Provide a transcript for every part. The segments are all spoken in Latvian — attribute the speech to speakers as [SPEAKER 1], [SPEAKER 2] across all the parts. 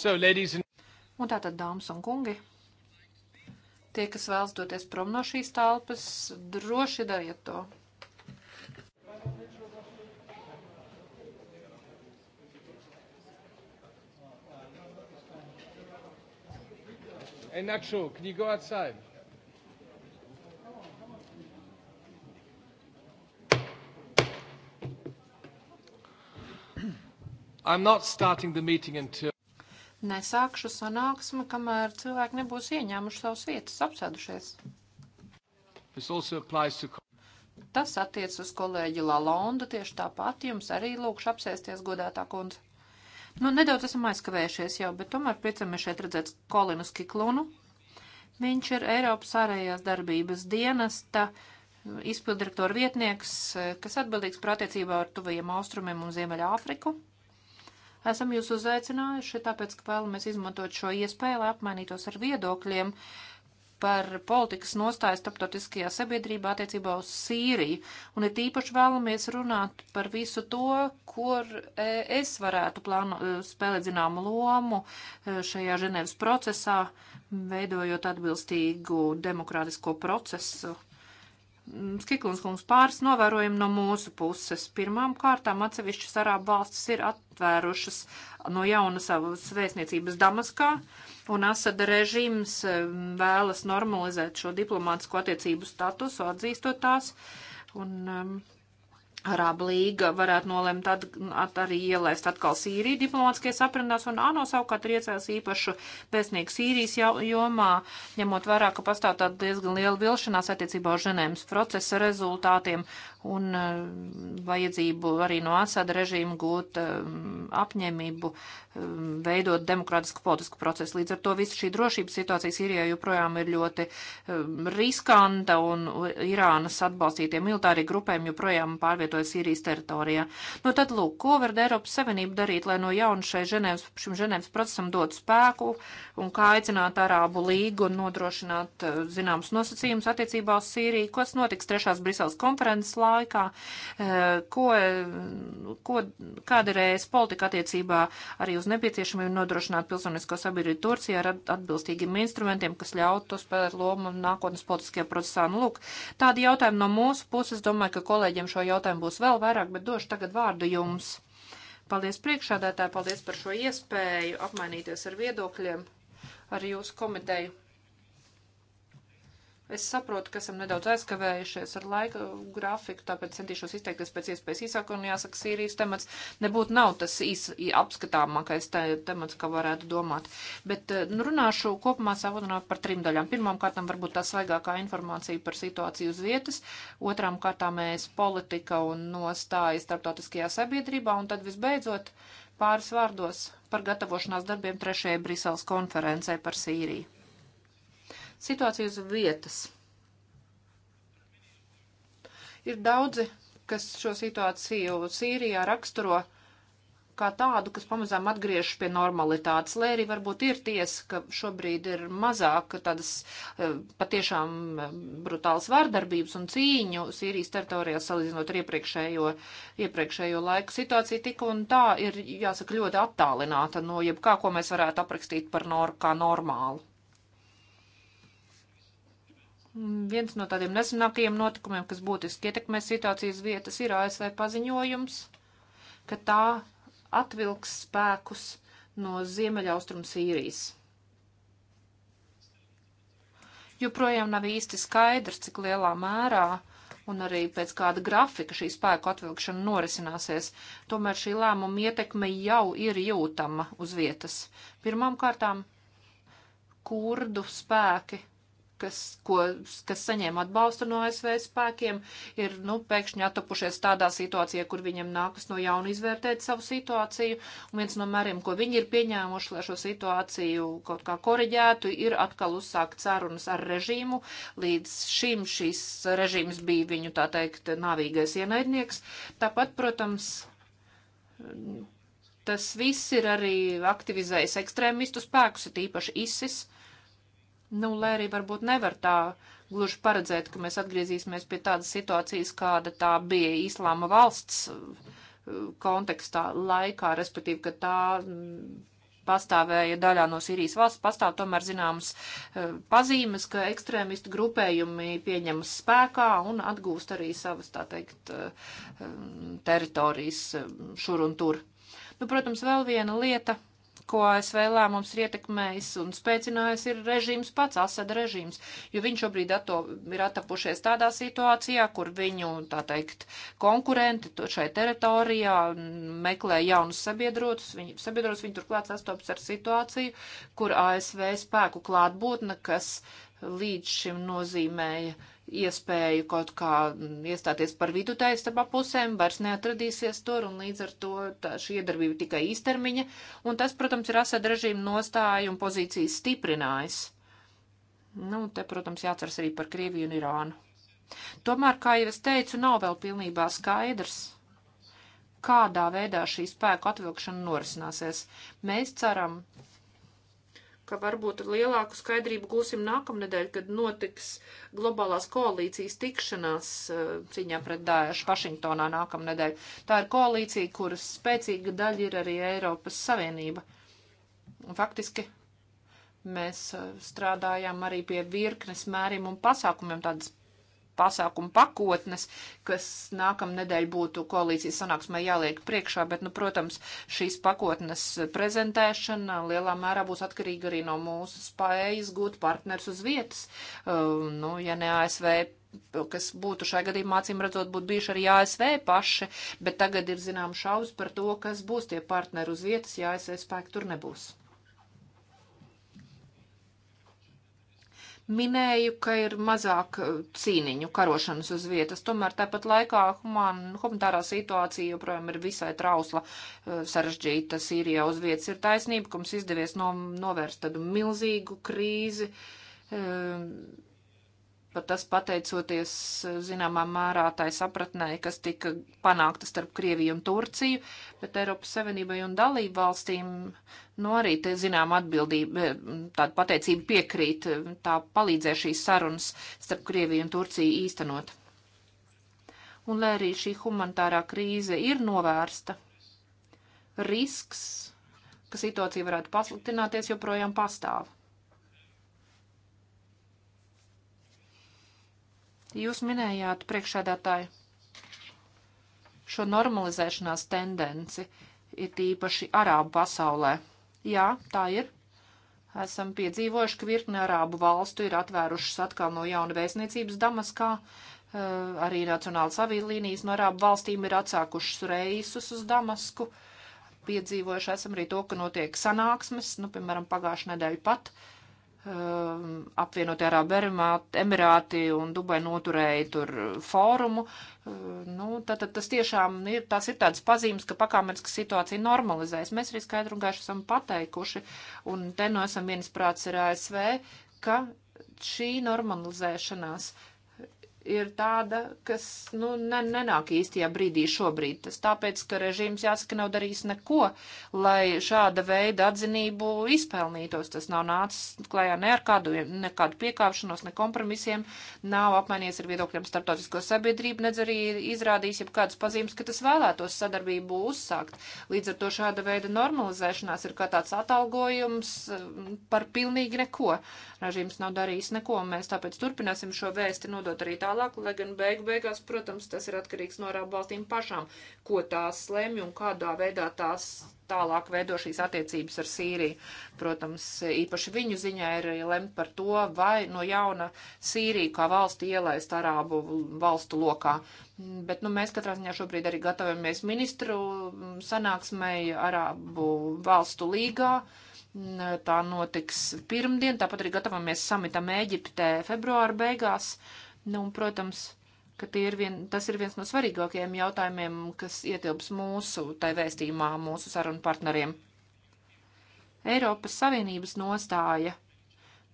[SPEAKER 1] So, ladies and... Un tātad, dāmas un kungi, tie, kas vēlas doties prom no šīs telpas, droši dariet to.
[SPEAKER 2] Hey, Nacho, can you go outside?
[SPEAKER 3] I'm not starting the meeting until
[SPEAKER 1] nesākšu sanāksmi, kamēr cilvēki nebūs ieņēmuši savus vietas, apsēdušies.
[SPEAKER 3] To...
[SPEAKER 1] Tas attiec uz kolēģi Lalondu, tieši tāpat jums arī lūkšu apsēsties godētā kundze. Nu, nedaudz esam aizkavējušies jau, bet tomēr priecamies šeit redzēt Kolinu Skiklunu. Viņš ir Eiropas ārējās darbības dienesta izpildirektora vietnieks, eh, kas atbildīgs par attiecībā ar tuvajiem austrumiem un Ziemeļa Āfriku. Esam jūs uzaicinājuši, tāpēc, ka vēlamies izmantot šo iespēju, lai apmainītos ar viedokļiem par politikas nostāju starptautiskajā sabiedrībā attiecībā uz Sīriju. Un ir tīpaši vēlamies runāt par visu to, kur e, es varētu plāno, e, spēlēt zināmu lomu e, šajā Ženevas procesā, veidojot atbilstīgu demokrātisko procesu Mm, Skiklunds kungs pāris novērojumi no mūsu puses. Pirmām kārtām atsevišķas arābu valstis ir atvērušas no jauna savas vēstniecības Damaskā, un Asada režīms mm, vēlas normalizēt šo diplomātisko attiecību statusu, atzīstot tās. Un, um, Arāba līga varētu nolemt at, at arī ielaist atkal Sīriju diplomātskajās aprindās, un ANO savukārt ir iecēlis īpašu pēcnieku Sīrijas jomā, ņemot vērā, ka pastāv tāda diezgan liela vilšanās attiecībā uz ženēmas procesa rezultātiem, un eh, vajadzību arī no Asada režīma gūt eh, apņēmību eh, veidot demokrātisku politisku procesu. Līdz ar to visa šī drošības situācija Sīrijā joprojām ir ļoti riskanta un Irānas atbalstītie militāri grupējumi joprojām pārvietojas Sīrijas teritorijā. Nu tad lūk, ko var Eiropas Savienība darīt, lai no jauna šai Ženēvas, šim Ženēvas procesam dotu spēku un kā aicināt Arābu līgu un nodrošināt zināmas nosacījumus attiecībā uz Sīriju, kas notiks trešās Briseles konferences laikā laikā, eh, ko, ko, kāda ir ES politika attiecībā arī uz nepieciešamību nodrošināt pilsonisko sabiedrību Turcijā ar atbilstīgiem instrumentiem, kas ļautu spēlēt lomu nākotnes politiskajā procesā. Nu, lūk, tādi jautājumi no mūsu puses. Domāju, ka kolēģiem šo jautājumu būs vēl vairāk, bet došu tagad vārdu jums. Paldies priekšādētāji, paldies par šo iespēju apmainīties ar viedokļiem ar jūsu komiteju. Es saprotu, ka esam nedaudz aizkavējušies ar laika grafiku, tāpēc centīšos izteikties pēc iespējas īsāk, un jāsaka, Sīrijas temats nebūtu nav tas īs apskatāmākais temats, kā varētu domāt. Bet eh, nu, runāšu kopumā savunāt par trim daļām. Pirmām kārtām varbūt tā svaigākā informācija par situāciju uz vietas, otrām kārtām mēs politika un nostāja starptautiskajā sabiedrībā, un tad visbeidzot pāris vārdos par gatavošanās darbiem trešajai Briseles konferencē par Sīriju situāciju uz vietas. Ir daudzi, kas šo situāciju Sīrijā raksturo kā tādu, kas pamazām atgriežas pie normalitātes, lai arī varbūt ir tiesa, ka šobrīd ir mazāk tādas eh, patiešām eh, brutālas vārdarbības un cīņu Sīrijas teritorijā salīdzinot ar iepriekšējo, iepriekšējo laiku. Situācija tik un tā ir, jāsaka, ļoti attālināta no jebkā, ko mēs varētu aprakstīt par nor kā normālu. Mm, viens no tādiem nesenākajiem notikumiem, kas būtiski ietekmē situācijas vietas, ir ASV paziņojums, ka tā atvilks spēkus no Ziemeļaustrum Sīrijas. Joprojām nav īsti skaidrs, cik lielā mērā un arī pēc kāda grafika šī spēku atvilkšana norisināsies, tomēr šī lēmuma ietekme jau ir jūtama uz vietas. Pirmām kārtām kurdu spēki kas, ko, kas saņēma atbalstu no ASV spēkiem, ir nu, pēkšņi atapušies tādā situācijā, kur viņiem nākas no jauna izvērtēt savu situāciju. Un viens no mēriem, ko viņi ir pieņēmuši, lai šo situāciju kaut kā koriģētu, ir atkal uzsākt sarunas ar režīmu. Līdz šim šīs režīms bija viņu, tā teikt, navīgais ienaidnieks. Tāpat, protams, tas viss ir arī aktivizējis ekstrēmistu spēkus, ir īpaši ISIS. Uh, Nu, lai arī varbūt nevar tā gluži paredzēt, ka mēs atgriezīsimies pie tādas situācijas, kāda tā bija Īslāma valsts uh, kontekstā laikā, respektīvi, ka tā mm, pastāvēja daļā no Sīrijas valsts, pastāv tomēr zināmas uh, pazīmes, ka ekstrēmistu grupējumi pieņemas spēkā un atgūst arī savas, tā teikt, uh, um, teritorijas um, šur un tur. Nu, protams, vēl viena lieta ko ASV lēmums ir ietekmējis un spēcinājis, ir režīms pats, Asada režīms, jo viņš šobrīd ato, ir atapušies tādā situācijā, kur viņu, tā teikt, konkurenti šai teritorijā meklē jaunus sabiedrotus, viņi, sabiedrotus viņi turklāt sastopas ar situāciju, kur ASV spēku klātbūtne, kas līdz šim nozīmēja iespēju kaut kā mm, iestāties par vidutāju starp pusēm, vairs neatradīsies tur, un līdz ar to šī iedarbība tikai īstermiņa, un tas, protams, ir Asad režīmu nostāju un pozīcijas stiprinājis. Nu, te, protams, jāatceras arī par Krieviju un Irānu. Tomēr, kā jau es teicu, nav vēl pilnībā skaidrs, kādā veidā šī spēku atvilkšana norisināsies. Mēs ceram, ka varbūt lielāku skaidrību gūsim nākamnedēļ, kad notiks globālās koalīcijas tikšanās eh, cīņā pret Dāšu Vašingtonā nākamnedēļ. Tā ir koalīcija, kuras spēcīga daļa ir arī Eiropas Savienība. Faktiski mēs eh, strādājām arī pie virknes mēriem un pasākumiem, tādas pasākumu pakotnes, kas nākam nedēļ būtu koalīcijas sanāksmē jāliek priekšā, bet, nu, protams, šīs pakotnes prezentēšana lielā mērā būs atkarīga arī no mūsu spējas gūt partners uz vietas, um, nu, ja ne ASV kas būtu šajā gadījumā, acīm redzot, būtu bijuši arī ASV paši, bet tagad ir zinām šaubas par to, kas būs tie partneri uz vietas, ja ASV spēki tur nebūs. minēju, ka ir mazāk uh, cīniņu, karošanas uz vietas. Tomēr tāpat laikā human, humanitārā situācija joprojām ir visai trausla, uh, sarežģīta Sīrijā uz vietas. Ir taisnība, ka mums izdevies no, novērst tādu milzīgu krīzi. Um, Pat tas pateicoties eh, zināmā mērā tai sapratnē, kas tika panākta starp Krieviju un Turciju, bet Eiropas Savienībai un dalību valstīm, nu arī te zinām atbildība, eh, tāda pateicība piekrīt, eh, tā palīdzē šīs sarunas starp Krieviju un Turciju īstenot. Un lai arī šī humanitārā krīze ir novērsta, risks, ka situācija varētu pasliktināties, joprojām pastāv Jūs minējāt priekšādātāju šo normalizēšanās tendenci, ir tīpaši Arābu pasaulē. Jā, tā ir. Esam piedzīvojuši, ka virkne Arābu valstu ir atvērušas atkal no jauna vēstniecības Damaskā, eh, arī Nacionālas avīlīnijas no Arābu valstīm ir atsākušas reisus uz Damasku. Piedzīvojuši esam arī to, ka notiek sanāksmes, nu, piemēram, pagājušajā nedēļā pat uh, Um, apvienotie Arābu Emirāti un Dubai noturēja tur fórumu. Uh, nu, tad, tad tas tiešām ir, tās ir tādas pazīmes, ka pakāpeniski situācija normalizēs. Mēs arī skaidru un gaišu esam pateikuši, un te no nu esam viensprāts ar ASV, ka šī normalizēšanās uh, ir tāda, kas nu, nenāk īstajā brīdī šobrīd. Tas tāpēc, ka režīms jāsaka nav darījis neko, lai šāda veida atzinību izpelnītos. Tas nav nācis klajā ne ar kādu, nekādu piekāpšanos, ne kompromisiem, nav apmainies ar viedokļiem starptautisko sabiedrību, nedz arī izrādījis jau kādas pazīmes, ka tas vēlētos sadarbību uzsākt. Līdz ar to šāda veida normalizēšanās ir kā tāds atalgojums mm, par pilnīgi neko. Režīms nav darījis neko, un mēs tāpēc turpināsim šo vēsti nodot arī tā tālāk, lai gan beigu beigās, protams, tas ir atkarīgs no Arābu valstīm pašām, ko tās lemj un kādā veidā tās tālāk veido šīs attiecības ar Sīriju. Protams, īpaši viņu ziņā ir lemt par to, vai no jauna Sīriju kā valsti ielaist Arābu valstu lokā. Bet nu, mēs katrā ziņā šobrīd arī gatavojamies ministru sanāksmei Arābu valstu līgā. Tā notiks pirmdien, tāpat arī gatavamies samitam Eģiptē februāra beigās. Uh, Nu, un, protams, ka ir vien, tas ir viens no svarīgākajiem jautājumiem, kas ietilps mūsu tai vēstījumā, mūsu sarunu partneriem. Eiropas Savienības nostāja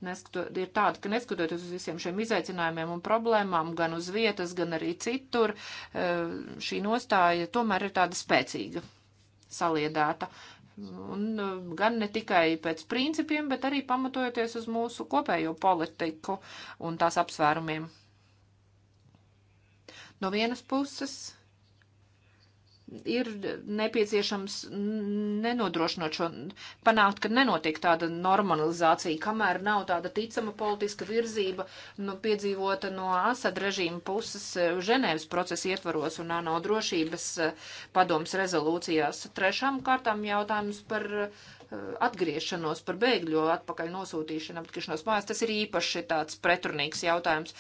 [SPEAKER 1] Neskatu, ir tāda, ka neskatoties uz visiem šiem izaicinājumiem un problēmām, gan uz vietas, gan arī citur, eh, šī nostāja tomēr ir tāda spēcīga, saliedēta. Un eh, gan ne tikai pēc principiem, bet arī pamatojoties uz mūsu kopējo politiku un tās apsvērumiem. No vienas puses ir nepieciešams nenodrošinot šo, panākt, ka nenotiek tāda normalizācija, kamēr nav tāda ticama politiska virzība nu, piedzīvota no Asad režīma puses e, Ženēvas procesa ietvaros un ANO drošības e, padomas rezolūcijās. Trešām kārtām jautājums par e, Eh, atgriešanos, par bēgļu atpakaļ nosūtīšanu, atgriešanos mājās, tas ir īpaši tāds pretrunīgs jautājums.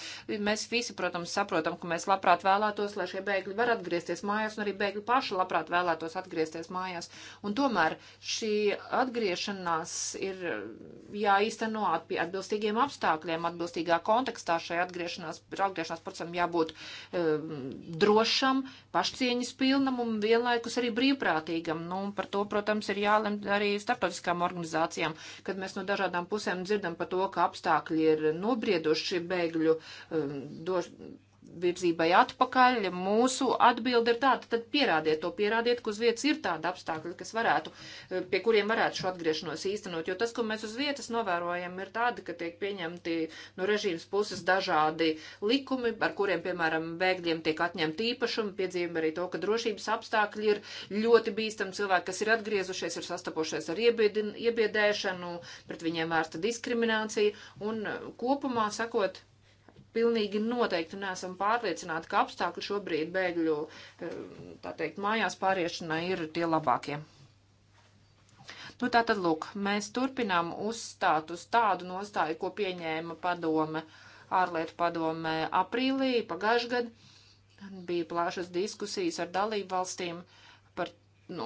[SPEAKER 1] Mēs visi, protams, saprotam, ka mēs labprāt vēlētos, lai šie bēgļi var atgriezties mājās, un arī bēgļi paši labprāt vēlētos atgriezties mājās. Un tomēr šī atgriešanās ir jāīsteno atbilstīgiem apstākļiem, atbilstīgā kontekstā šai atgriešanās, atgriešanās procesam jābūt um, drošam, pašcieņas pilnam un vienlaikus arī brīvprātīgam. Nu, un par to, protams, ir jālemt arī starp starptautiskām organizācijām, kad mēs no dažādām pusēm dzirdam par to, ka apstākļi ir nobrieduši bēgļu um, doš, virzībai atpakaļ, mūsu atbilde ir tāda, tad pierādiet to, pierādiet, ka uz vietas ir tāda apstākļa, kas varētu, eh, pie kuriem varētu šo atgriešanos īstenot, jo tas, ko mēs uz vietas novērojam, ir tāda, ka tiek pieņemti no režīmas puses dažādi likumi, ar kuriem, piemēram, bēgļiem tiek atņemti īpašumi, piedzīvojam arī to, ka drošības apstākļi ir ļoti bīstami, cilvēki, kas ir atgriezušies, ir sastapušies ar iebiedēšanu, pret viņiem vērsta diskriminācija un eh, kopumā sakot, pilnīgi noteikti neesam pārliecināti, ka apstākļi šobrīd bēgļu, eh, tā teikt, mājās pāriešanai ir tie labākie. Nu, tā tad, lūk, mēs turpinām uzstāt uz tādu nostāju, ko pieņēma padome, ārlietu padome aprīlī pagājušajā gadā. Bija plāšas diskusijas ar dalību valstīm par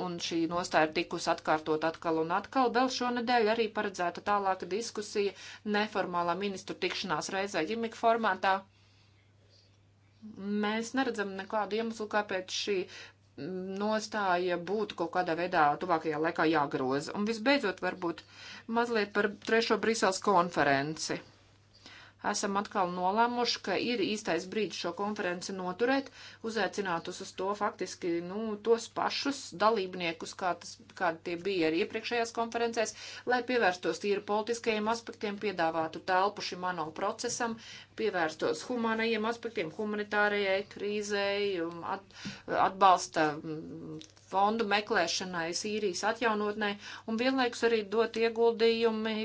[SPEAKER 1] un šī nostāja ir tikus atkārtot atkal un atkal. Vēl šonadēļ arī paredzēta tālāka diskusija neformālā ministru tikšanās reizē ģimika formātā. Mēs neredzam nekādu iemeslu, kāpēc šī nostāja būtu kaut kādā veidā tuvākajā laikā jāgroza. Un visbeidzot, varbūt mazliet par trešo Brīseles konferenci esam atkal nolēmuši, ka ir īstais brīdis šo konferenci noturēt, uzaicinātus uz to faktiski nu, tos pašus dalībniekus, kā tas, kādi tie bija arī iepriekšējās konferencēs, lai pievērstos tīri politiskajiem aspektiem, piedāvātu telpu šim ANO procesam, pievērstos humanajiem aspektiem, humanitārajai krīzei, um, at, atbalsta mm, fondu meklēšanai, Sīrijas atjaunotnē un vienlaikus arī dot ieguldījumi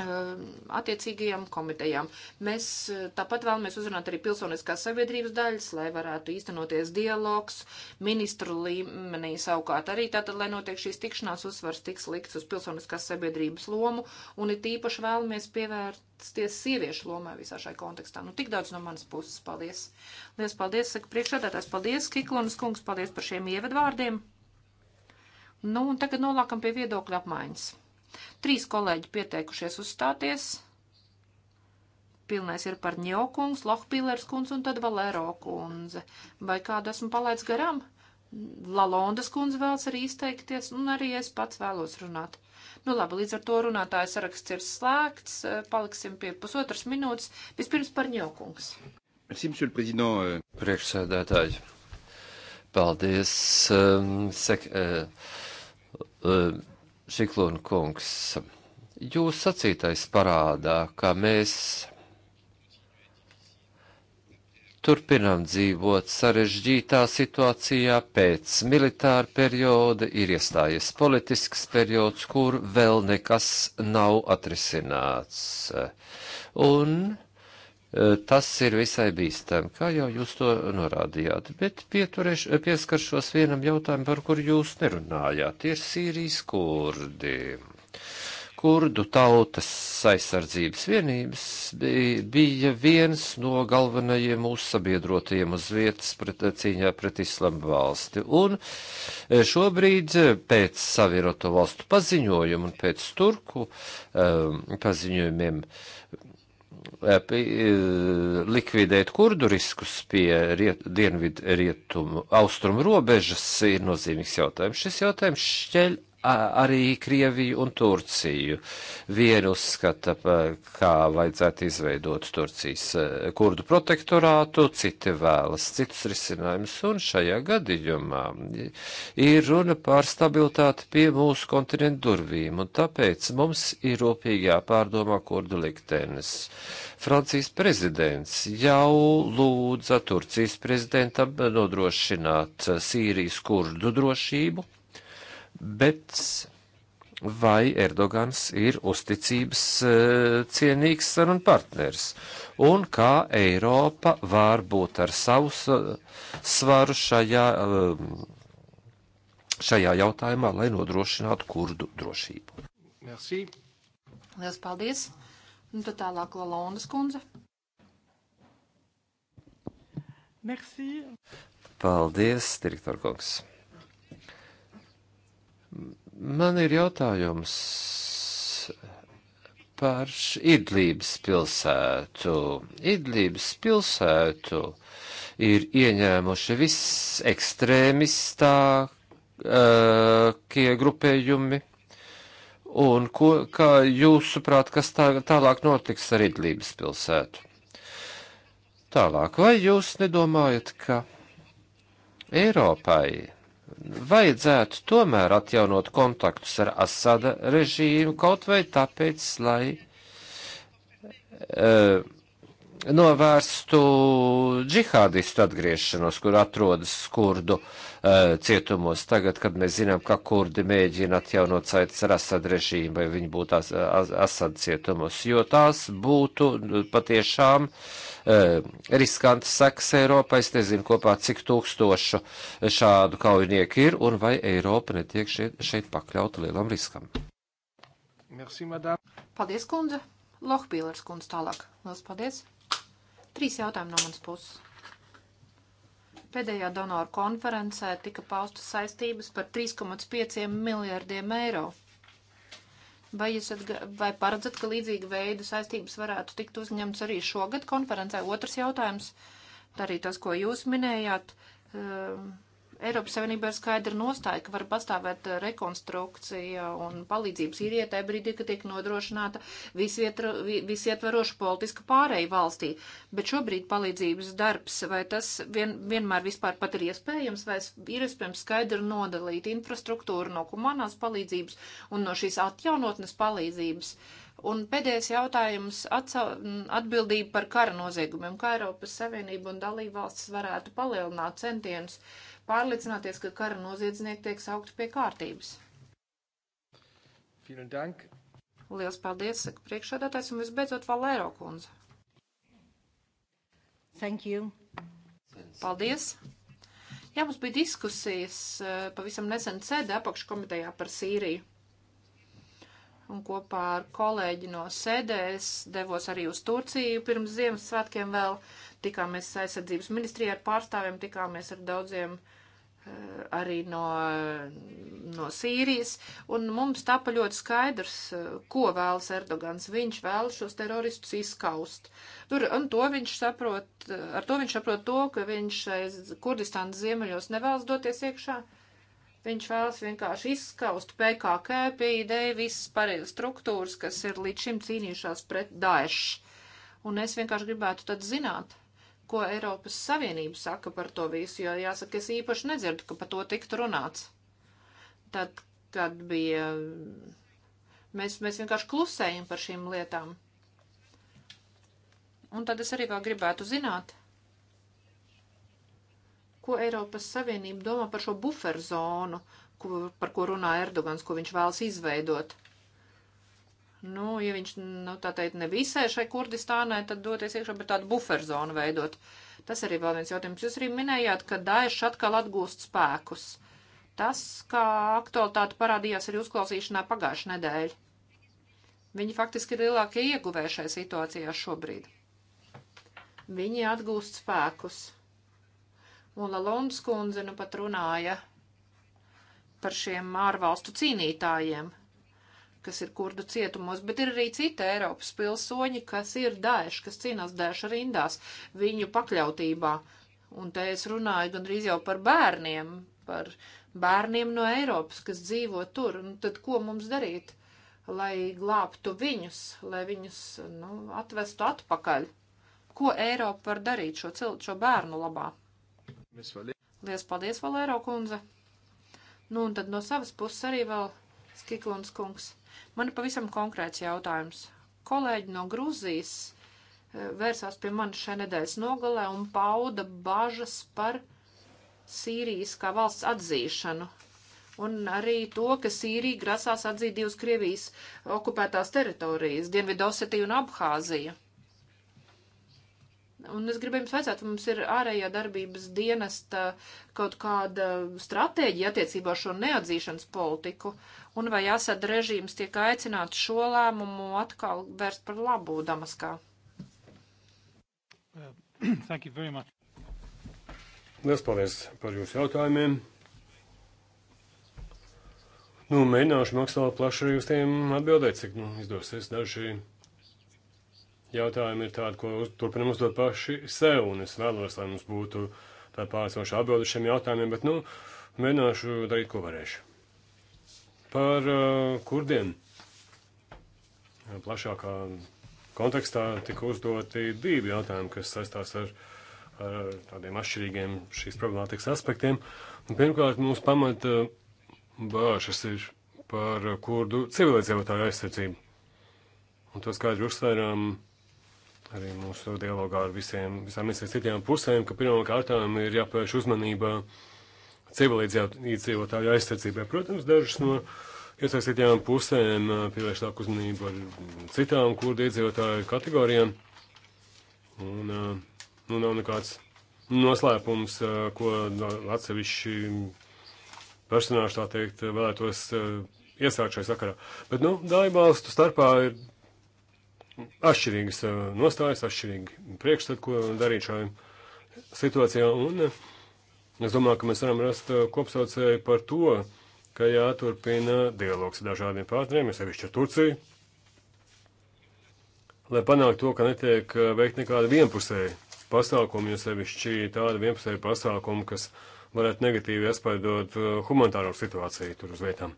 [SPEAKER 1] Um, attiecīgajām komitejām. Mēs uh, tāpat vēlamies uzrunāt arī pilsoniskās sabiedrības daļas, lai varētu īstenoties dialogs ministru līmenī savukārt arī tātad, lai notiek šīs tikšanās uzsvars tiks likts uz pilsoniskās sabiedrības lomu un ir tīpaši vēlamies pievērsties sieviešu lomai visā šai kontekstā. Nu, tik daudz no manas puses. Paldies. Lielas paldies, saka priekšādātājs. Paldies, Kiklonas kungs, paldies par šiem ievadvārdiem. Nu, un tagad nolākam pie viedokļa apmaiņas. Trīs kolēģi pieteikušies uzstāties. Pilnais ir par ņokungs, Lohpīlers kundz un tad Valero kundze. Vai kādu esmu palaidis garām? Lalondas kundze vēlas arī izteikties, un arī es pats vēlos runāt. Nu labi, līdz ar to runātāja saraksts ir slēgts, paliksim pie pusotras minūtes. Vispirms par ņokungs.
[SPEAKER 2] Euh. Priekšsēdētāji, paldies. Um, sek, uh, uh, Šiklūna kungs, jūs sacītais parādā, ka mēs turpinām dzīvot sarežģītā situācijā pēc militāra perioda, ir iestājies politisks periods, kur vēl nekas nav atrisināts. Un Tas ir visai bīstami, kā jau jūs to norādījāt, bet pieskaršos vienam jautājumam, par kur jūs nerunājāt. Ir Sīrijas kurdi. Kurdu tautas aizsardzības vienības bija viens no galvenajiem mūsu sabiedrotajiem uz vietas pret, cīņā pret islamu valsti. Un e, šobrīd e, pēc savienoto valstu paziņojumu un pēc turku um, paziņojumiem uh, Eh, eh, likvidēt kurdu riskus pie riet, dienvidu rietumu austrumu robežas ir nozīmīgs jautājums. Šis jautājums šķeļ arī Krieviju un Turciju. Vienu uzskata, kā vajadzētu izveidot Turcijas e, kurdu protektorātu, citi vēlas citus risinājumus, un šajā gadījumā ir runa par stabilitāti pie mūsu kontinentu durvīm, un tāpēc mums ir rūpīgi jāpārdomā kurdu liktenis. Francijas prezidents jau lūdza Turcijas prezidentam nodrošināt Sīrijas kurdu drošību bet vai Erdogans ir uzticības eh, cienīgs sarunu partners, un kā Eiropa var būt ar savu svaru šajā, eh, šajā jautājumā, lai nodrošinātu kurdu drošību.
[SPEAKER 1] Merci. Lielas paldies! Un tad tālāk Lalondas kundze. Merci.
[SPEAKER 2] Paldies, direktor kungs. Man ir jautājums par Idlības pilsētu. Idlības pilsētu ir ieņēmuši viss ekstrēmistākie eh, grupējumi. Un ko, kā jūsuprāt, kas tā, tālāk notiks ar Idlības pilsētu? Tālāk, vai jūs nedomājat, ka Eiropai vajadzētu tomēr atjaunot kontaktus ar Asada režīmu, kaut vai tāpēc, lai uh, novērstu džihādistu atgriešanos, kur atrodas skurdu uh, Eh, cietumos. Tagad, kad mēs zinām, ka kurdi mēģina atjaunot saites ar Asad režīmu, vai viņi būtu as, as, Asad cietumos, jo tās būtu nu, patiešām eh, riskanti seks Eiropai. Es nezinu kopā, cik tūkstošu šādu kaujinieku ir, un vai Eiropa netiek šeit, šeit pakļauta lielam riskam.
[SPEAKER 1] Merci, madame. Paldies, kundze. Lohpīlers kundze tālāk. Lielas paldies. Trīs jautājumi no manas puses. Pēdējā donoru konferencē tika paustas saistības par 3,5 miljardiem eiro. Vai, esat, vai paredzat, ka līdzīga veida saistības varētu tikt uzņemts arī šogad konferencē? Otrs jautājums, arī tas, ko jūs minējāt, um, Eiropas Savienībā ir skaidra nostāja, ka var pastāvēt eh, rekonstrukcija un palīdzība Sīrijai tajā brīdī, ka tiek nodrošināta visietro, visietvaroša politiska pārēja valstī. Bet šobrīd palīdzības darbs, vai tas vien, vienmēr vispār pat ir iespējams, vai ir iespējams skaidri nodalīt infrastruktūru no humanās palīdzības un no šīs atjaunotnes palīdzības? Uh, Un pēdējais jautājums - atbildība par kara noziegumiem. Kā Eiropas Savienība un dalībvalstis varētu palielināt centienus pārliecināties, ka kara noziedznieki tiek saukti pie kārtības?
[SPEAKER 3] Lielas
[SPEAKER 1] paldies, saka priekšādātājs, un visbeidzot Valēro kundze. Thank you. Paldies. Jā, mums bija diskusijas eh, pavisam nesen sēde apakškomitejā par Sīriju un kopā ar kolēģi no sēdēs devos arī uz Turciju pirms Ziemassvētkiem vēl. Tikāmies aizsardzības ministrijā ar pārstāvjiem, tikāmies ar daudziem eh, arī no, no Sīrijas, un mums tapa ļoti skaidrs, eh, ko vēlas Erdogans. Viņš vēl šos teroristus izskaust. Tur, un to viņš saprot, eh, ar to viņš saprot to, ka viņš aiz Kurdistānas ziemeļos nevēlas doties iekšā. Uh, Viņš vēlas vienkārši izskaust PKK, PID, visas pareizas struktūras, kas ir līdz šim cīnījušās pret Daesh. Un es vienkārši gribētu tad zināt, ko Eiropas Savienība saka par to visu, jo jāsaka, es īpaši nedzirdu, ka par to tiktu runāts. Tad, kad bija. Mēs, mēs vienkārši klusējam par šīm lietām. Un tad es arī vēl gribētu zināt, Ko Eiropas Savienība domā par šo buferu zonu, ko, par ko runā Erdogans, ko viņš vēlas izveidot? Nu, ja viņš, nu, tā teikt, nevisai šai Kurdistānai, tad doties iekšā, bet tādu buferu zonu veidot. Tas arī vēl viens jautājums. Jūs arī minējāt, ka Daesh atkal atgūst spēkus. Tas, kā aktualitāte parādījās arī uzklausīšanā pagājušajā nedēļā. Viņi faktiski ir lielākie ieguvējušai situācijā šobrīd. Viņi atgūst spēkus. Un Lalondas kundze nu pat runāja par šiem ārvalstu cīnītājiem, kas ir kurdu cietumos, bet ir arī citi Eiropas pilsoņi, kas ir dēši, kas cīnās dēša rindās viņu pakļautībā. Un te es runāju gandrīz jau par bērniem, par bērniem no Eiropas, kas dzīvo tur. Un nu, tad ko mums darīt, lai glābtu viņus, lai viņus nu, atvestu atpakaļ? Ko Eiropa var darīt šo, cil, šo bērnu labā? Lielas paldies, Valēro kundze! Nu, un tad no savas puses arī vēl Skiklunds kungs. Man ir pavisam konkrēts jautājums. Kolēģi no Grūzijas eh, vērsās pie manis šajā nedēļas nogalē un pauda bažas par Sīrijas kā valsts atzīšanu un arī to, ka Sīrija grasās atzīt divas Krievijas okupētās teritorijas - Dienvidosetiju un Abhāziju. Un es gribēju jums vaicāt, vai mums ir ārējā darbības dienesta kaut kāda stratēģija attiecībā ar šo neatzīšanas politiku, un vai Asad režīms tiek aicināts šo lēmumu atkal vērst par labu Damaskā? Uh,
[SPEAKER 4] Lielas paldies par jūsu jautājumiem. Nu, mēģināšu maksimāli plaši uz tiem atbildēt, cik nu, izdosies daži. Dažu jautājumi ir tādi, ko uz, turpinam uzdot paši sev, un es vēlos, lai mums būtu tā pārsoša atbildi šiem jautājumiem, bet, nu, mēģināšu darīt, ko varēšu. Par uh, kurdiem plašākā kontekstā tika uzdoti divi jautājumi, kas saistās ar, ar tādiem atšķirīgiem šīs problemātikas aspektiem. Un pirmkārt, mūsu pamata bāžas ir par kurdu civilizētāju aizsardzību. Un to skaidri uzsvērām arī mūsu dialogā ar visiem, visām iesaistītajām pusēm, ka pirmām kārtām ir jāpērš uzmanība civilizētāju aizsardzībai. Protams, dažas no iesaistītajām pusēm eh, pievērš tāku uzmanību ar citām kurdu iedzīvotāju kategorijām. Un eh, nu, nav nekāds noslēpums, eh, ko atsevišķi personāši, tā teikt, vēlētos iesākt šai sakarā. Bet, nu, dalībvalstu starpā ir atšķirīgas eh, nostājas, atšķirīgi priekšstati, ko darīt šajā situācijā. Un eh, es domāju, ka mēs varam rast eh, kopsaucēju par to, ka jāturpina dialogs ar dažādiem partneriem, sevišķi ar Turciju, lai panāktu to, ka netiek veikt nekāda vienpusēja pasākuma, jo sevišķi tāda vienpusēja pasākuma, kas varētu negatīvi iespaidot humanitāro situāciju tur uz vietām.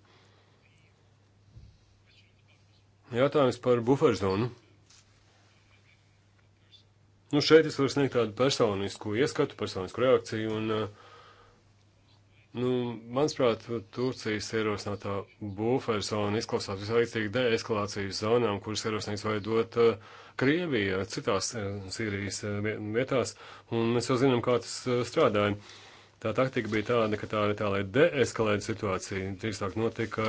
[SPEAKER 4] Jautājums par buferzonu. Nu, šeit es varu sniegt tādu personisku ieskatu, personisku reakciju, un, eh, nu, manuprāt, Turcijas ierosinātā buferu zona izklausās vislīdzīgi deeskalācijas zonām, kuras ierosinājums vajag dot eh, Krievijā, citās eh, Sīrijas vietās, un mēs jau zinām, kā tas strādāja. Tā taktika bija tāda, ka tā ir tā, lai deeskalētu situāciju. Drīzāk notika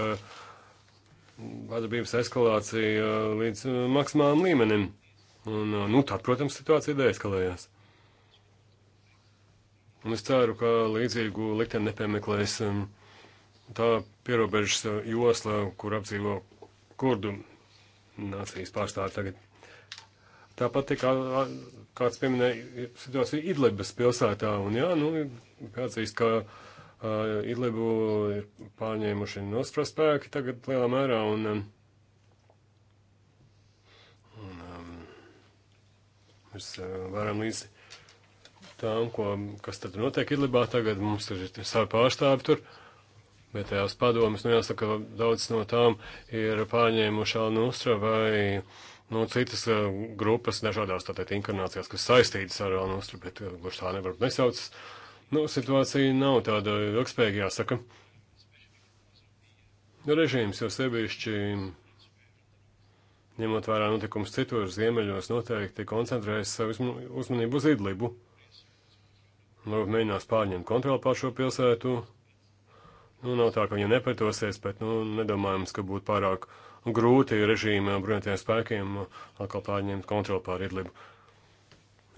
[SPEAKER 4] vardarbības eskalācija līdz maksimālam līmenim. Un, uh, nu, tad, protams, situācija deeskalējās. Un es ceru, ka līdzīgu likteni nepiemeklēs um, tā pierobežas uh, josla, kur apdzīvo kurdu nācijas pārstāvi tagad. Tāpat tika kāds pieminēja situāciju Idlibas pilsētā, un jā, nu, jāatzīst, ka uh, Idlibu ir pārņēmuši nostrā spēki tagad lielā mērā, un um, Mēs eh, varam līdz tām, ko, kas tad notiek Idlibā tagad, mums tur ir savi pārstāvi tur, bet tajās padomas, nu jāsaka, daudz no tām ir pārņēmuši Alnustra vai no nu, citas eh, grupas dažādās tātad inkarnācijās, kas saistītas ar Alnustru, bet eh, gluži tā nevar nesaucas. Nu, situācija nav tāda ilgspējīga, jāsaka. Režīms jau sevišķi ņemot vērā notikumus citur, ziemeļos noteikti koncentrēs savu uzmanību uz Idlibu. Varbūt mēģinās pārņemt kontroli pār šo pilsētu. Nu, nav tā, ka viņi nepretosies, bet, nu, nedomājams, ka būtu pārāk grūti režīmā bruņotajiem spēkiem atkal pārņemt kontroli pār Idlibu.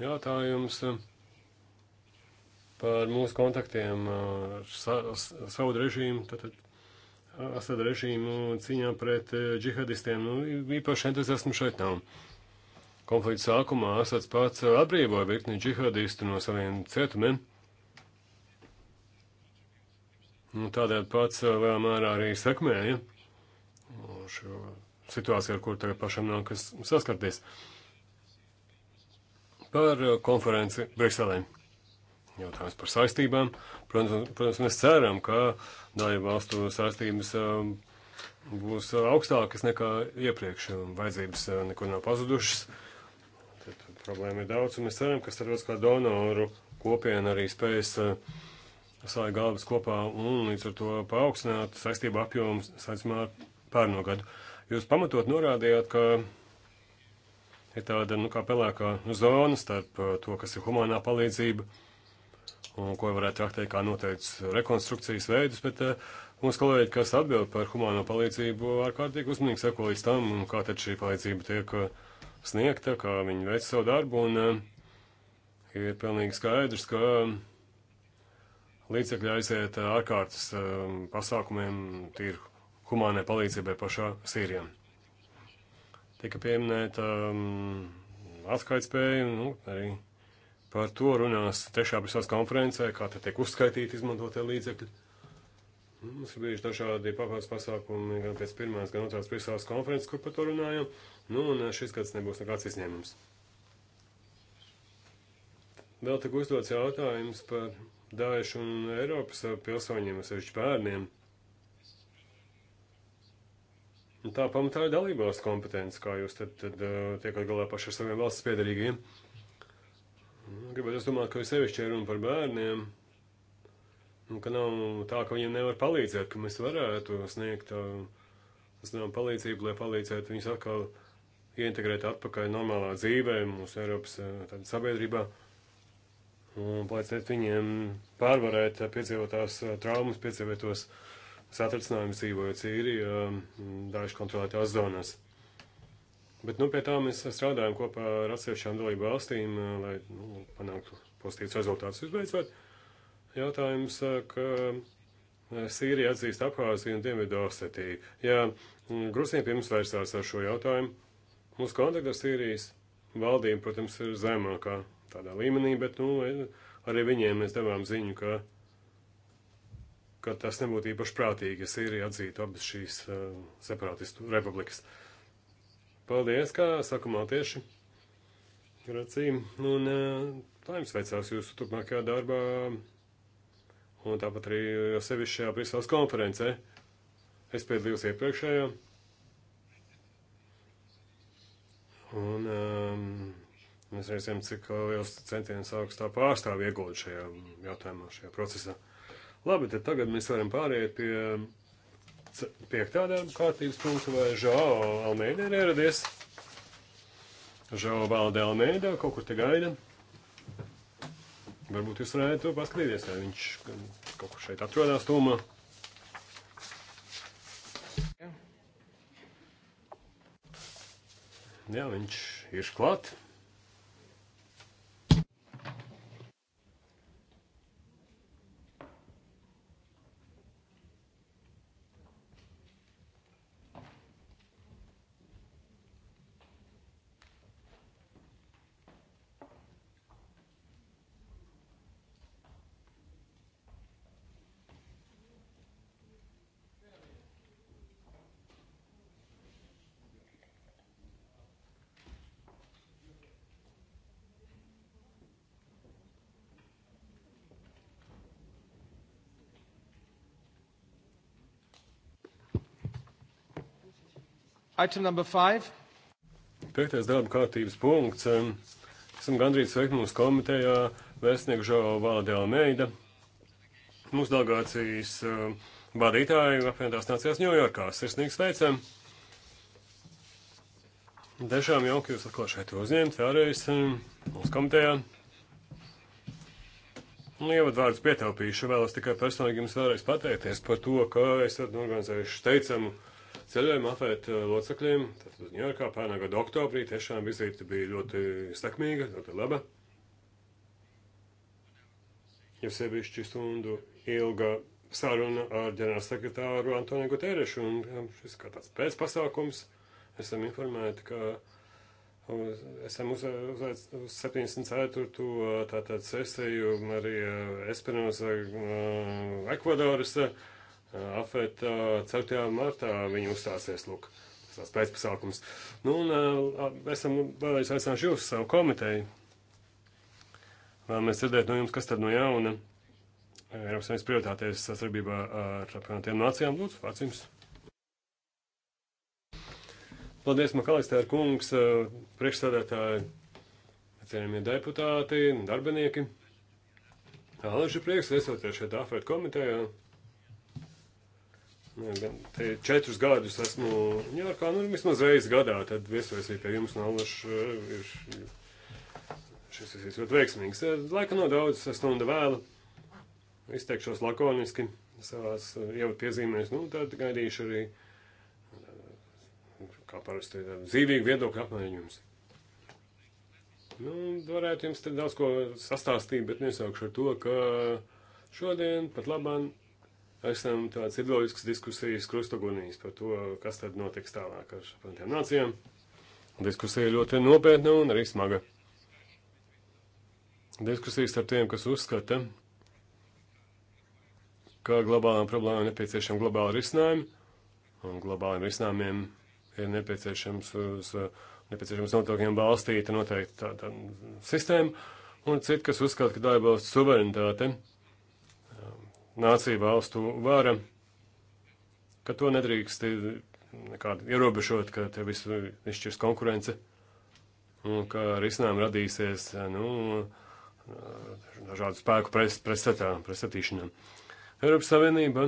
[SPEAKER 4] Jātājums eh, par mūsu kontaktiem eh, ar Saudu režīmu, tad Asada režīmu cīņā pret eh, džihadistiem. Nu, īpaši entuziasmu šeit nav. Konflikta sākumā Asads pats eh, atbrīvoja virkni džihadistu no saviem cietumiem. Nu, tādēļ pats eh, lielā mērā arī sekmēja nu, šo situāciju, ar kuru tagad pašam nākas saskarties. Par konferenci Briselē jautājums par saistībām. Protams, protams mēs ceram, ka daļa valstu saistības um, būs augstākas nekā iepriekš, un vajadzības uh, nekur nav pazudušas. Tad problēma ir daudz, un mēs ceram, ka starptautiskā donoru kopiena arī spēs uh, sākt galvas kopā un līdz ar to paaugstināt saistību apjomu saistībā ar pērno gadu. Jūs pamatot norādījāt, ka ir tāda, nu, kā pelēkā zona starp uh, to, kas ir humanā palīdzība un ko varētu traktēt kā noteikts rekonstrukcijas veidus, bet uh, mūsu kolēģi, kas atbild par humāno palīdzību, ārkārtīgi uzmanīgi seko līdz tam, kā tad šī palīdzība tiek eh, sniegta, kā viņi veic savu darbu, un uh, ir pilnīgi skaidrs, ka līdzekļi aiziet ārkārtas pasākumiem tīri humānai palīdzībai pašā Sīrijā. Tika pieminēta um, atskaitspēja, nu, arī Par to runās trešā brīsās konferencē, kā te tiek uzskaitīti izmantotie līdzekļi. Nu, mums ir bijuši dažādi papildus pasākumi gan pēc pirmās, gan otrās brīsās konferences, kur par to runājam. Nu, un eh, šis gads nebūs nekāds izņēmums. Vēl tik uzdots jautājums par Daešu un Eiropas pilsoņiem, sevišķi bērniem. Un tā pamatā ir dalībās kompetence, kā jūs tad, tad eh, tiekat galā paši ar saviem valsts piedarīgiem. Ja? Gribētu es domāt, ka ir sevišķi ir runa par bērniem, un nu, ka nav tā, ka viņiem nevar palīdzēt, ka mēs varētu sniegt zinām, palīdzību, lai palīdzētu viņus atkal ieintegrēt atpakaļ normālā dzīvē, mūsu Eiropas tādā, sabiedrībā, un palīdzēt viņiem pārvarēt piedzīvotās traumas, piedzīvotos satricinājumus dzīvojot Sīrijā, dažu kontrolētās zonās. Bet nu, pie tā mēs strādājam kopā ar atsevišķām dalību valstīm, eh, lai nu, panāktu pozitīvs rezultāts. Visbeidzot, jautājums, eh, ka eh, Sīrija atzīst Abhāziju un Dienvidu Osetiju. Jā, mm, Grusija pie mums vērsās ar šo jautājumu. Mūsu kontakta ar Sīrijas valdību, protams, ir zemākā tādā līmenī, bet nu, e, arī viņiem mēs devām ziņu, ka, ka tas nebūtu īpaši prātīgi, ja Sīrija atzītu abas šīs uh, separātistu republikas. Uh, Paldies, kā saka Maltieši. Racīm. Un eh, tā jums veicās jūsu turpmākajā darbā. Un tāpat arī jau sevišķi šajā Briseles konferencē. Es piedalījos iepriekšējā. Un um, mēs redzam, cik liels centiens augstā pārstāvja iegūt šajā jautājumā, šajā procesā. Labi, tad tagad mēs varam pāriet pie piektā darba kārtības punkta, vai Žao Almeida ir ieradies. Žao Valde Almeida kaut kur te gaida. Varbūt jūs varētu paskatīties, vai viņš kaut kur šeit atrodas tūmā. Jā, viņš ir klāt. Item number five. Piektais darba kārtības punkts. Esam gandrīz sveikti mūsu komitejā vēstnieku Žao Valdē Almeida. Mūsu delegācijas vadītāji apvienotās nācijās Ņujorkā. Sirsnīgi sveicam! Tiešām jauki jūs atkal šeit uzņemt vēlreiz mūsu komitejā. Nu, ievadvārdus pietaupīšu, vēlos tikai personīgi jums vēlreiz pateikties par to, ka esat organizējuši teicamu. Nu, ceļojuma afēta uh, locekļiem. Tātad Ņujorkā pērnā gada oktobrī tiešām vizīte bija ļoti sekmīga, ļoti laba. Jau sevišķi stundu ilga saruna ar ģenerālsekretāru Antoniju Guterrešu, un šis kā tāds pēcpasākums esam informēti, ka uz, esam uzaicinājis uz, uz 74. tātad sesiju arī Espinosa uh, Ekvadoras. Uh, Afet 4. martā viņi uzstāsies, lūk, tās pēcpasākums. Nu, un esam vēlreiz aicināšu jūs savu komiteju. Vēlamies dzirdēt no jums, kas tad no jauna Eiropas Savienības prioritātēs sasarbībā ar apvienotiem nācijām. Lūdzu, vārds jums. Paldies, Makalistēr kungs, priekšstādētāji, cienījamie deputāti, darbinieki. Alaži prieks, esoties šeit Afet komitejā. Ja. Nu, te četrus gadus esmu Ņujorkā, nu, vismaz reizi gadā, tad viesojos arī pie jums, un Alaša eh, ir šis ir ļoti veiksmīgs. Eh, laika nav daudz, stunda vēla, izteikšos lakoniski savās eh, ievadu piezīmēs, nu, tad gaidīšu arī, kā parasti, zīvīgu viedokļu apmaiņu jums. Nu, varētu jums te daudz ko sastāstīt, bet nesaukšu ar to, ka šodien pat labāk esam tāds ideoloģisks diskusijas krustugunīs par to, kas tad notiks tālāk ar šiem nācijām. Diskusija ļoti nopietna un arī smaga. Diskusijas ar tiem, kas uzskata, ka globālām problēmām nepieciešama globāla risinājuma, un globāliem risinājumiem ir nepieciešams uz nepieciešams noteikumiem balstīta noteikta tā, tā, sistēma, un citi, kas uzskata, ka tā ir balsts suverenitāte nāciju valstu vara, ka to nedrīkst nekādi ierobežot, ka te visu izšķirs konkurence, un ka risinājumi radīsies, nu, dažādu spēku pretstatām, pretstatīšanām. Eiropas Savienība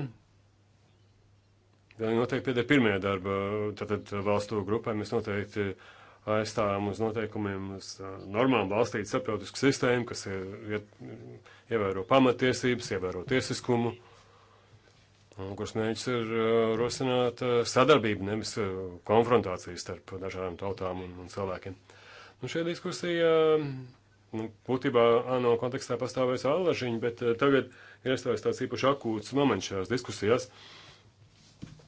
[SPEAKER 4] noteikti pieder pirmajā darba, tātad valstu grupai mēs noteikti uh, aizstājām uz noteikumiem, uz normām balstītu starptautisku sistēmu, kas ir, ir ievēro pamatiesības, ievēro tiesiskumu, un kuras mērķis ir rosināt sadarbību, nevis konfrontāciju starp dažādām tautām un, un cilvēkiem. Un nu, šajā diskusijā, nu, būtībā ANO kontekstā pastāvēs allažiņi, bet tagad ir aizstāvis tāds īpaši akūts moments šajās diskusijās. Uh,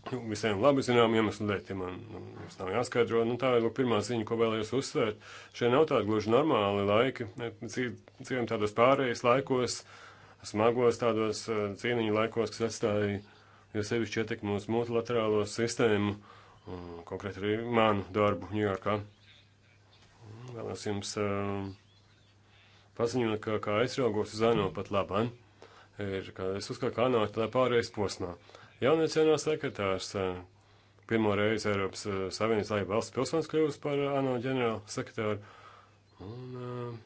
[SPEAKER 4] nu, visiem labi zinām iemeslu dēļ, tie man nu, nav jāskaidro. Nu, tā ir lūk, pirmā ziņa, ko vēlējos uzsvērt. Šie nav tādi gluži normāli laiki, dzīvojam tādos pārējais laikos, smagos tādos eh, cīniņu laikos, kas atstāja jo sevišķi ietekmi uz multilaterālo sistēmu, un, konkrēt arī manu darbu Ņujorkā. Vēlos jums uh, paziņot, ka kā es raugos uz ANO pat labāk, ir, ka es uzskatu, ka ANO ir tādā pārējais posmā. Uh, Jaunies jauno sekretārs eh, pirmo reizi Eiropas eh, Savienības laiba valsts pilsonis kļūst par eh, ANO ģenerālu sekretāru. Un,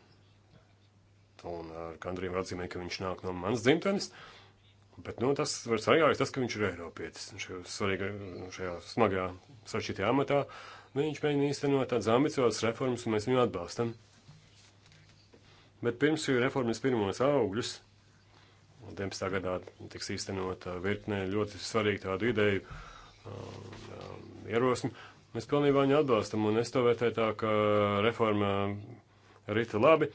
[SPEAKER 4] un ar gandrīz atzīmē, ka viņš nāk no manas dzimtenes. Bet, nu, tas var svarīgākais tas, ka viņš ir Eiropietis. Šajā svarīgā, šajā smagajā, sarčītajā amatā viņš mēģina īstenot tādas ambiciozas reformas, un mēs viņu atbalstam. Bet pirms šī reformas pirmos augļus 11. gadā tiks īstenota uh, virkne ļoti svarīgu tādu ideju um, um, ierosmi. Mēs pilnībā viņu atbalstam, un es to vērtēju tā, ka reforma rita labi.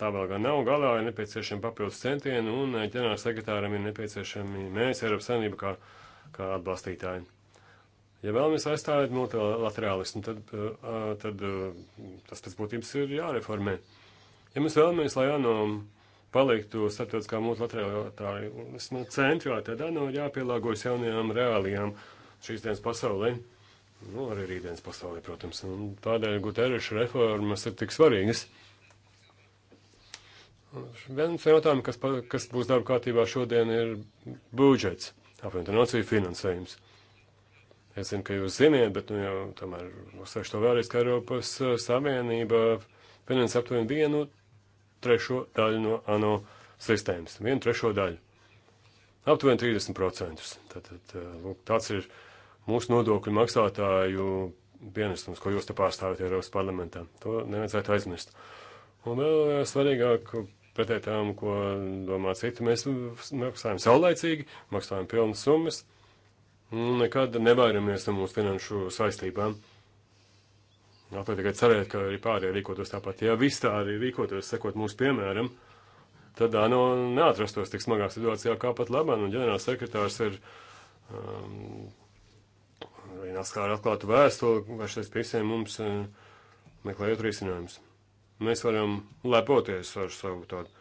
[SPEAKER 4] Tā vēl gan nav galā, ir nepieciešami papildus centieni, un uh, ģenerāla sekretāram ir nepieciešami mēs, Eiropas Savienība, kā, kā atbalstītāji. Ja vēlamies aizstāvēt multilaterālismu, tad, uh, tad tas pēc būtības ir jāreformē. Ja mēs vēlamies, lai ANO ja paliktu starptautiskā multilaterālā centrā, tad ANO ir jāpielāgojas jaunajām reālijām šīs dienas pasaulē. Nu, arī rītdienas pasaulē, protams. Un tādēļ Guterreša reformas ir tik svarīgas. Viens no jautājumiem, kas, pa, kas būs darba kārtībā šodien, ir budžets, apvienotā nācija finansējums. Es zinu, ka jūs ziniet, bet nu, jau tomēr uzsvēršu to vēlreiz, ka Eiropas Savienība finansē aptuveni vienu trešo daļu no ANO sistēmas. Vienu trešo daļu. Aptuveni 30%. Tātad, lūk, tāds ir mūsu nodokļu maksātāju dienestums, ko jūs te pārstāvjat Eiropas parlamentā. To nevajadzētu aizmirst. Un vēl eh, svarīgāk, pretēji tām, ko domā citi, mēs maksājam saulēcīgi, maksājam pilnas summas un nekad nevairamies no mūsu finanšu saistībām. Atliek tikai cerēt, ka arī pārējie rīkotos tāpat. Ja viss tā arī rīkotos, sekot mūsu piemēram, tad tā no neatrastos tik smagā situācijā kā pat labāk. Un ģenerāls sekretārs ir um, nāskār atklātu vēstuli, vai šis visiem mums uh, meklējot risinājumus. Mēs varam lepoties ar savu tādu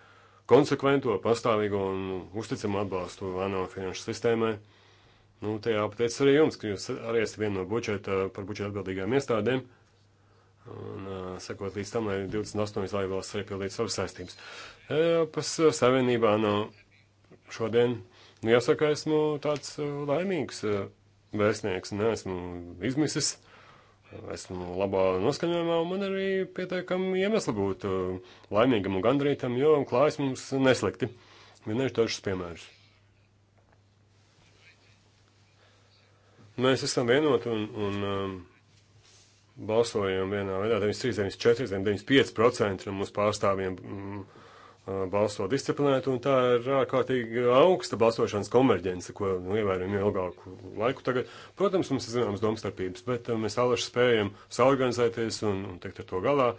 [SPEAKER 4] konsekvento, pastāvīgo un uzticamu atbalstu ANO finanšu sistēmai. Nu, tajā pateicis arī jums, ka jūs arī esat viena no budžeta, par budžeta atbildīgām iestādēm. Uh, un uh, sekot līdz tam, lai 28 dalībvalstis arī pildītu savas saistības. Eiropas Savienībā no nu, šodien, nu jāsaka, esmu tāds laimīgs vēstnieks, neesmu izmisis, esmu labā noskaņojumā, un man arī pieteikami iemesli būt laimīgam un gandrītam, jo klājas mums neslikti. Vienkārši dažus piemērus. Mēs esam vienoti un, un um, balsojam vienā veidā 93, 94, 95% no mūsu pārstāvjiem mm, balso disciplinēti, un tā ir ārkārtīgi augsta balsošanas konverģence, ko nu, ievērojam ilgāku laiku tagad. Protams, mums ir zināmas domstarpības, bet mēs alaši spējam saorganizēties un, un teikt ar to galā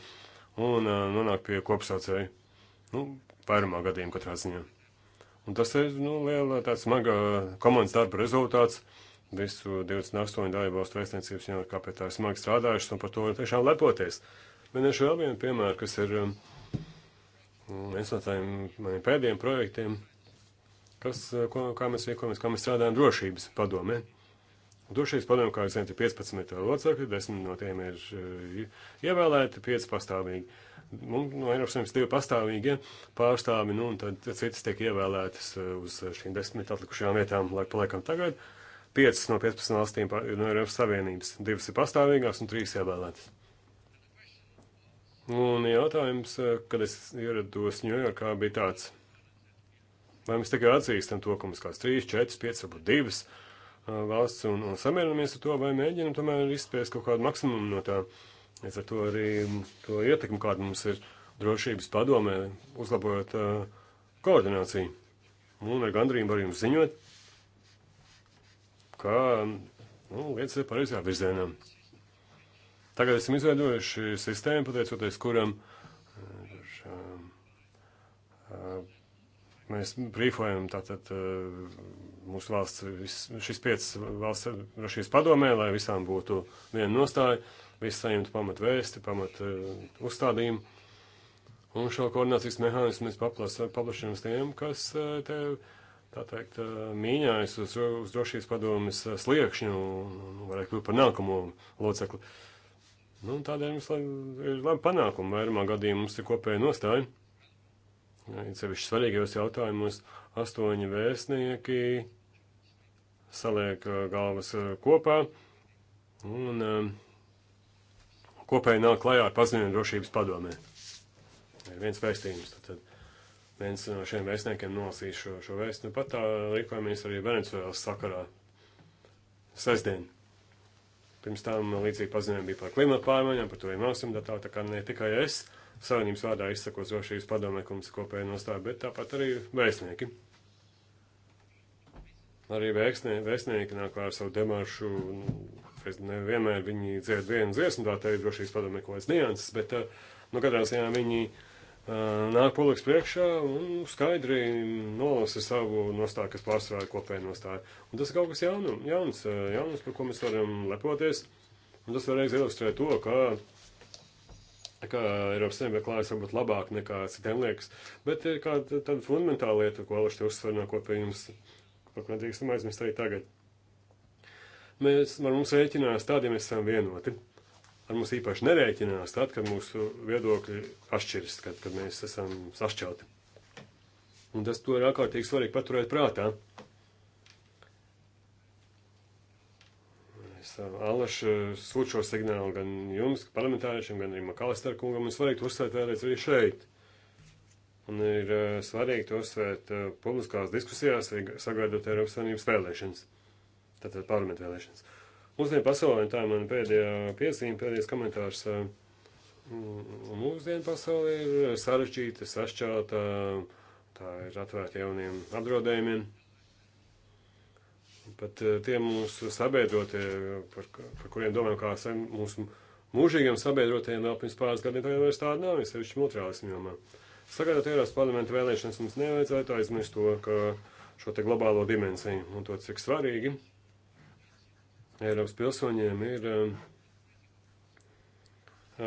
[SPEAKER 4] un nonākt pie kopsaucēju. Nu, vairumā gadījumā katrā ziņā. Un tas ir nu, liela, tāds smaga komandas darba rezultāts. Uh, visu 28 dalībvalstu vēstniecības jāmaka, kā pie tā ir smagi strādājušas, un par to var tiešām lepoties. Minēšu vēl vienu piemēru, kas ir um, viens no tādiem maniem pēdējiem projektiem, kas, uh, ko, kā mēs rīkojamies, kā mēs strādājam drošības padomē. Drošības padomē, kā jūs zināt, ir 15 locekļi, 10 no tiem ir uh, ievēlēti, 5 pastāvīgi. Un, nu, no Eiropas Savienības divi pastāvīgie pārstāvi, nu, un tad citas tiek ievēlētas uh, uz šīm desmit atlikušajām vietām, laik paliekam tagad. Uh, 5 no 15 valstīm no Eiropas Savienības. 2 ir pastāvīgās un 3 ievēlētas. Un jautājums, eh, kad es ierados Ņujorkā, bija tāds, vai mēs tikai atzīstam to, ka mums kāds 3, 4, 5, varbūt 2 eh, valsts un, un samierinamies ar to, vai mēģinam tomēr izspēst kaut kādu maksimumu no tā. Es ar to arī to ietekmi, kāda mums ir drošības padomē, uzlabojot uh, koordināciju. Un ar gandrību varu jums ziņot, ka nu, lietas ir pareizajā virzienā. Tagad esam izveidojuši sistēmu, pateicoties kuram e, mēs brīfojam tātad e, mūsu valsts, šis piecas valsts drošības padomē, lai visām būtu viena nostāja, visi saņemtu pamat vēsti, pamat e, uzstādījumu. Un šo koordinācijas mehānismu mēs paplašinām tiem, kas te tā teikt, mīņājas uz, uz drošības padomjas sliekšņu un, un varētu kļūt par nākamo locekli. Nu, tādēļ mums lai, ir labi panākumi. Vairumā gadījumā mums ir kopēja nostāja. Cevišķi svarīgajos jautājumos astoņi vēstnieki saliek galvas kopā un kopēji nāk klajā ar paziņojumu drošības padomē. Ir viens vēstījums. Tad, tad viens no šiem vēstniekiem nolasīs šo, šo vēstu. Nu, pat tā rīkojamies arī Venecuēlas sakarā. Sestdien. Pirms tam līdzīgi paziņojumi bija par klimatu pārmaiņām, par to iemācījumu datā, tā kā ne tikai es savienības vārdā izsakos drošības padomniekums kopēja nostāja, bet tāpat arī vēstnieki. Arī vēstnieki, vēstnieki nāk ar savu demaršu, nu, es nevienmēr viņi dzied vienu dziesmu, tā teikt, drošības padomniekojas nianses, bet, eh, nu, katrā ziņā viņi. Uh, nāk publikas priekšā un skaidri nolasa savu nostāju, kas pārstrādā kopēju nostāju. Un tas ir kaut kas jaunu, jauns, jauns, par ko mēs varam lepoties. Un tas vēlreiz ilustrē to, ka, ka Eiropas Savienība klājas varbūt labāk nekā citiem liekas. Bet ir kāda tāda fundamentāla lieta, ko Alaši uzsver no kopējums, par ko nedrīkstam aizmirst arī tagad. Mēs, ar mums rēķinās tādi, ja mēs esam vienoti ar mums īpaši nerēķinās tad, kad mūsu viedokļi atšķiras, kad, kad mēs esam sašķelti. Un tas to ir ārkārtīgi svarīgi paturēt prātā. Es Alašu sūtu šo signālu gan jums, parlamentāriešiem, gan arī Makalister kungam, un svarīgi to uzsvērt vēlreiz arī šeit. Un ir uh, svarīgi to uzsvērt uh, publiskās diskusijās, sagaidot Eiropas Savienības vēlēšanas, tātad parlamentu vēlēšanas. Uh, Mūsdienu pasaulē, tā ir mana pēdējā piezīme, pēdējais komentārs. Mūsdienu pasaulē ir sarežģīta, sašķelta, tā ir atvērta jauniem apdraudējumiem. Pat tie mūsu sabiedrotie, par, par kuriem domājam, kā sen mūsu mūžīgiem sabiedrotiem vēl pirms pāris gadiem, tagad vairs tāda nav, es sevišķi mutrālismu jomā. Sagaidot Eiropas parlamentu vēlēšanas mums nevajadzētu aizmirst to, ka šo te globālo dimensiju un to, cik svarīgi ir Eiropas pilsoņiem ir um,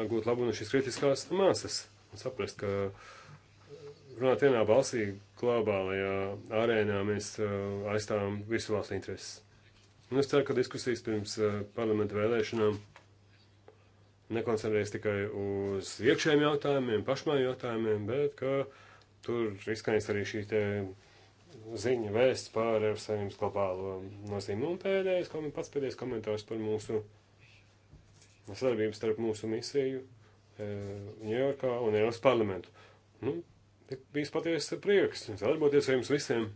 [SPEAKER 4] gūt labu no šīs kritiskās māsas un saprast, ka runāt vienā balsī globālajā arēnā mēs aizstāvam visu valstu intereses. Un es ceru, ka diskusijas pirms parlamenta vēlēšanām nekoncentrējas tikai uz iekšējiem jautājumiem, pašmāju jautājumiem, bet ka tur izskanēs arī šī te ziņa vēsts par Eiropas Savienības globālo nozīmi. Un pēdējais, kom, pats pēdējais komentārs par mūsu sadarbību starp mūsu misiju Ņujorkā e, un Eiropas parlamentu. Nu, bijis patiesi prieks sadarboties ar jums visiem.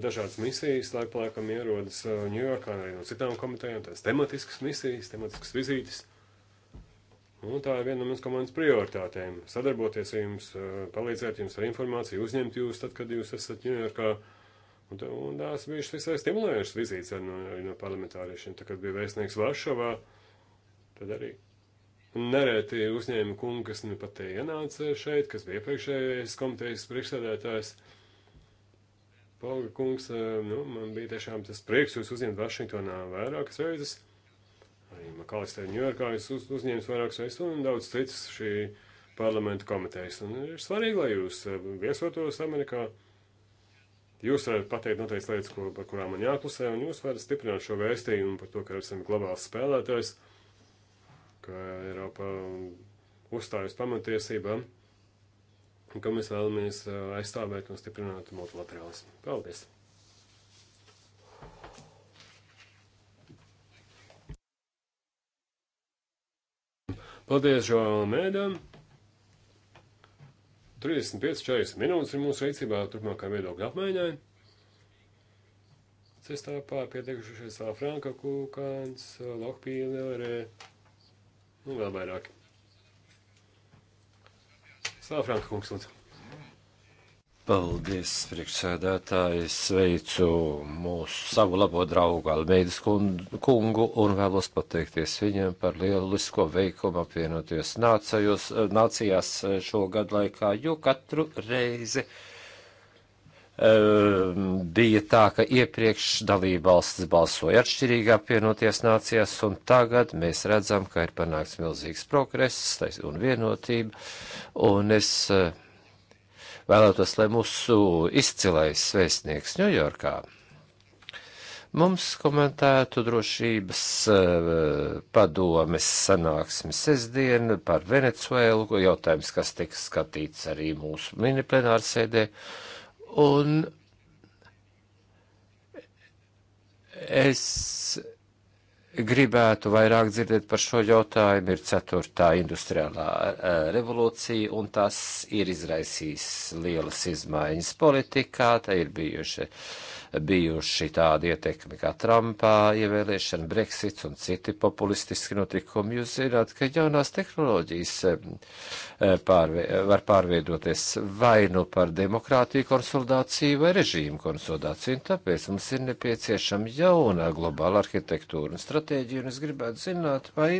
[SPEAKER 4] Dažādas misijas laik pa laikam ierodas Ņujorkā, e, arī no citām komitejām, tās tematiskas misijas, tematiskas vizītes. Un nu, tā ir viena no manas komandas prioritātēm - sadarboties ar jums, palīdzēt jums ar informāciju, uzņemt jūs tad, kad jūs esat Ņujorkā. Un, tā, un tās bija visai stimulējušas vizītes ar no, arī no parlamentāriešiem. Tā, kad bija vēstnieks Varšavā, tad arī nereti uzņēma kungu, kas nu pat te ienāca šeit, kas bija iepriekšējais komitejas priekšsēdētājs. Pauga kungs, nu, man bija tiešām tas prieks jūs uzņemt Vašingtonā vairākas reizes arī Makalistē Ņujorkā es uz, uzņēmu vairākas reizes un daudz citas šī parlamenta komitejas. Un ir svarīgi, lai jūs eh, viesotos Amerikā. Jūs varat pateikt noteikti lietas, ko, par kurām man jāklusē, un jūs varat stiprināt šo vēstījumu par to, ka esam globāls spēlētājs, ka Eiropa uzstājas pamatiesībām, un ka mēs vēlamies eh, aizstāvēt un stiprināt multilaterālismu. Paldies! Paldies, Žoam Mēdam. 35-40 minūtes ir mūsu rīcībā turpmākā viedokļa apmaiņai. Cestāpā pietiekušies Franka Kūkāns, Lohpīlerē, nu vēl vairāk. Sāfranka kungs, lūdzu.
[SPEAKER 2] Paldies, priekšsēdētāji. Sveicu mūsu savu labo draugu Almeidas kungu un vēlos pateikties viņam par lielisko veikumu apvienoties nācajos, nācijās šo gadu laikā, jo katru reizi um, bija tā, ka iepriekš dalībvalstis balsoja atšķirīgi apvienoties nācijās, un tagad mēs redzam, ka ir panāks milzīgs progress un vienotība, un es uh, vēlētos, lai mūsu izcilais svēstnieks Ņujorkā mums komentētu drošības eh, padomes sanāksmi sestdien par Venecuēlu, jautājums, kas tiks skatīts arī mūsu miniplenāra sēdē. Un es gribētu vairāk dzirdēt par šo jautājumu, ir 4. industriālā e, revolūcija, un tas ir izraisījis lielas izmaiņas politikā, tā ir bijuši uh, bijuši tādi ietekmi kā Trumpā, ievēlēšana, Brexits un citi populistiski notikumi. Jūs zināt, ka jaunās tehnoloģijas eh, eh, pārvie, var pārveidoties vai nu par demokrātiju konsolidāciju vai režīmu konsolidāciju, un tāpēc mums ir nepieciešama jauna globāla arhitektūra un stratēģija, un es gribētu zināt, vai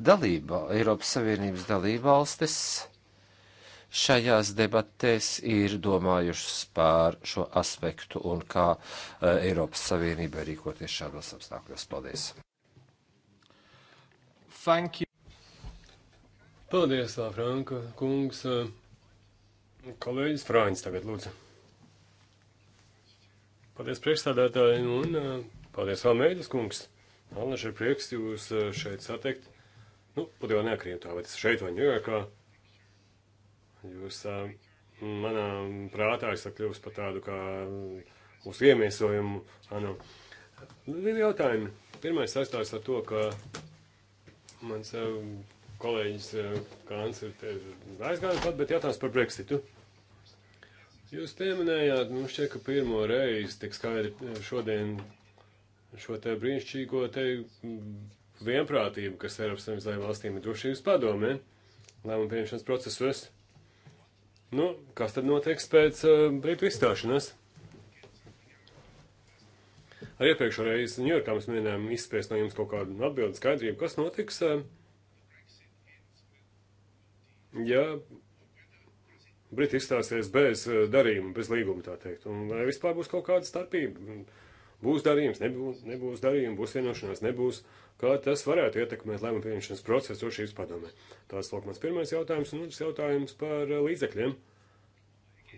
[SPEAKER 2] dalība, Eiropas Savienības dalība valstis, šajās debatēs ir domājušas pār šo aspektu un kā eh, Eiropas Savienība rīkoties šādos apstākļos. Paldies!
[SPEAKER 4] Thank you. Paldies, Lā, Franka, kungs. Eh, kolēģis Frāņš tagad lūdzu. Paldies priekšstādātāji un eh, paldies vēl mēģis, kungs. Alnaši ir prieks jūs šeit satikt. Nu, pat jau neakrīt tā, vai tas šeit vai Ņujorkā. Jūs manā prātā esat kļuvusi par tādu kā mūsu iemiesojumu. Ano. Nu. Divi jautājumi. Pirmais saistās ar to, ka mans kolēģis Kāns ir aizgājis pat, bet jautājums par Brexitu. Jūs pieminējāt, nu šķiet, ka pirmo reizi tik skaidri šodien šo te brīnišķīgo te vienprātību, kas Eiropas Savienības valstīm ir drošības padomē, lēmumu pieņemšanas procesos. Nu, kas tad notiks pēc uh, eh, Britu izstāšanās? Ar iepriekšējo reizi Ņujorkā mēs mēģinājām izspiest no jums kaut kādu atbildi skaidrību, kas notiks, uh, ja Briti izstāsies bez eh, darījuma, bez līguma, tā teikt. Un vai vispār būs kaut kāda starpība? Būs darījums, nebūs, nebūs darījums, būs vienošanās, nebūs. Kā tas varētu ietekmēt lēmumu pieņemšanas procesu drošības padomē? Tās lūk mans pirmais jautājums, un otrs jautājums par eh, līdzekļiem,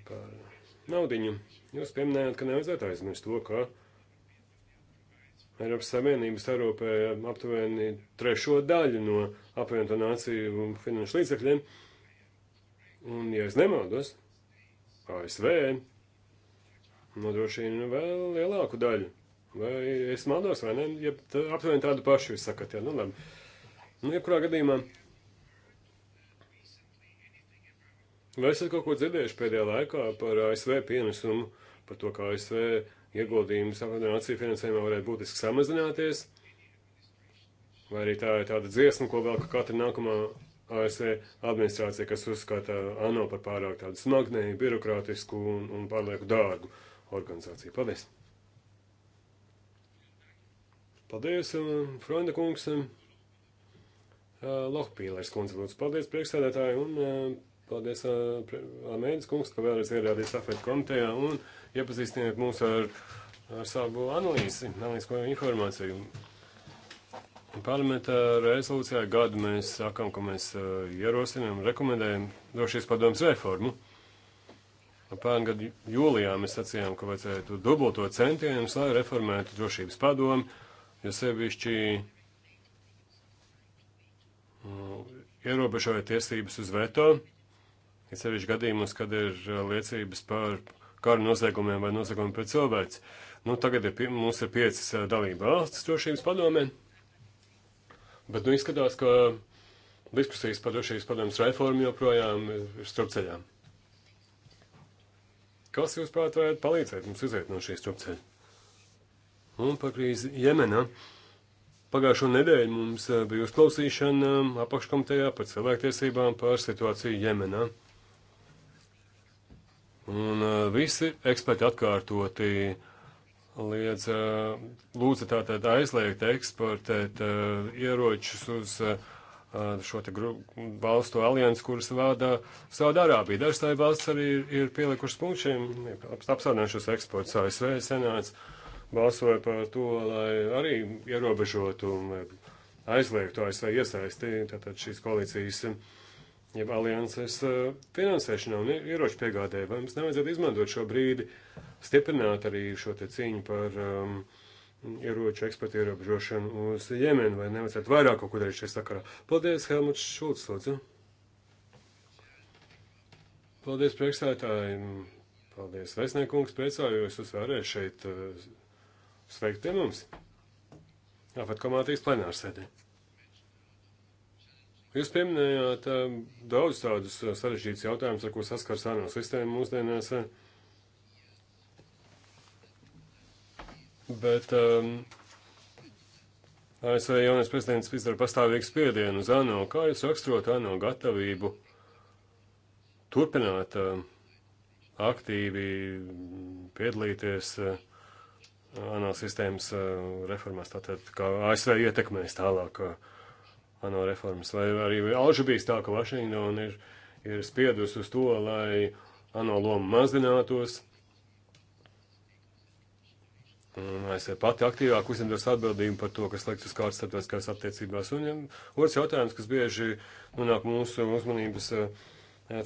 [SPEAKER 4] par naudiņu. Jūs pieminējāt, ka nevajadzētu aizmirst to, ka Eiropas Savienības Eiropē aptuveni trešo daļu no apvienoto nāciju finanšu līdzekļiem. Un, ja es nemaldos, ASV nodrošina vēl lielāku daļu. Vai es maldos, vai ne? Ja tā, aptuveni tādu pašu jūs sakat, jā, nu labi. Nu, jebkurā gadījumā. Vai esat kaut ko dzirdējuši pēdējā laikā par ASV pienesumu, par to, kā ASV ieguldījums nāciju finansējumā varētu būtiski samazināties? Vai arī tā ir tāda dziesma, ko vēl katra nākamā ASV administrācija, kas uzskata ANO par pārāk tādu smagnēju, birokrātisku un, un pārlieku dārgu? Uh, organizāciju. Paldies! Paldies, um, Freunda kungs! Um, uh, Lohpīlērs kundze, lūdzu, paldies priekšsēdētāji un uh, paldies uh, Almēdas kungs, ka vēlreiz ierādījāt safēt komitejā un iepazīstiniet mūs ar, ar savu analīzi, analīzisko informāciju. Parlamentā rezolūcijā gadu mēs sakām, ka mēs ierosinām, rekomendējam drošības padomus reformu. Nu, pērn gadu jūlijā mēs sacījām, ka vajadzētu dubultot centienus, lai reformētu drošības padomu, jo sevišķi nu, ierobežoja tiesības uz veto, ir sevišķi gadījumus, kad ir uh, liecības par karu noziegumiem vai noziegumiem pret cilvēks. Nu, tagad ir, mums ir piecas uh, dalība valsts drošības padomē, bet nu izskatās, ka diskusijas par drošības padomas reformu joprojām ir starpceļām. Kas, jūsuprāt, varētu palīdzēt mums iziet no šīs strupceļa? Un par krīzi Jemenā. Pagājušo nedēļu mums eh, bija uzklausīšana um, apakškomitejā par cilvēktiesībām, par situāciju Jemenā. Un eh, visi eksperti atkārtoti liedz, eh, lūdza tātad aizliegt eksportēt ieročus uz uh, šo te gru, valstu aliansu, kuras vada Saudārābija. Dažas tā valsts arī ir, ir pielikušas punkšiem, apsādinājušas eksports ASV senāts, balsoja par to, lai arī ierobežotu un aizliegtu ASV iesaisti tātad šīs koalīcijas, jeb alianses finansēšanā un ieroču piegādē. Vai mums nevajadzētu izmantot šo brīdi, stiprināt arī šo te cīņu par um, ieroču eksporta ierobežošanu uz Jemenu, vai nevajadzētu vairāk kaut ko darīt šajā sakarā. Paldies, Helmuts Šulcs, lūdzu. Paldies, priekšstādātāji. Paldies, Vesniekungs, priecājos jūs vēlreiz šeit uh, sveikt pie mums. Tāpat kā mātīs plenārsēdē. Jūs pieminējāt uh, daudz tādus eh, sarežģītus jautājumus, ar ko saskars ANO sistēma mūsdienās. Uh, bet um, ASV jaunais prezidents izdara pastāvīgu spiedienu uz ANO. Kā jūs raksturot ANO gatavību turpināt um, aktīvi piedalīties uh, ANO sistēmas uh, reformās, tātad kā ASV ietekmēs tālāk uh, ANO reformas, vai arī alži bijis tā, ka Vašingtona ir, ir spiedus uz to, lai ANO loma mazinātos. Es pati aktīvāk uzņemtos atbildību par to, kas liekas uz kārtas starptautiskās attiecībās. Un ja, otrs jautājums, kas bieži nonāk mūsu uzmanības eh,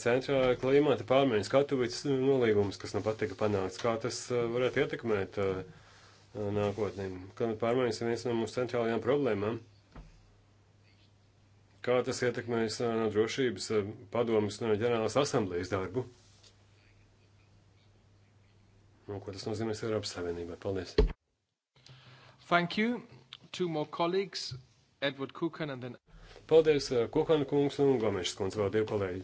[SPEAKER 4] centrā, ir klimata pārmaiņas, Katovicas nolīgums, kas nav nu patika panākts. Kā tas eh, varētu ietekmēt eh, nākotnē? Klimata pārmaiņas ir viens no mūsu centrālajām problēmām. Kā tas ietekmēs no drošības padomas no ģenerālas asamblejas darbu? un ko tas nozīmēs Eiropas Savienībai. Paldies!
[SPEAKER 3] Thank you. Two more colleagues, Edward Kukan and then...
[SPEAKER 4] Paldies, eh, Kukana kungs un Gomešs kungs, vēl divi kolēģi.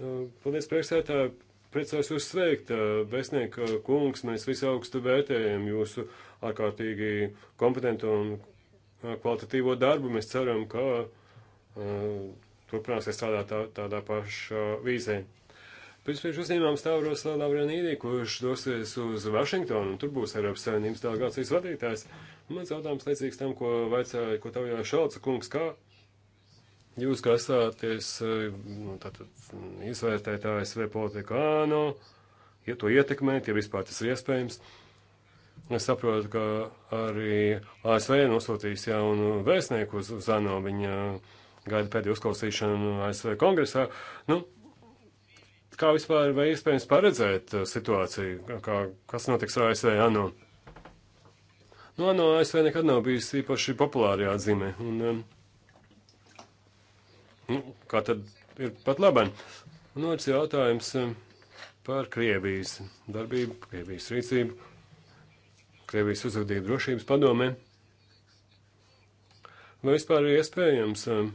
[SPEAKER 4] Eh, paldies, priekšsētāji, priecājos jūs sveikt, eh, vēstnieka kungs, mēs visi augstu vērtējam jūsu ārkārtīgi kompetentu un kvalitatīvo darbu. Mēs ceram, ka uh, turpināsiet strādāt tā, tādā pašā vīzē. Pēc priekš uzņēmām Stavros Lavranīdī, kurš dosies uz Vašingtonu, tur būs Eiropas Savienības delegācijas vadītājs. Un mans jautājums līdzīgs tam, ko vaicāja, ko tev jau šauca kungs, kā jūs, kā esāties, nu, tātad izvērtēt ASV politiku āno, nu, ja to ietekmēt, ja vispār tas ir iespējams. Es saprotu, ka arī ASV nosūtīs jaunu vēstnieku uz Zano, viņa gaida pēdējo uzklausīšanu ASV kongresā. Nu, kā vispār vai iespējams paredzēt uh, situāciju, kā, kas notiks ar ASV ANO? Nu, ANO ASV nekad nav bijis īpaši populāri atzīmē. Un, um, nu, kā tad ir pat labāk? Un otrs jautājums um, par Krievijas darbību, Krievijas rīcību, Krievijas uzvedību drošības padomē. Vai vispār ir iespējams um,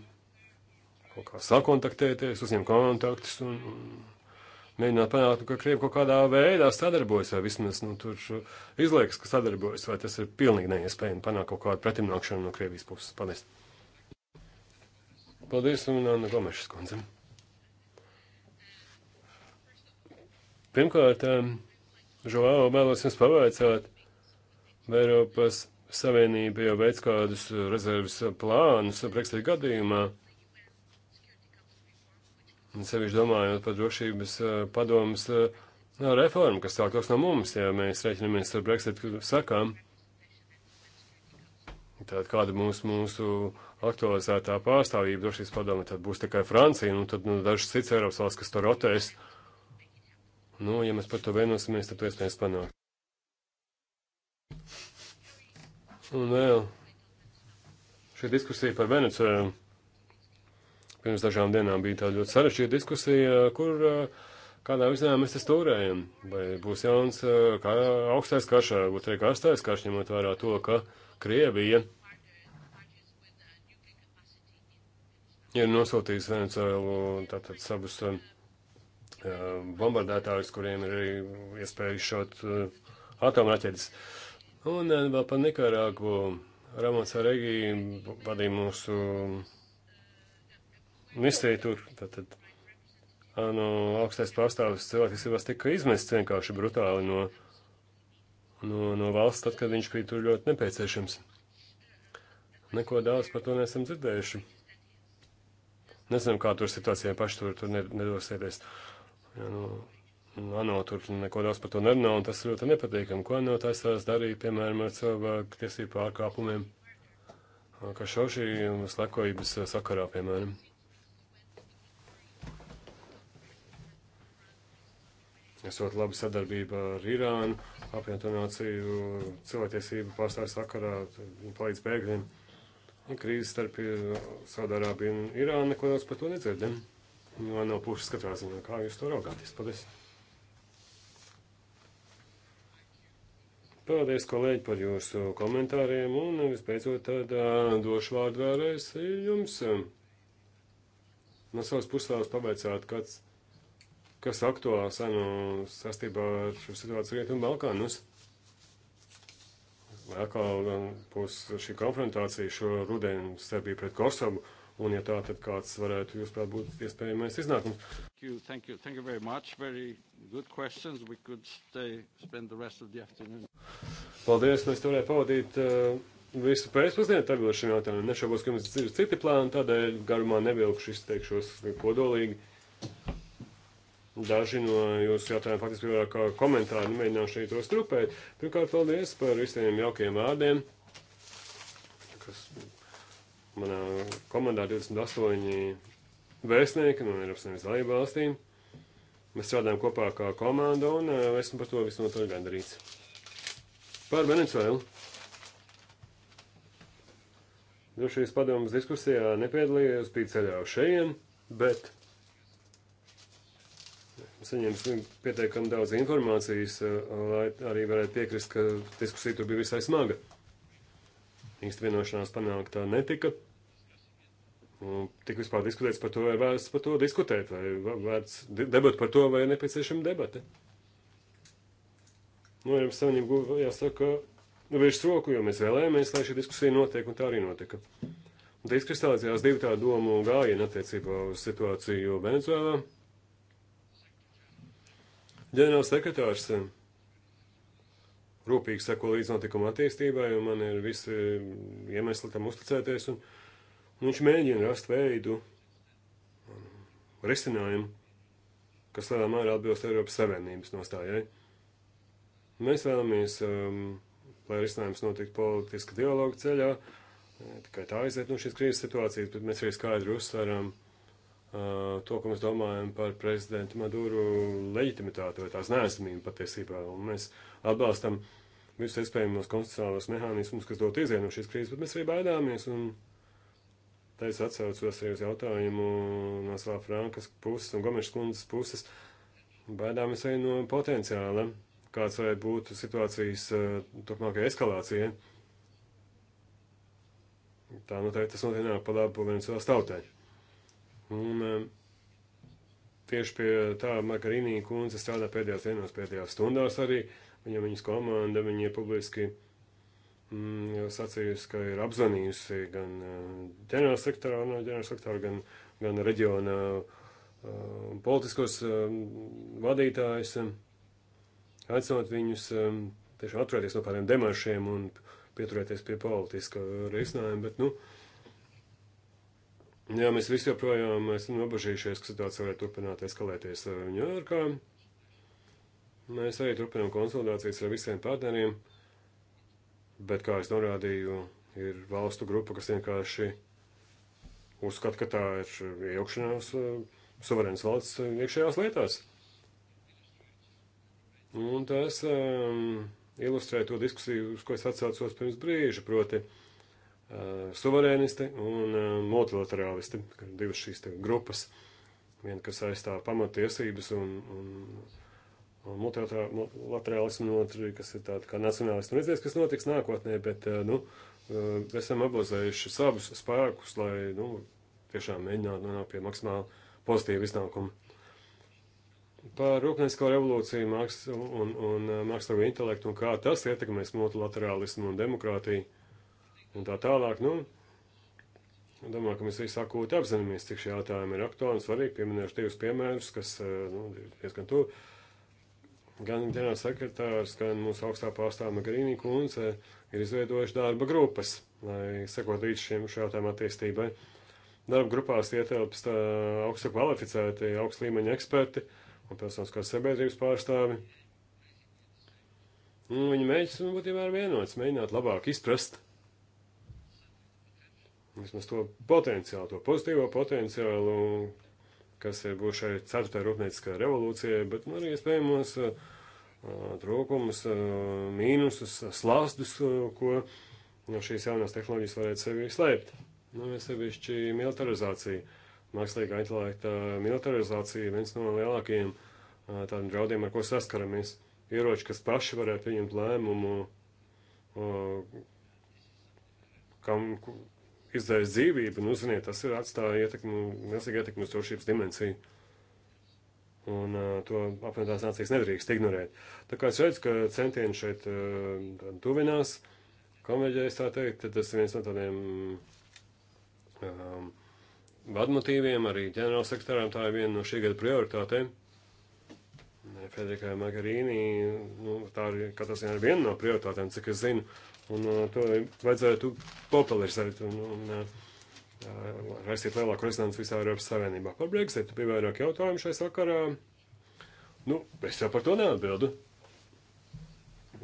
[SPEAKER 4] kaut kā sakontaktēties, uzņemt kontaktus un, un mēģināt panākt, ka Krievi kaut kādā veidā sadarbojas, vai vismaz nu, tur izliekas, ka sadarbojas, vai tas ir pilnīgi neiespējami panākt kaut kādu pretimnākšanu no Krievijas puses. Paldies! Paldies, un Anna Gomešas kundze. Pirmkārt, Žovēl um, vēlos jums pavaicāt, vai Eiropas Savienība jau veids kādus rezerves plānus Brexit gadījumā. Un sevišķi domājot par drošības eh, padomus eh, reformu, kas sāktos no mums, ja mēs reiķinamies ar Brexit sakām. Tātad kāda mūsu, mūsu aktualizētā pārstāvība drošības padome, tad būs tikai Francija, un nu tad nu, dažas cits Eiropas valsts, kas to rotēs. Nu, ja mēs par to vienosimies, tad to iespējams panākt. Un vēl šī diskusija par Venecijā. Pirms dažām dienām bija tāda ļoti sarežģīta diskusija, kur kādā virzienā mēs te stūrējam. Vai būs jauns kā, augstais karš, varbūt arī karstais karš, ņemot vērā to, ka Krievija ir nosūtījusi Venecuēlu tātad savus uh, bombardētājus, kuriem ir arī iespēja izšaut uh, atomraķetes. Un uh, vēl par Nikarāgu Ramons Aregi vadīja mūsu uh, misija tur, tad, tad no augstais pārstāvis cilvēktiesībās tika izmests vienkārši brutāli no, no, no valsts, tad, kad viņš bija tur ļoti nepieciešams. Neko daudz par to neesam dzirdējuši. Nezinu, kā tur situācijā paši tur, tur nedosieties. Ja, nu, nu, ANO tur neko daudz par to nerunā, un tas ir ļoti nepatīkami. Ko ANO taisās darīt, piemēram, ar cilvēku tiesību pārkāpumiem? Kā šo šī slekojības sakarā, piemēram. Es ļoti labi sadarbība ar Irānu, apvienoto nāciju cilvēktiesību pārstāvis sakarā, viņi palīdz bēgļiem. Krīze starp Saudārābiju un Irānu neko daudz par to nedzirdam. No, no pušas katrā ziņā, kā jūs to raugāties. Paldies! Paldies, kolēģi, par jūsu komentāriem, un vispēcot tad došu vārdu vēlreiz jums. No savas puses vēlos pabeicāt, kāds kas aktuāls nu, sastībā ar šo situāciju Rietumu Balkānus. Vai atkal um, būs šī konfrontācija šo rudenu Serbiju pret Kosovu, un ja tā, tad kāds varētu, jūsuprāt, būt iespējamais iznākums? Thank you, thank you, thank you very much. Very
[SPEAKER 1] good questions. We could stay, spend the rest of the afternoon.
[SPEAKER 4] Paldies, mēs varētu pavadīt uh, visu pēcpusdienu tagad ar šiem jautājumiem. Nešaubos, ka jums ir citi plāni, tādēļ garumā nevilkšu izteikšos kodolīgi. Daži no jūsu jautājumiem faktiski bija kā komentāri, nu mēģināšu arī to strupēt. Pirmkārt, paldies par visiem jaukiem vārdiem, kas manā komandā 28 vēstnieki no Eiropas Savienības dalību valstīm. Mēs strādājam kopā kā komanda un eh, esmu par to visnotaļ gandarīts. Par Venecuēlu. Nu, šīs padomas diskusijā nepiedalījos, bija ceļā uz šejienu, bet saņēmis pietiekami daudz informācijas, eh, lai arī varētu piekrist, ka diskusija tur bija visai smaga. Īsti vienošanās panākt tā netika. Un tik vispār diskutēts par to, vai vērts par to diskutēt, vai vērts debat par to, vai nepieciešama debata. Nu, Eiropas Savienība guva, jāsaka, nu, virs roku, jo mēs vēlējāmies, lai šī diskusija notiek, un tā arī notika. Un te izkristalizējās divi tā domu gājieni attiecībā uz situāciju Venezuēlā. Ģenerāls sekretārs eh, rūpīgi seko līdz notikuma attīstībai, un man ir visi mm, iemesli tam uzticēties, un, un viņš mēģina rast veidu, mm, risinājumu, kas lielā mērā atbilst Eiropas Savienības nostājai. Mēs vēlamies, um, lai risinājums notiktu politiska dialoga ceļā, ne tikai tā aiziet no šīs krīzes situācijas, bet mēs arī skaidri uzsveram, um, Eh, to, ko mēs domājam par prezidentu Maduru leģitimitāti vai tās neesamību patiesībā. Un mēs atbalstam visus iespējamos konstitucionālos mehānismus, kas dot izienu no šīs krīzes, bet mēs arī baidāmies. Un tā es atsaucos arī uz jautājumu no Svā Frankas puses un Gomešas kundzes puses. Baidāmies arī no potenciāla, kāds varētu būt situācijas eh, turpmākajai eskalācijai. Tā noteikti tas notiek pa labu Venecijas tautai. Un eh, tieši pie tā Makarīnī kundze strādā pēdējās dienās, pēdējās stundās arī. Viņa viņas komanda, viņa ir publiski mm, sacījusi, ka ir apzvanījusi gan eh, ģenerālsektorā, no ģenerālsektorā, gan, gan reģiona eh, politiskos vadītājus, aicinot viņus tiešām atturēties no kādiem demaršiem un pieturēties pie politiska risinājuma, bet, nu, Jā, mēs visi joprojām esam nobažījušies, ka situācija varētu turpināt eskalēties uh, Ņujorkā. Mēs arī turpinām konsultācijas ar visiem partneriem, bet, kā es norādīju, ir valstu grupa, kas vienkārši uzskata, ka tā ir iejaukšanās uh, suverēnas valsts uh, iekšējās lietās. Un tas um, ilustrē to diskusiju, uz ko es atsaucos pirms brīža, proti. Uh, suverēnisti un uh, multilaterālisti, divas šīs te grupas. Viena, kas aizstāv pamatiesības un, un, un multilaterālismu, un otra, kas ir tāda kā nacionālisti. Un nu, redzēs, kas notiks nākotnē, bet, uh, nu, esam apbozējuši savus spēkus, lai, nu, tiešām mēģinātu nonākt pie maksimāli pozitīva iznākuma. Par rūpniecisko revolūciju māks, un, un mākslīgo intelektu un kā tas ietekmēs multilaterālismu un demokrātiju un tā tālāk. Nu, domāju, ka mēs visi akūti apzināmies, cik šie jautājumi ir aktuāli un svarīgi. Pieminēšu divus piemērus, kas eh, nu, ir diezgan tuvu. Gan ģenerāls sekretārs, gan mūsu augstā pārstāvja Grīnī kundze ir izveidojuši darba grupas, lai sekot līdz šiem jautājumiem attīstībai. Darba grupās ietelpst eh, augstu kvalificēti, augstu līmeņa eksperti un pilsoniskās sabiedrības pārstāvi. Un viņi mēģina nu, būtībā vienot, mēģināt labāk izprast vismaz to potenciālu, to pozitīvo potenciālu, kas ir būs šai ceturtajai rūpnieciskajai revolūcijai, bet nu, arī iespējamos uh, trūkumus, uh, mīnusus, slastus, uh, ko no šīs jaunās tehnoloģijas varētu sevi slēpt. Nu, ja sevišķi militarizācija, mākslīgā intelekta militarizācija, viens no lielākajiem tādiem draudiem, ar ko saskaramies. Ieroči, kas paši varētu pieņemt lēmumu, kam, izdevies dzīvību, nu, ziniet, tas ir atstāja ietekmi, nesaka ietekmi uz drošības dimensiju. Un uh, to apvienotās nācijas nedrīkst ignorēt. Tā kā es redzu, ka centieni šeit uh, tuvinās, konveģējas tā teikt, tad tas ir viens no tādiem um, vadmotīviem, arī ģenerālsekretārām tā ir viena no šī gada prioritātēm. Federikai Magarīnī, nu, tā ir, kā tas ir viena no prioritātēm, cik es zinu, uh, un uh, to vajadzētu popularizēt un, un uh, uh, raisīt lielāku rezonanci visā Eiropas Savienībā. Par Brexitu bija vairāk jautājumu šai sakarā. Nu, es jau par to neatbildu.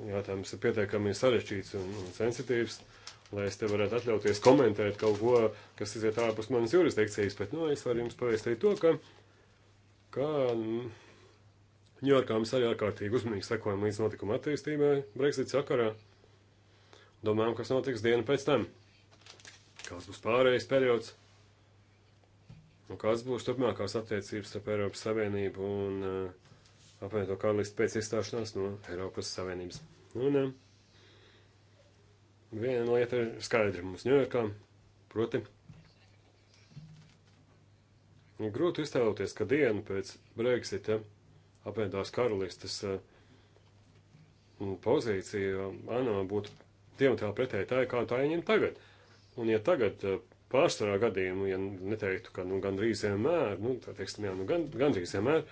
[SPEAKER 4] Jautājums ir pietiekami sarežģīts un, un sensitīvs, lai es te varētu atļauties komentēt kaut ko, kas iziet ārpus manas jurisdikcijas, bet, nu, es varu jums pavēstīt to, ka, ka mm, Ņujorkā mums arī ārkārtīgi uzmanīgi sekojam līdz notikuma attīstībai Brexit sakarā. Ja domājam, kas notiks dienu pēc tam. Kāds būs pārējais periods? Un kāds būs turpmākās attiecības starp Eiropas Savienību un uh, apvienoto karalisti pēc izstāšanās no Eiropas Savienības? Un uh, viena lieta ir skaidra mums Ņujorkā, proti. Grūti iztēloties, ka dienu pēc Brexita apvienotās karalistes uh, pozīcija ANO būtu diametrāli pretēji tā, kā tā ir tagad. Un, ja tagad eh, pārsvarā gadījumu, ja neteiktu, ka nu, gandrīz vienmēr, nu, tā teiksim, jā, nu, gan, gandrīz vienmēr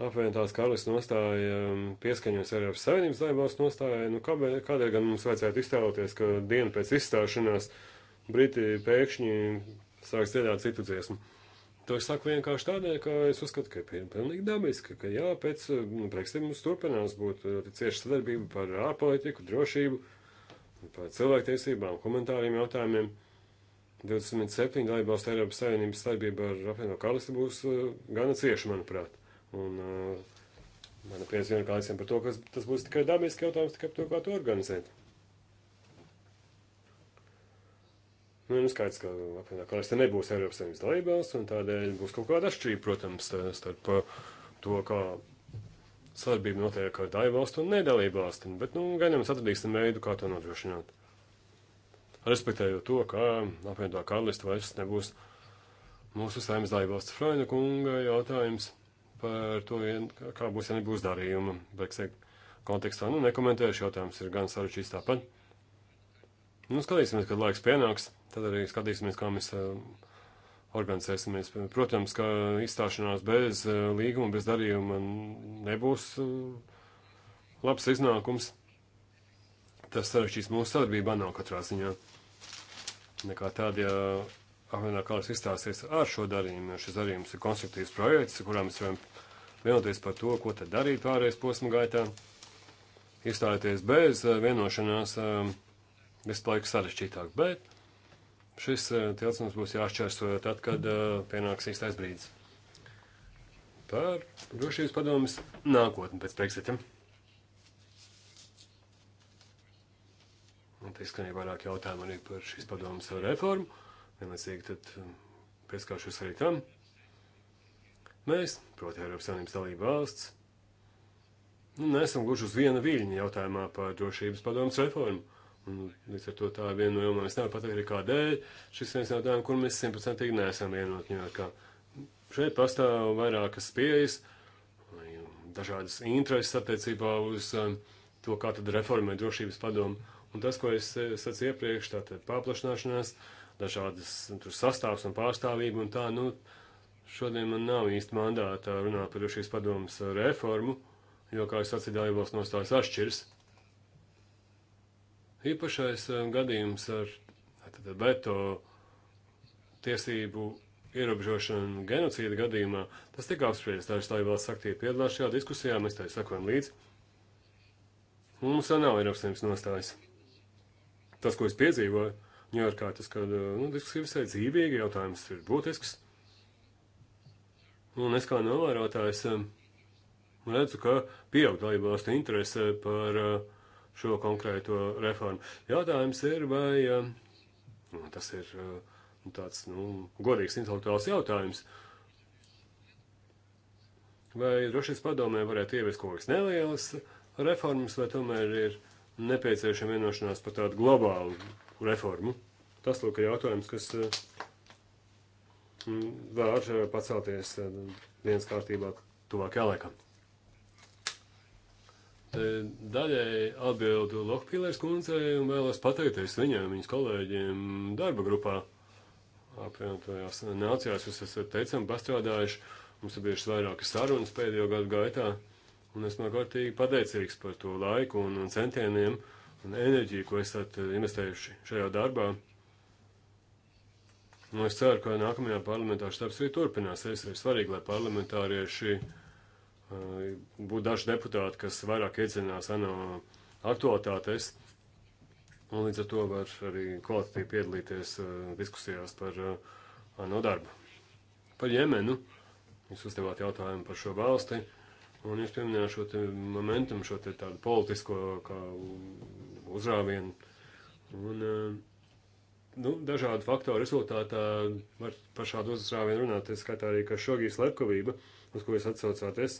[SPEAKER 4] apvienotās karalists nostāja mm, pieskaņos Eiropas Savienības laivās nostāja, nu, kādēļ, kādēļ gan mums vajadzētu iztēloties, ka dienu pēc izstāšanās Briti pēkšņi sāks dziedāt citu dziesmu. To es saku vienkārši tādēļ, ka es uzskatu, ka ir pilnīgi dabiski, ka jā, pēc nu, Brexit mums turpinās būt eh, cieša sadarbība par ārpolitiku, drošību, par cilvēktiesībām, humanitāriem jautājumiem. 27 dalībvalstu Eiropas Savienības starpība ar apvieno karalisti būs uh, gana cieša, manuprāt. Un uh, mana piezīme kā visiem par to, ka tas būs tikai dabiski jautājums, tikai par to, kā to organizēt. Nu, nu skaidrs, ka apvienotā karaliste nebūs Eiropas Savienības dalībvalsts, un tādēļ būs kaut kāda atšķirība, protams, eh, starp to, kā sadarbība notiek ar daļu valstu un nedalību valstīm, bet, nu, gan jau mēs atradīsim veidu, kā to nodrošināt. Respektējot to, ka apvienotā karalista vairs nebūs mūsu saimnes daļu valsts Freina kunga jautājums par to, kā būs, ja nebūs darījuma, Brexit kontekstā. Nu, nekomentējuši jautājums ir gan sarežģīts tāpat. Nu, skatīsimies, kad laiks pienāks, tad arī skatīsimies, kā mēs uh, organizēsimies. Protams, ka izstāšanās bez eh, līguma, bez darījuma nebūs eh, labs iznākums. Tas sarežģīs mūsu sadarbību ANO katrā ziņā. Nekā tāda, ja apvienotā kalas izstāsies ar šo darījumu, jo šis darījums ir konstruktīvs projekts, kurā mēs varam vienoties par to, ko tad darīt pārējais posma gaitā. Izstājoties bez eh, vienošanās, visu laiku sarežģītāk, bet Šis eh, tilts mums būs jāšķērso tad, kad eh, pienāks īstais brīdis. Par drošības padomus nākotni pēc Brexita. Un te skanīja vairāk jautājumu arī par šīs padomus reformu. Vienlaicīgi tad eh, pieskāršos arī tam. Mēs, proti Eiropas Savienības dalība valsts, nu, nesam gluži uz viena viļņa jautājumā par drošības padomus reformu. Un, līdz ar to tā ir viena no jomām. Es nevaru pateikt, kādēļ šis viens no tādiem, kur mēs simtprocentīgi neesam vienoti Ņujorkā. Šeit pastāv vairākas pieejas, um, dažādas intereses attiecībā uz um, to, kā tad reformē drošības padomu. Un tas, ko es eh, sacīju iepriekš, tātad paplašināšanās, dažādas nu, tur sastāvs un pārstāvība un tā, nu, šodien man nav īsti mandāta runāt par drošības padomas eh, reformu, jo, kā es sacīju, dalībās nostājas atšķirs. Īpašais eh, gadījums ar veto tiesību ierobežošanu genocīda gadījumā, tas tika apspriests. Dažas dalībvalstis aktīvi piedalās šajā diskusijā, mēs tai sakojam līdzi. Un mums vēl nav Eiropas Savienības nostājas. Tas, ko es piedzīvoju Ņujorkā, tas, ka eh, nu, diskusija visai dzīvīga, jautājums ir būtisks. Un es kā novērotājs eh, redzu, ka pieaug dalībvalstu interese par uh, šo konkrēto reformu. Jautājums ir, vai nu, tas ir eh, nu, tāds nu, godīgs intelektuāls jautājums. Vai drošības padomē varētu ieviest kaut kādas nelielas reformas, vai tomēr ir nepieciešama vienošanās par tādu globālu reformu? Tas, lūk, ir jautājums, kas eh, var pacelties dienas kārtībā tuvākajā laikā daļai atbildu Lokpīlērs kundzei un vēlos pateikties viņiem, viņas kolēģiem darba grupā. Apvienotajās nācijās jūs esat teicami pastrādājuši, mums ir bijušas vairākas sarunas pēdējo gadu gaitā, un esmu kārtīgi pateicīgs par to laiku un, un centieniem un enerģiju, ko esat eh, investējuši šajā darbā. Un nu, es ceru, ka nākamajā parlamentārā štāps arī turpināsies. Ir svarīgi, lai parlamentārieši šī būtu daži deputāti, kas vairāk iedzinās ANO aktualitātes, un līdz ar to var arī kvalitatīvi piedalīties diskusijās par ANO darbu. Par Jemenu jūs uzdevāt jautājumu par šo valsti. Un jūs pieminējāt šo momentu, šo tādu politisko uzrāvienu. Un, nu, dažādu faktoru rezultātā var par šādu uzrāvienu runāt. Es skatā arī, ka šogī slepkavība, uz ko jūs atsaucāties,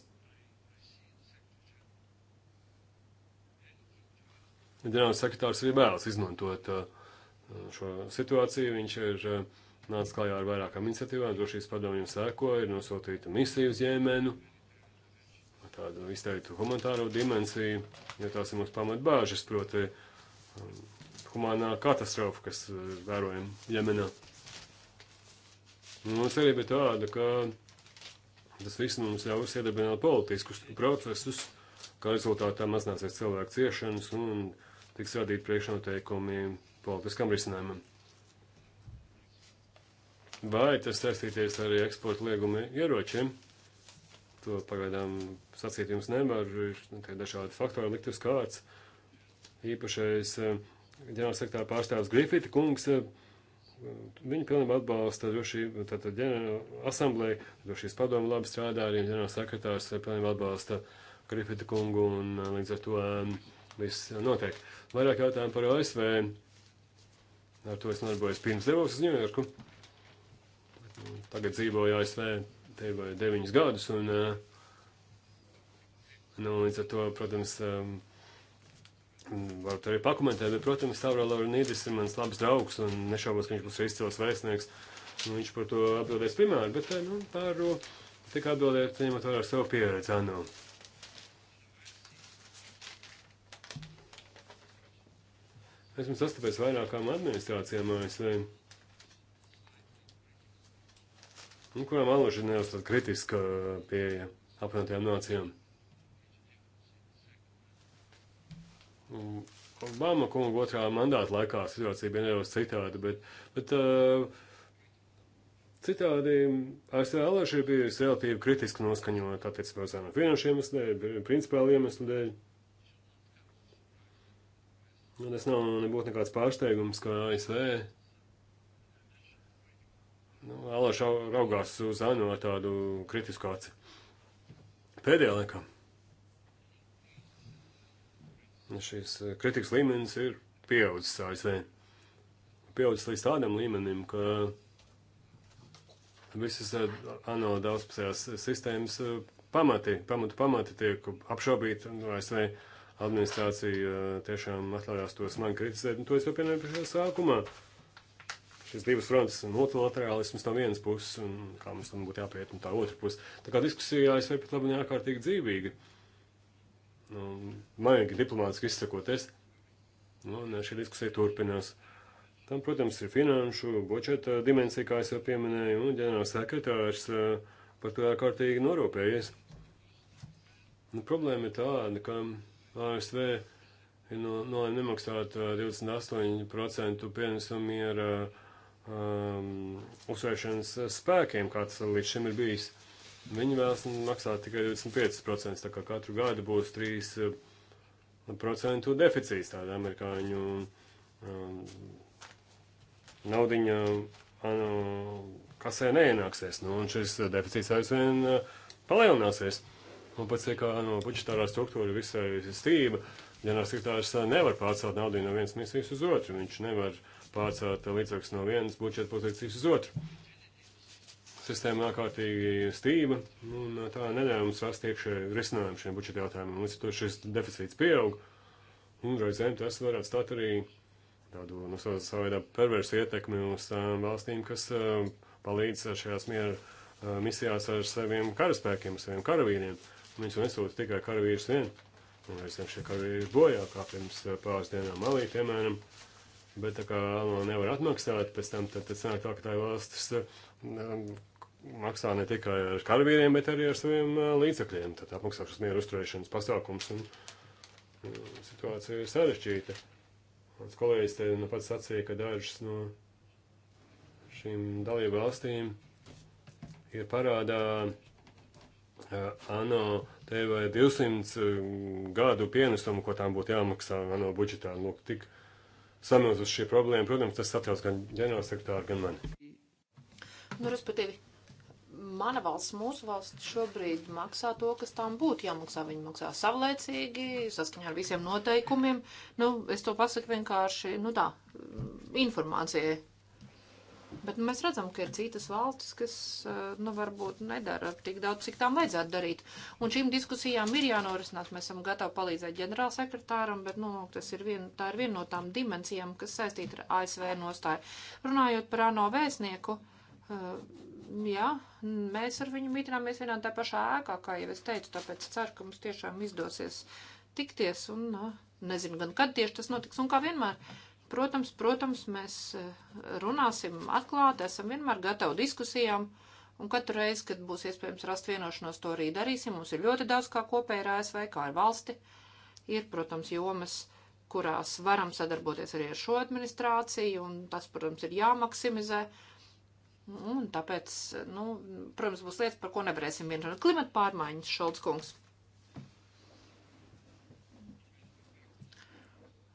[SPEAKER 4] ģenerāls sekretārs arī vēlas izmantot uh, šo situāciju. Viņš ir uh, nācis klajā ar vairākām iniciatīvām, drošības padomju sēkoja, ir nosūtīta misija uz Jēmenu, tādu izteiktu humanitāro dimensiju, jo tās ir mūsu pamatbāžas, proti um, humanā katastrofa, kas uh, vērojam Jemenā. Nu, mums arī bija tāda, ka tas viss mums ļaus iedarbināt politiskus procesus, kā rezultātā mazināsies cilvēku ciešanas un nu, tiks radīt priekšnoteikumi politiskam risinājumam. Vai tas saistīties ar eksporta liegumu ieročiem? To pagaidām sacīt jums nevar, ir dažādi faktori likt uz kārts. Īpašais eh, ģenerālsektāra pārstāvs Grifita kungs, eh, viņa pilnībā atbalsta drošību, tātad ģenerāla asamblēja, drošības padomu labi strādā, arī ģenerālsekretārs eh, pilnībā atbalsta Grifita kungu un līdz ar to. Um, viss notiek. Vairāk jautājumu par ASV. Ar to es nodarbojos pirms devos uz Ņujorku. Tagad dzīvoju ASV te vai deviņus gadus, un eh, nu, līdz ar to, protams, eh, varu arī pakomentēt, bet, protams, Stavra Laurinīdis ir mans labs draugs, un nešaubos, ka viņš būs izcils vēstnieks, un viņš par to atbildēs primāri, bet, eh, nu, tā ir tikai atbildēt, ņemot vērā savu pieredzi, Anu. No. Esmu sastapies vairākām administrācijām ASV, un nu, kurām valoda ir nedaudz tāda kritiska pieeja apvienotajām nācijām. Obama kunga otrā mandāta laikā situācija bija nedaudz citāda, bet, bet uh, citādi ASV alēši ir bijusi relatīvi kritiski noskaņota attiecībā uz finanšu iemeslu dēļ, principāli iemeslu dēļ. Uh, Nu, tas nav nebūtu nekāds pārsteigums, ka ASV nu, alaši raugās uz ANO ar tādu kritisku aci. Pēdējā laikā nu, šīs eh, kritikas līmenis ir pieaudzis ASV. Pieaudzis līdz tādam līmenim, ka visas eh, ANO daudzpusējās sistēmas eh, pamati, pamatu pamati tiek apšaubīti no ASV administrācija tiešām atļaujās to smagi kritizēt, un to es jau pieņēmu pašā sākumā. Šīs divas frontes - multilaterālisms no vienas puses, un kā mums tam būtu jāpiet, un tā otra puse. Tā kā diskusija ASV pat labi un ārkārtīgi dzīvīga. Nu, maigi diplomātiski izsakoties, nu, un šī diskusija turpinās. Tam, protams, ir finanšu, budžeta dimensija, kā es jau pieminēju, un ģenerāls sekretārs par to ārkārtīgi norūpējies. Nu, problēma ir tāda, ka ASV ir no, no nemaksāt 28% pienesumu ir um, uzsvēršanas spēkiem, kāds līdz šim ir bijis. Viņi vēlas maksāt tikai 25%, tā kā katru gadu būs 3% deficīts tāda amerikāņu um, naudiņa anu, kasē neienāksies. Nu, un šis deficīts aizvien uh, palielināsies. Un pats ir kā no nu, budžetārā struktūra visai stīva. Ģenerālsekretārs eh, nevar pārcelt naudu no vienas misijas uz otru. Viņš nevar pārcelt eh, līdzekļus no vienas budžeta pozīcijas uz otru. Sistēma ārkārtīgi stīva, un eh, tā neļauj mums rast iekšēju risinājumu šiem budžeta jautājumiem. Līdz ar to šis deficīts pieaug, un reizēm tas var atstāt arī tādu, nu, savā veidā perversu ietekmi uz tām valstīm, kas uh, palīdz šajās miera uh, misijās ar saviem karaspēkiem, saviem karavīriem. Uh, Viņš jau nesūta tikai karavīrus vien. Un visiem šie karavīri bojā, kā pirms eh, pāris dienām malī, piemēram. Bet tā kā ANO nevar atmaksāt, pēc tam tad, tad sanāk tā, ka tā valstis eh, maksā ne tikai ar karavīriem, bet arī ar saviem eh, līdzekļiem. Tad apmaksā šis mieru uzturēšanas pasākums. Un, un situācija ir sarežģīta. Mans kolēģis te nu pats sacīja, ka dažas no šīm dalību valstīm ir parādā ANO TV 200 gadu pienesumu, ko tām būtu jāmaksā ANO budžetā. Lūk, tik samilzus šī problēma. Protams, tas satrauc gan ģenerālsekretāru, gan mani.
[SPEAKER 1] Nu, respektīvi, mana valsts, mūsu valsts šobrīd maksā to, kas tām būtu jāmaksā. Viņi maksā savlaicīgi, saskaņā ar visiem noteikumiem. Nu, es to pasaku vienkārši, nu tā, informācijai. Bet nu, mēs redzam, ka ir citas valstis, kas eh, nu, varbūt nedara tik daudz, cik tām vajadzētu darīt. Un šīm diskusijām ir jānorisinās. Mēs esam gatavi palīdzēt ģenerālsekretāram, bet nu, ir vien, tā ir viena no tām dimensijām, kas saistīta ar ASV nostāju. Runājot par ANO vēstnieku, eh, jā, mēs ar viņu mītināmies vienā tā pašā ēkā, kā jau es teicu, tāpēc ceru, ka mums tiešām izdosies tikties un eh, nezinu gan, kad tieši tas notiks un kā vienmēr Protams, protams, mēs eh, runāsim atklāti, esam vienmēr gatavi diskusijām, un katru reizi, kad būs iespējams rast vienošanos, to arī darīsim. Mums ir ļoti daudz kā kopēja ar ASV, kā ar valsti. Ir, protams, jomas, kurās varam sadarboties arī ar šo administrāciju, un tas, protams, ir jāmaksimizē. Un tāpēc, nu, protams, būs lietas, par ko nevarēsim vienot. Klimata pārmaiņas, Šolds kungs.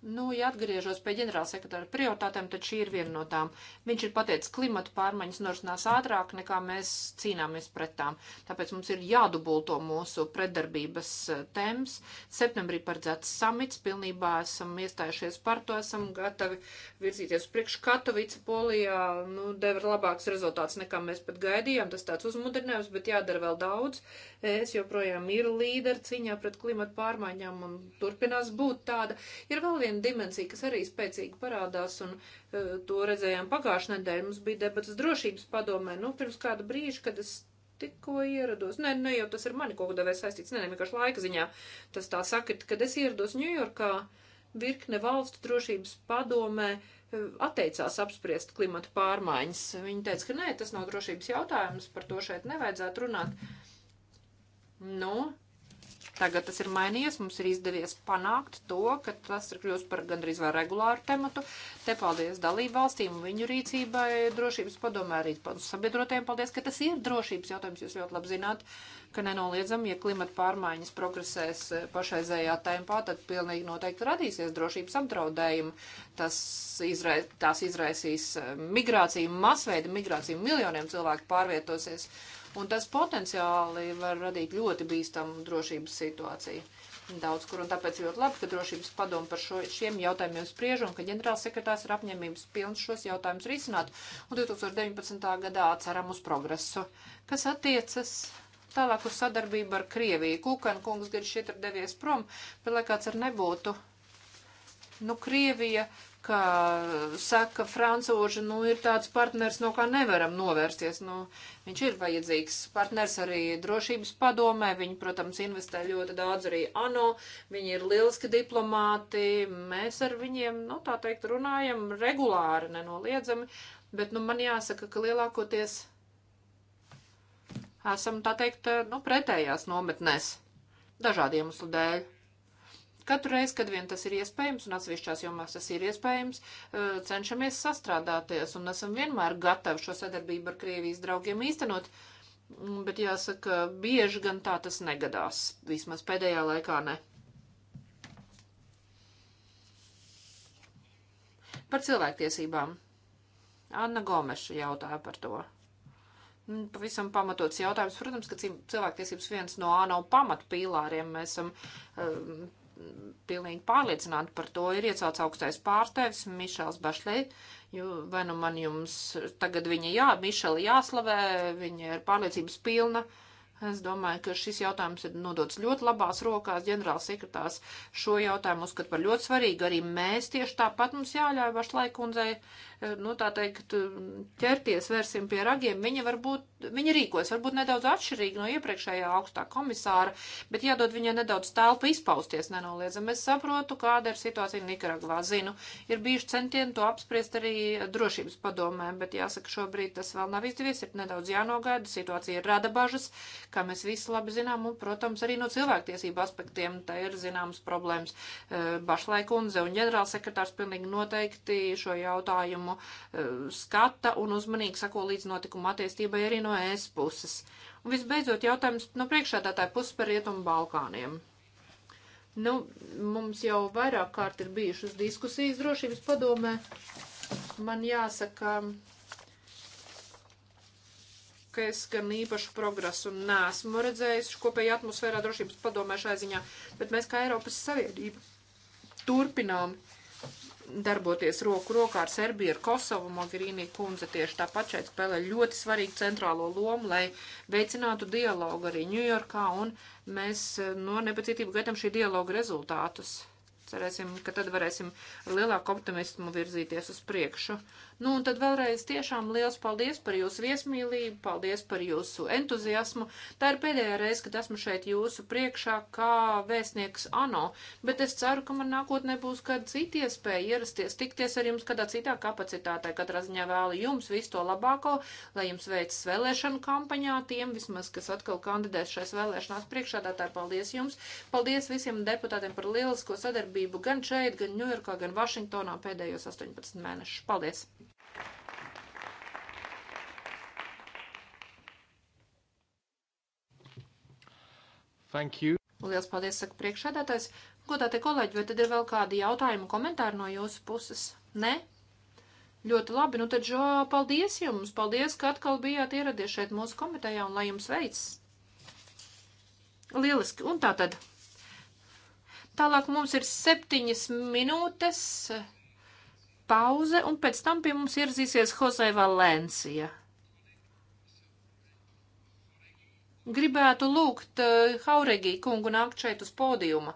[SPEAKER 1] Nu, ja atgriežos pie ģenerālsekretāra prioritātēm, tad šī ir viena no tām. Viņš ir pateicis, klimata pārmaiņas norisinās ātrāk, nekā mēs cīnāmies pret tām. Tāpēc mums ir jādubulto mūsu pretdarbības eh, temps. Septembrī paredzēts samits, pilnībā esam iestājušies par to, esam gatavi virzīties priekš Katovice polijā. Nu, deva labāks rezultāts, nekā mēs pat gaidījām. Tas tāds uzmudrinājums, bet jādara vēl daudz. Es joprojām ir līderi cīņā pret klimata pārmaiņām un turpinās būt tāda. Ir vēl viena viena dimensija, kas arī spēcīgi parādās, un uh, to redzējām pagājušajā nedēļā. Mums bija debats drošības padomē, nu, pirms kāda brīža, kad es tikko ierados. Nē, ne nu, jau tas ar mani kaut kādā veidā saistīts, nē, vienkārši laika ziņā. Tas tā sakrit, kad es ierados Ņujorkā, virkne valstu drošības padomē e, atteicās apspriest klimatu pārmaiņas. Viņi teica, ka nē, tas nav drošības jautājums, par to šeit nevajadzētu runāt. Nu, Tagad tas ir mainījies, mums ir izdevies panākt to, ka tas ir kļūst par gandrīz vai regulāru tematu. Te paldies dalību valstīm un viņu rīcībai drošības padomē arī sabiedrotiem. Paldies, ka tas ir drošības jautājums. Jūs ļoti labi zināt, ka nenoliedzami, ja klimata pārmaiņas progresēs eh, pašreizējā tempā, tad pilnīgi noteikti radīsies drošības apdraudējumi. Tas izra tās izraisīs eh, migrāciju, masveida migrāciju, miljoniem cilvēku pārvietosies un tas potenciāli var radīt ļoti bīstamu drošības situāciju. Daudz kur, un tāpēc ļoti labi, ka drošības padomu par šo, šiem jautājumiem spriež, un ka ģenerālsekretārs ir apņēmības pilns šos jautājumus risināt, un 2019. gadā ceram uz progresu. Kas attiecas tālāk uz sadarbību ar Krieviju? Kukan kungs gan šeit ir devies prom, bet lai kāds ar nebūtu, nu, Krievija kā saka francūži, nu, ir tāds partners, no kā nevaram novērsties. Nu, viņš ir vajadzīgs partners arī drošības padomē. Viņi, protams, investē ļoti daudz arī ANO. Viņi ir lieliski diplomāti. Mēs ar viņiem, nu, tā teikt, runājam regulāri, nenoliedzami. Bet, nu, man jāsaka, ka lielākoties esam, tā teikt, nu, pretējās nometnēs. Dažādiem uslu dēļ. Katru reizi, kad vien tas ir iespējams, un atsevišķās jomās tas ir iespējams, eh, cenšamies sastrādāties un esam vienmēr gatavi šo sadarbību ar Krievijas draugiem īstenot. Mm, bet jāsaka, bieži gan tā tas negadās. Vismaz pēdējā laikā ne. Par cilvēktiesībām. Anna Gomeša jautāja par to. Mm, pavisam pamatots jautājums. Protams, ka cilvēktiesības viens no ANO pamatpīlāriem. Mēs esam um, pilnīgi pārliecināti par to. Ir iecauts augstais pārstāvis Mišels Bašlē, jo vai nu man jums tagad viņa jā, Mišela jāslavē, viņa ir pārliecības pilna. Es domāju, ka šis jautājums ir nodots ļoti labās rokās. Ģenerāls sekretārs šo jautājumu uzskat par ļoti svarīgu. Arī mēs tieši tāpat mums jāļauj Bašlai kundzei Eh, nu, tā teikt, ķerties, vērsim pie ragiem, viņa varbūt, viņa rīkos, varbūt nedaudz atšķirīgi no iepriekšējā augstā komisāra, bet jādod viņai nedaudz telpa izpausties nenoliedzami. Es saprotu, kāda ir situācija Nikaragvā. Zinu, ir bijuši centieni to apspriest arī drošības padomē, bet jāsaka, šobrīd tas vēl nav izdevies, ir nedaudz jānogaida, situācija ir rada bažas, kā mēs visi labi zinām, un, protams, arī no cilvēktiesību aspektiem tā ir zināmas problēmas. Eh, Bašlaikundze un ģenerālsekretārs pilnīgi noteikti šo jautājumu jautājumu e, skata un uzmanīgi sako līdz notikuma attīstībai arī no ES puses. Un visbeidzot jautājums no priekšādātāja puses par Rietumu Balkāniem. Nu, mums jau vairāk kārt ir bijušas diskusijas drošības padomē. Man jāsaka, ka es gan īpašu progresu nesmu redzējis kopējā atmosfērā drošības padomē šai ziņā, bet mēs kā Eiropas Savienība turpinām darboties roku rokā ar Serbiju, ar Kosovu. Mogherini kundze tieši tāpat šeit spēlē ļoti svarīgu centrālo lomu, lai veicinātu dialogu arī Ņujorkā, un mēs eh, no nepacietību gaidām šī dialoga rezultātus. Cerēsim, ka tad varēsim ar lielāku optimismu virzīties uz priekšu. Uh, Nu, un tad vēlreiz tiešām liels paldies par jūsu viesmīlību, paldies par jūsu entuziasmu. Tā ir pēdējā reize, kad esmu šeit jūsu priekšā kā vēstnieks ANO, bet es ceru, ka man nākotnē būs kāda cita iespēja ierasties, tikties ar jums kādā citā kapacitātē. Katrā ziņā vēlu jums visu to labāko, lai jums veicas vēlēšanu kampaņā, tiem vismaz, kas atkal kandidēs šais vēlēšanās priekšādātāji. Paldies jums! Paldies visiem deputātiem par lielisko sadarbību gan šeit, gan Ņujorkā, gan Vašingtonā pēdējos 18 mēnešus. Paldies! Thank you. Lielas paldies, saka priekšsēdētājs. Godātie kolēģi, vai tad ir vēl kādi jautājumi, komentāri no jūsu puses? Nē? Ļoti labi, nu tad, Žo, paldies jums, paldies, ka atkal bijāt ieradies šeit mūsu komitejā un lai jums veicas. Lieliski, un tā tad. Tālāk mums ir septiņas minūtes pauze, un pēc tam pie mums ierazīsies Jose Valencija. Gribētu lūgt uh, eh, Haurigī kungu nākt šeit uz pódiuma.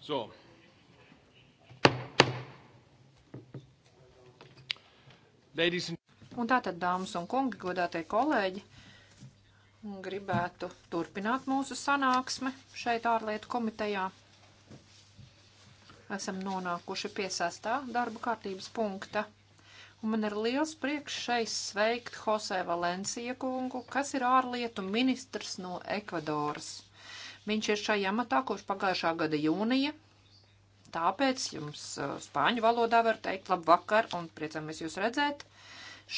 [SPEAKER 4] So. Ladies and...
[SPEAKER 1] Un tātad, dāmas un kungi, godātie kolēģi, gribētu turpināt mūsu sanāksmi šeit ārlietu komitejā. Esam nonākuši pie sestā darba kārtības punkta. Un man ir liels prieks šeit sveikt Jose Valencija kungu, kas ir ārlietu ministrs no Ekvadoras. Viņš ir šajā matā kopš pagājušā gada jūnija. Tāpēc jums uh, spāņu valodā var teikt labu vakar un priecamies jūs redzēt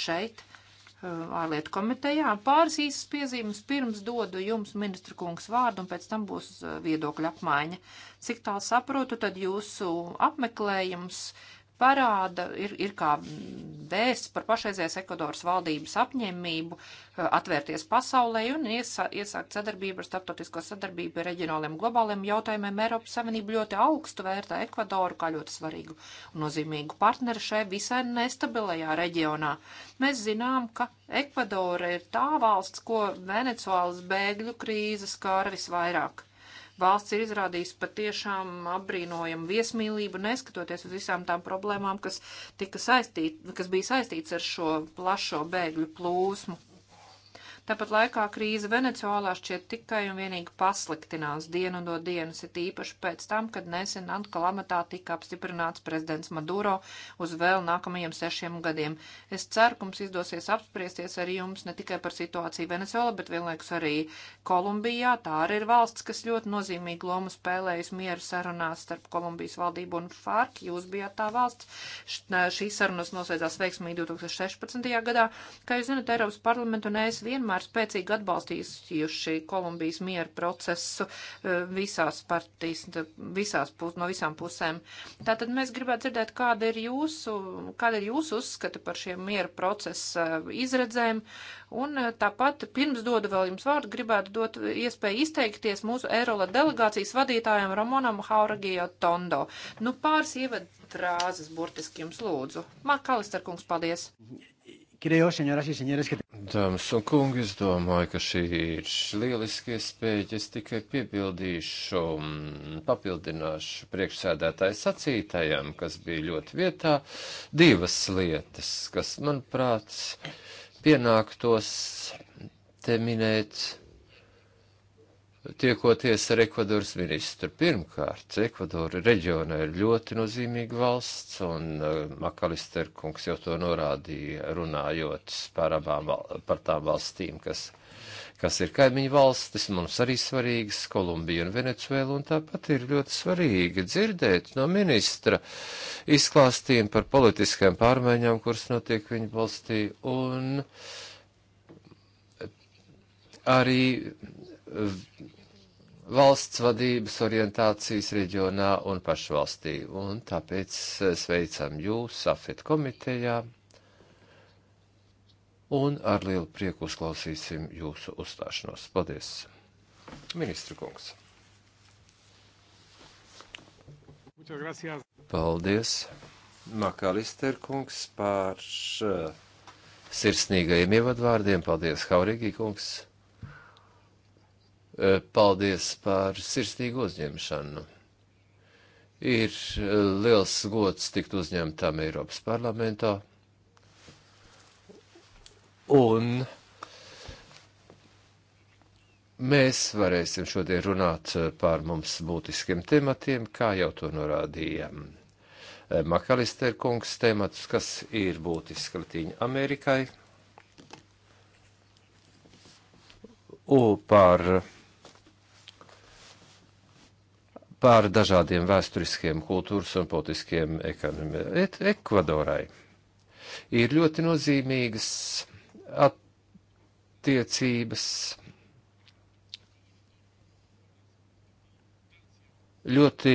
[SPEAKER 1] šeit uh, ārlietu komitejā. Pāris īsas piezīmes pirms dodu jums ministra kungs vārdu un pēc tam būs uh, viedokļa apmaiņa. Cik tālu saprotu, tad jūsu apmeklējums parāda, ir, ir kā vēsts par pašreizējās Ekvadoras valdības apņēmību eh, atvērties pasaulē un iesā, iesākt sadarbību ar starptautisko sadarbību ar reģionāliem globāliem jautājumiem. Eiropas Savienība ļoti augstu vērtē Ekvadoru kā ļoti svarīgu un nozīmīgu partneru šai visai nestabilajā reģionā. Mēs zinām, ka Ekvadora ir tā valsts, ko Venecuālas bēgļu krīze skāra visvairāk valsts ir izrādījusi patiešām apbrīnojamu viesmīlību, neskatoties uz visām tām problēmām, kas, saistīt, kas bija saistīts ar šo plašo bēgļu plūsmu. Tāpat laikā krīze Venecijolā šķiet tikai un vienīgi pasliktinās dienu no dienas, it īpaši pēc tam, kad nesen atkal amatā tika apstiprināts prezidents Maduro uz vēl nākamajiem sešiem gadiem. Es ceru, ka mums izdosies apspriesties ar jums ne tikai par situāciju Venecijolā, bet vienlaikus arī Kolumbijā. Tā arī ir valsts, kas ļoti nozīmīgu lomu spēlējusi mieru sarunās starp Kolumbijas valdību un FARC. Jūs bijāt tā valsts. Šīs sarunas noslēdzās veiksmīgi 2016. gadā. Kā jūs zinat, Eiropas parlamentu un es vienmēr vienmēr spēcīgi atbalstījuši Kolumbijas mieru procesu e, visās partijas, visās pus, no visām pusēm. Tātad mēs gribētu dzirdēt, kāda ir jūsu, kāda ir jūsu uzskata par šiem mieru procesa izredzēm, un e, tāpat pirms dodu vēl jums vārdu, gribētu dot iespēju izteikties mūsu Eirola delegācijas vadītājam Ramonam Hauragijo Tondo. Nu, pāris ievad frāzes burtiski jums lūdzu. Makalister kungs, paldies!
[SPEAKER 3] Creo, señoras y señores, que...
[SPEAKER 2] Dāmas un kungi, es domāju, ka šī ir lieliski iespēja. Es tikai piebildīšu, mm, papildināšu priekšsēdētāju sacītajam, kas bija ļoti vietā, divas lietas, kas, manuprāt, pienāktos te minēt tiekoties ar Ekvadoras ministru. Pirmkārt, Ekvadora reģionā ir ļoti nozīmīga valsts, un eh, Makalister kungs jau to norādīja, runājot par, abām, par tām valstīm, kas, kas ir kaimiņu valstis, mums arī svarīgas, Kolumbija un Venecuēla, un tāpat ir ļoti svarīgi dzirdēt no ministra izklāstījumu par politiskajām pārmaiņām, kuras notiek viņa valstī, un arī eh, valsts vadības orientācijas reģionā un pašvalstī. Un tāpēc sveicam jūs Safet komitejā un ar lielu prieku uzklausīsim jūsu uzstāšanos. Paldies, ministra kungs! Paldies, Makalister kungs, par eh, sirsnīgajiem ievadvārdiem. Paldies, Haurīgi kungs! Eh, paldies par sirsnīgu uzņemšanu. Ir eh, liels gods tikt uzņemtam Eiropas parlamentā. Un mēs varēsim šodien runāt eh, par mums būtiskiem tematiem, kā jau to norādījām. Makalister kungs temats, kas ir būtiski Latīņa Amerikai. U par pār dažādiem vēsturiskiem, kultūras un politiskiem ekonomiem. Ekvadorai ir ļoti nozīmīgas attiecības. Ļoti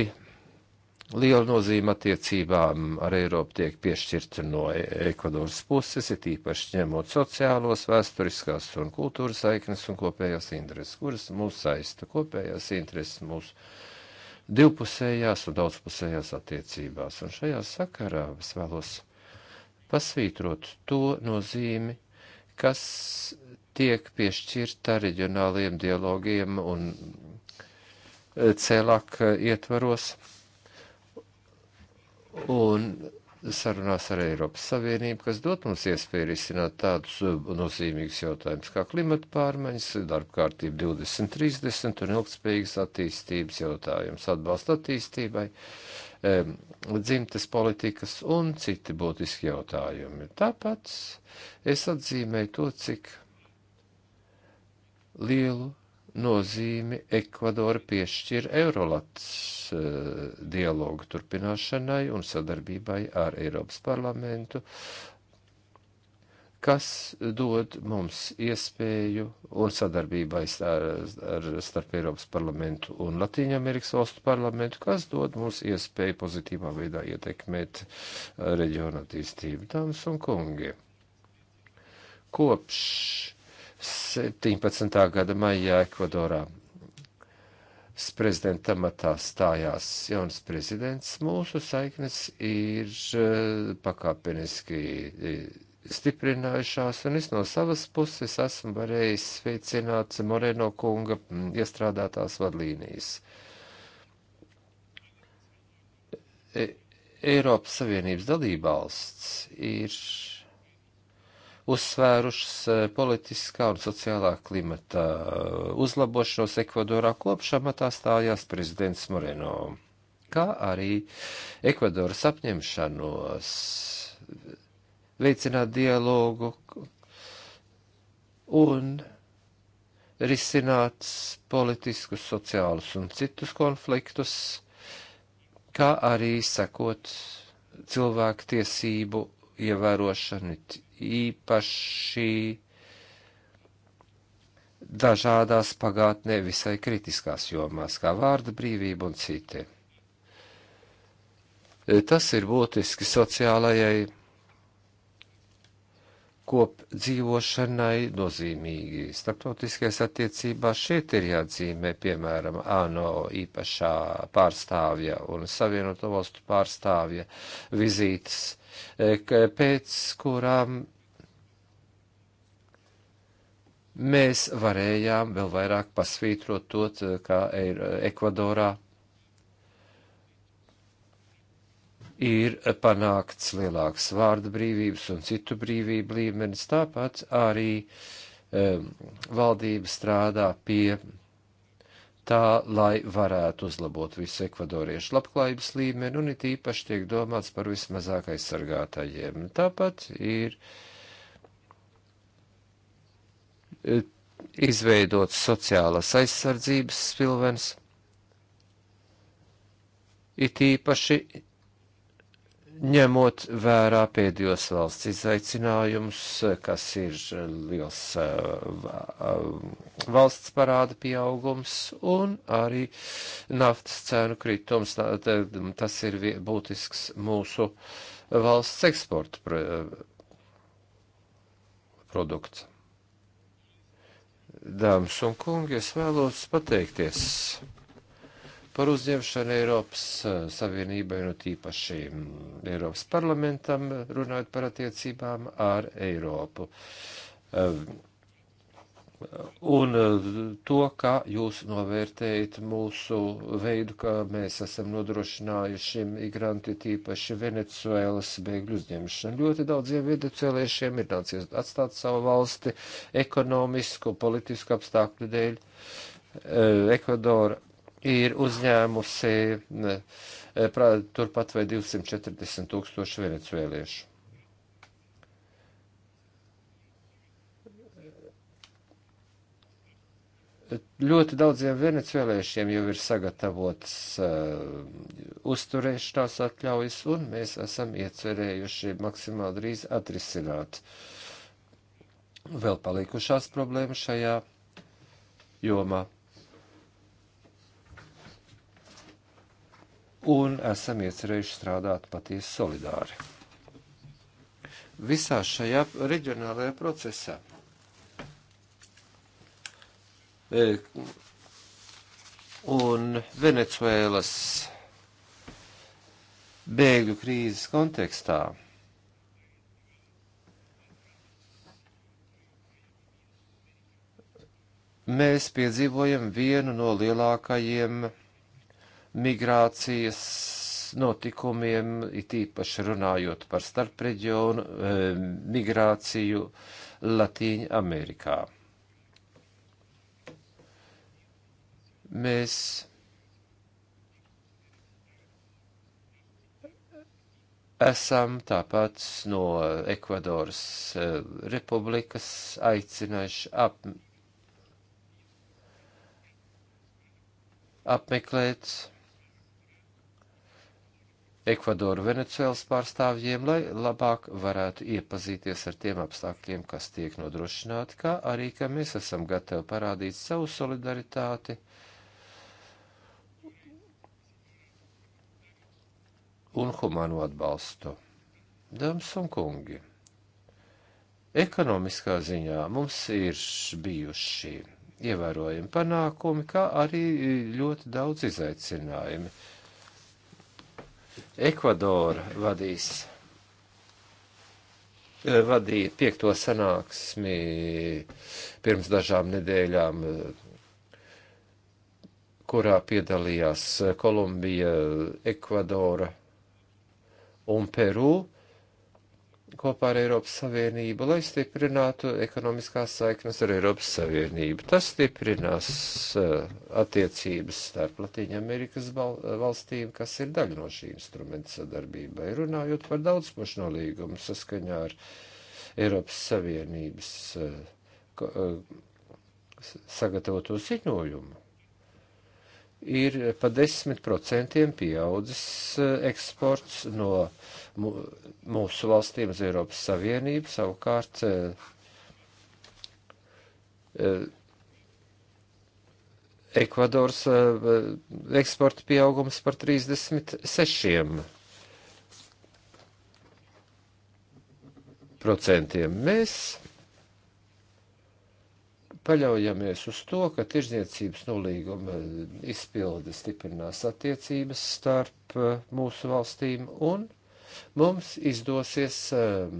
[SPEAKER 2] liela nozīme attiecībām ar Eiropu tiek piešķirta no Ekvadoras puses, ir īpaši ņemot sociālos, vēsturiskās un kultūras saiknes un kopējās intereses, kuras mūs saista, kopējās intereses mūsu divpusējās un daudzpusējās attiecībās. Un šajā sakarā es vēlos pasvītrot to nozīmi, kas tiek piešķirta reģionāliem dialogiem un eh, cēlāk eh, ietvaros. Un sarunās ar Eiropas Savienību, kas dot mums iespēju risināt tādus uh, nozīmīgus jautājumus kā klimata pārmaiņas, darbkārtība 2030 un ilgspējīgas attīstības jautājums, atbalsta attīstībai, dzimtes politikas un citi būtiski jautājumi. Tāpēc es atzīmēju to, cik lielu nozīmi Ekvadora piešķir Eurolats uh, dialogu turpināšanai un sadarbībai ar Eiropas parlamentu, kas dod mums iespēju un sadarbībai ar, ar, starp Eiropas parlamentu un Latīņamerikas valstu parlamentu, kas dod mums iespēju pozitīvā veidā ietekmēt eh, reģiona attīstību. Dāmas un kungi, kopš 17. gada maijā Ekvadorā. Prezidenta amatā stājās jauns prezidents. Mūsu saiknes ir eh, pakāpeniski eh, stiprinājušās, un es no savas puses esmu varējis sveicināt Moreno kunga mm, iestrādātās vadlīnijas. E Eiropas Savienības dalībvalsts ir uzsvērušas eh, politiskā un sociālā klimata eh, uzlabošanos Ekvadorā kopš amatā stājās prezidents Moreno, kā arī Ekvadoras apņemšanos veicināt dialogu un risināt politiskus, sociālus un citus konfliktus, kā arī sekot cilvēku tiesību ievērošanu, īpaši dažādās pagātnē visai kritiskās jomās, kā vārda brīvība un citi. Tas ir būtiski sociālajai kopdzīvošanai nozīmīgi. Starptautiskajās attiecībās šeit ir jāatzīmē, piemēram, ANO īpašā pārstāvja un Savienoto valstu pārstāvja vizītes, eh, pēc kurām mēs varējām vēl vairāk pasvītrot to, kā ir Ekvadorā. Ir panākts lielāks vārda brīvības un citu brīvību līmenis, tāpat arī um, valdība strādā pie tā, lai varētu uzlabot visu ekvadoriešu labklājības līmeni un it īpaši tiek domāts par vismazāk aizsargātajiem. Tāpat ir uh, Eh, izveidot sociālas aizsardzības spilvens, it īpaši ņemot vērā pēdējos valsts izaicinājumus, kas ir liels eh, valsts parāda pieaugums un arī naftas cēnu kritums. Tas ir būtisks mūsu valsts eksporta eh, produkts. Dāmas un kungi, es vēlos pateikties par uzņemšanu Eiropas eh, Savienībai un no tīpaši mm, Eiropas parlamentam, runājot par attiecībām ar Eiropu. Uh, un e, to, kā jūs novērtējat mūsu veidu, kā mēs esam nodrošinājuši migrantu, tīpaši Venecuēlas bēgļu uzņemšanu. Ļoti daudziem venecuēliešiem ir nācies atstāt savu valsti ekonomisku, politisku apstākļu dēļ. E, Ekvadora ir uzņēmusi e, turpat vai 240 tūkstoši venecuēliešu. Ļoti daudziem venecuēliešiem jau ir sagatavotas uh, uzturēšanās atļaujas, un mēs esam iecerējuši maksimāli drīz atrisināt vēl palikušās problēmas šajā jomā. Un esam iecerējuši strādāt patiesi solidāri. Visā šajā reģionālajā procesā E, un Venecuēlas bēgļu krīzes kontekstā mēs piedzīvojam vienu no lielākajiem migrācijas notikumiem, it īpaši runājot par starpreģionu e, migrāciju Latīņa Amerikā. Mēs esam tāpat no Ekvadoras eh, republikas aicinājuši ap, apmeklēt Ekvadoru Venecuēlas pārstāvjiem, lai labāk varētu iepazīties ar tiem apstākļiem, kas tiek nodrošināti, kā arī, ka mēs esam gatavi parādīt savu solidaritāti un humāno atbalstu. Dāmas un kungi, ekonomiskā ziņā mums ir bijuši ievērojami panākumi, kā arī ļoti daudz izaicinājumi. Ekvadora vadīs, vadīja piekto sanāksmi pirms dažām nedēļām, kurā piedalījās Kolumbija, Ekvadora un Peru kopā ar Eiropas Savienību, lai stiprinātu ekonomiskās saiknes ar Eiropas Savienību. Tas stiprinās eh, attiecības starp Latīņamerikas valstīm, kas ir daļa no šī instrumenta sadarbībai, runājot par daudzpušno līgumu saskaņā ar Eiropas Savienības eh, eh, sagatavoto ziņojumu ir pa 10% pieaudzis e, eksports no mūsu valstīm uz Eiropas Savienību, savukārt e, e, Ekvadors eksporta pieaugums par 36 procentiem. Mēs paļaujamies uz to, ka tirzniecības nolīguma eh, izpilde stiprinās attiecības starp eh, mūsu valstīm un mums izdosies ehm,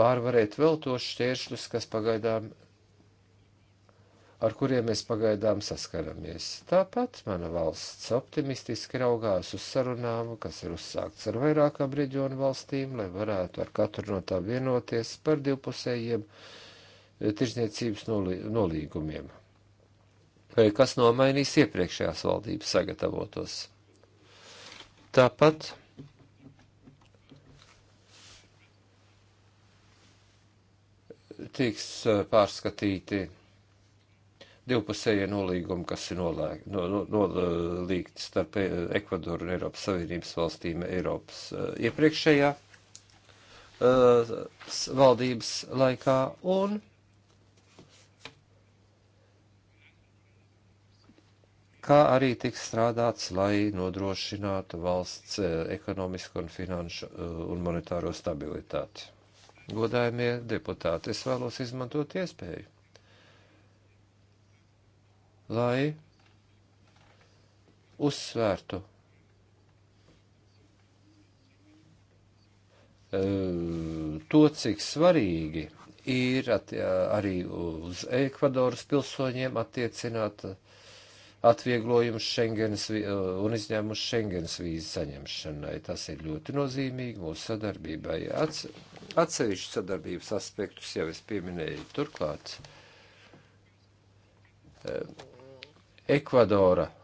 [SPEAKER 2] pārvarēt vēl tos šķēršļus, kas pagaidām ar kuriem mēs pagaidām saskaramies. Tāpat mana valsts optimistiski raugās uz sarunām, kas ir uzsākts ar vairākām reģionu valstīm, lai varētu ar katru no tām vienoties par divpusējiem uh, tirzniecības nolīgumiem, kas nomainīs iepriekšējās valdības sagatavotos. Tāpat tiks eh, pārskatīti divpusējie nolīgumi, kas ir nolīgti no, no, no, starp eh, Ekvadoru un Eiropas Savienības valstīm Eiropas eh, iepriekšējā valdības laikā un kā arī tiks strādāts, lai nodrošinātu valsts eh, ekonomisko un finanšu eh, un monetāro stabilitāti. Godājumie deputāti, es vēlos izmantot iespēju, lai uzsvērtu eh, to, cik svarīgi ir arī uz Ekvadoras pilsoņiem attiecināt uh, atvieglojumus Schengenas eh, un izņēmumus Schengenas vīzu saņemšanai. Tas ir ļoti nozīmīgi mūsu sadarbībai. Atse, atsevišķu sadarbības aspektus jau es pieminēju. Turklāt eh, Ekvadora eh,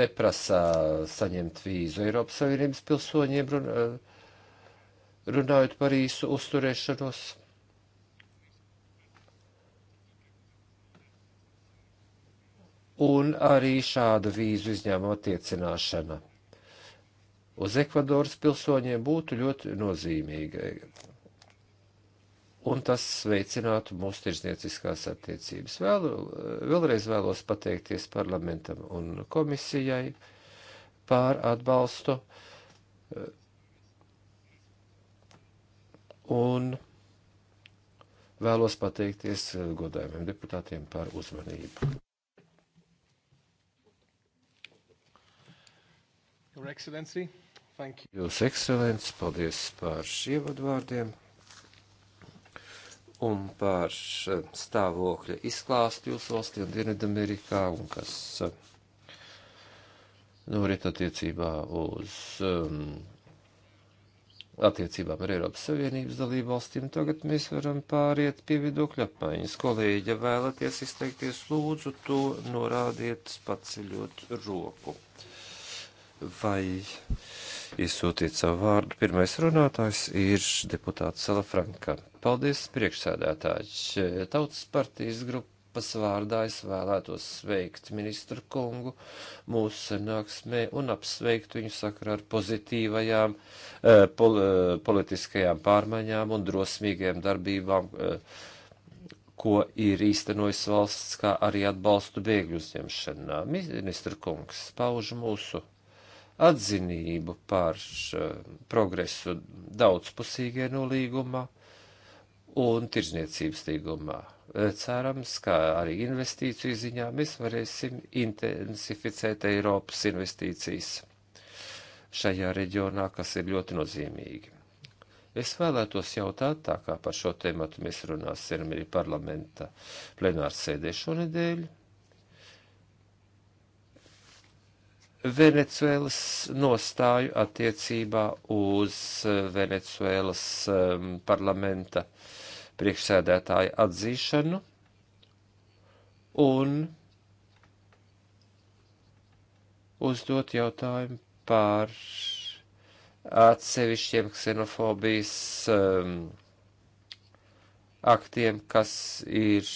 [SPEAKER 2] neprasa saņemt vīzu Eiropas Savienības pilsoņiem, runājot par īsu uzturēšanos un arī šāda vīzu izņēmuma attiecināšana uz Ekvadoras pilsoņiem būtu ļoti nozīmīga. Un tas veicinātu mūsu tirzniecīskās attiecības. Vēl, vēlreiz vēlos pateikties parlamentam un komisijai pār atbalstu. Un vēlos pateikties godājumiem deputātiem par uzmanību.
[SPEAKER 3] Your Excellency, thank
[SPEAKER 2] you. Jūs ekscelences, paldies par ievadvārdiem un par eh, stāvokļa izklāstu jūsu valstī un Dienvidamerikā un kas eh, norit nu, attiecībā uz um, attiecībām ar Eiropas Savienības dalību valstīm. Tagad mēs varam pāriet pie viedokļa apmaiņas. Kolēģi, ja vēlaties izteikties, lūdzu, to norādiet, paceļot roku. Uh, vai iesūtiet savu vārdu. Pirmais runātājs ir deputāts Salafranka. Paldies, priekšsēdētāji. Tautas partijas grupas vārdā es vēlētos sveikt ministru kungu mūsu sanāksmē un apsveikt viņu sakarā ar pozitīvajām eh, pol, eh, politiskajām pārmaiņām un drosmīgajām darbībām. Eh, ko ir īstenojis valsts, kā arī atbalstu bēgļu uzņemšanā. Ministra kungs pauž mūsu atzinību par eh, progresu daudzpusīgajā nolīgumā un tirzniecības līgumā. Eh, cerams, ka arī investīciju ziņā mēs varēsim intensificēt Eiropas investīcijas šajā reģionā, kas ir ļoti nozīmīgi. Es vēlētos jautāt, tā kā par šo tēmu mēs runāsim arī parlamenta plenārsēdē šonedēļ Venecuēlas nostāju attiecībā uz eh, Venecuēlas ehm, parlamenta priekšsēdētāja atzīšanu un uzdot jautājumu par atsevišķiem ksenofobijas um, aktiem, kas ir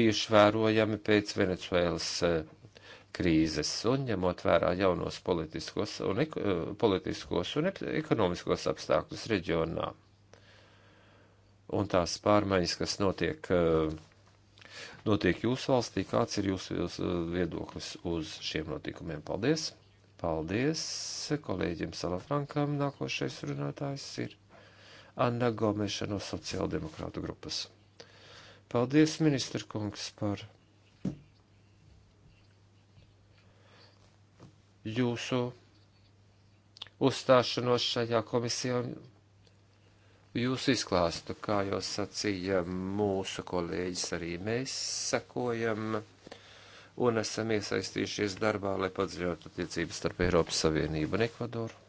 [SPEAKER 2] bijuši vērojami pēc Venecuēlas uh, krīzes un ņemot vērā jaunos politiskos un, eh, politiskos un ekonomiskos apstākļus reģionā. Un tās pārmaiņas, kas notiek, eh, notiek jūsu valstī, kāds ir jūsu, jūsu viedoklis uz šiem notikumiem? Paldies! Paldies kolēģim Salafrankam. Nākošais runātājs ir Anna Gomeša no sociāldemokrātu grupas. Paldies, ministra kungs, par jūsu uzstāšanos šajā komisijā un jūsu izklāstu, kā jau sacīja mūsu kolēģis, arī mēs sakojam un esam iesaistījušies darbā, lai padziļinātu attiecības starp Eiropas Savienību un Ekvadoru.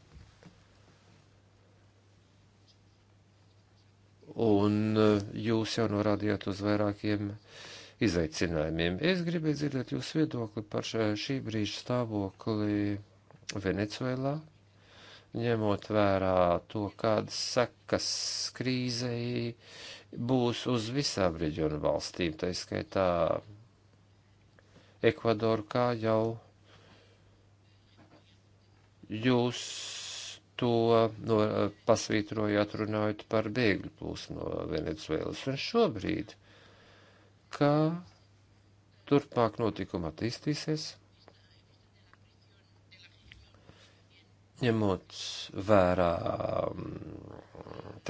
[SPEAKER 2] Un eh, jūs jau norādījāt uz vairākiem uh, izaicinājumiem. Es gribēju dzirdēt jūsu viedokli par šī brīža stāvokli Venecuēlā, ņemot vērā to, kādas sekas krīzei būs uz visām reģionu valstīm, tā izskaitā Ekvadoru, kā jau jūs to no, pasvītrojāt runājot par bēgļu plūsmu no Venecuēlas. Un šobrīd kā turpmāk notikuma attīstīsies, ņemot vērā mm,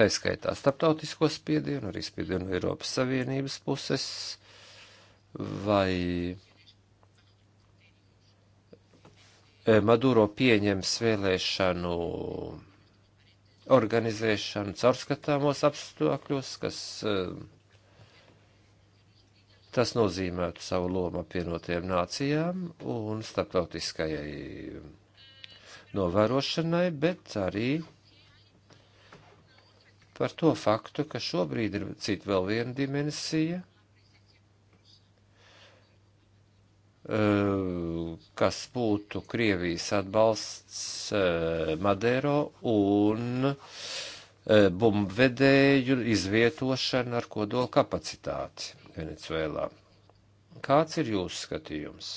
[SPEAKER 2] taiskaitā starptautisko spiedienu, arī spiedienu no Eiropas Savienības puses, vai eh, Maduro pieņems vēlēšanu organizēšanu caurskatāmos apstākļos, kas uh, Tas nozīmētu savu lomu apvienotajām nācijām un starptautiskajai novērošanai, bet arī par to faktu, ka šobrīd ir cita vēl viena dimensija, eh, kas būtu Krievijas atbalsts eh, Madero un eh, bumbvedēju izvietošana ar kodolu kapacitāti. Venecuēlā. Kāds ir jūsu skatījums?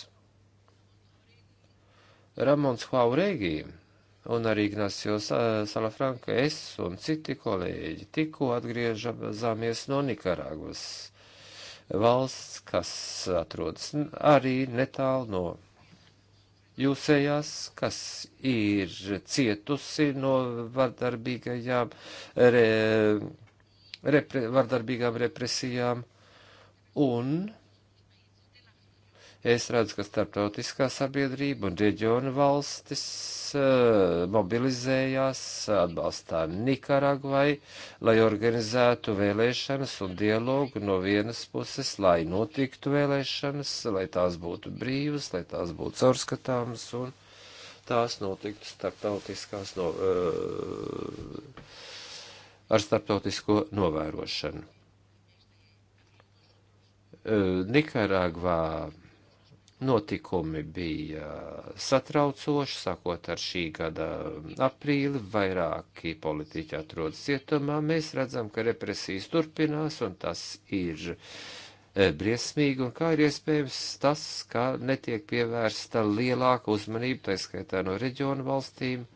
[SPEAKER 2] Ramons Huaurēgī un arī Ignacio Salafranka, es un citi kolēģi tikko atgriežamies no Nikaragvas valsts, kas atrodas arī netālu no jūsējās, kas ir cietusi no vardarbīgajām, re, repre, vardarbīgām represijām Un es redzu, ka starptautiskā sabiedrība un reģiona valstis uh, mobilizējās atbalstā Nikaragvai, lai organizētu vēlēšanas un dialogu no vienas puses, lai notiktu vēlēšanas, lai tās būtu brīvas, lai tās būtu caurskatāmas un tās notiktu starptautiskās no, uh, ar starptautisko novērošanu. Nikaragvā notikumi bija satraucoši, sakot ar šī gada aprīli, vairāki politiķi atrodas cietumā, mēs redzam, ka represijas turpinās, un tas ir briesmīgi, un kā ir iespējams tas, ka netiek pievērsta lielāka uzmanība, tā skaitā no reģionu valstīm,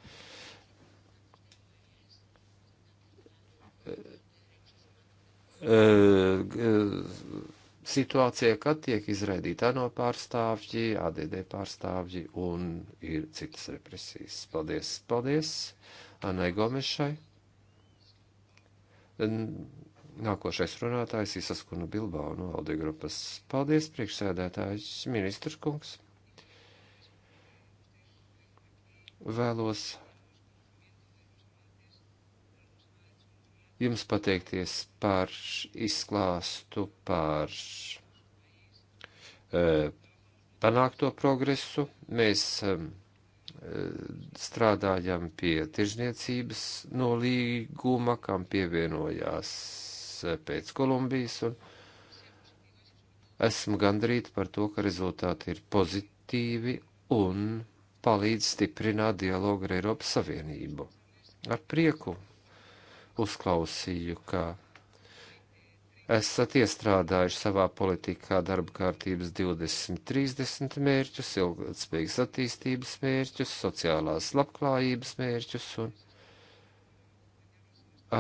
[SPEAKER 2] uh, uh, situācijai, kad tiek izraidīta ANO pārstāvji, ADD pārstāvji un ir citas represijas. Paldies, paldies Anai Gomešai. Nākošais runātājs Isaskuna Bilbao no Aldi grupas. Paldies, priekšsēdētājs, ministrs kungs. Vēlos jums pateikties par izklāstu, par e, panākto progresu. Mēs e, strādājam pie tirzniecības nolīguma, kam pievienojās eh, pēc Kolumbijas, un esmu gandrīt par to, ka rezultāti ir pozitīvi un palīdz stiprināt dialogu ar Eiropas Savienību. Ar prieku uzklausīju, ka esat iestrādājuši savā politikā darba kārtības 2030 mērķus, ilgspējīgas attīstības mērķus, sociālās labklājības mērķus un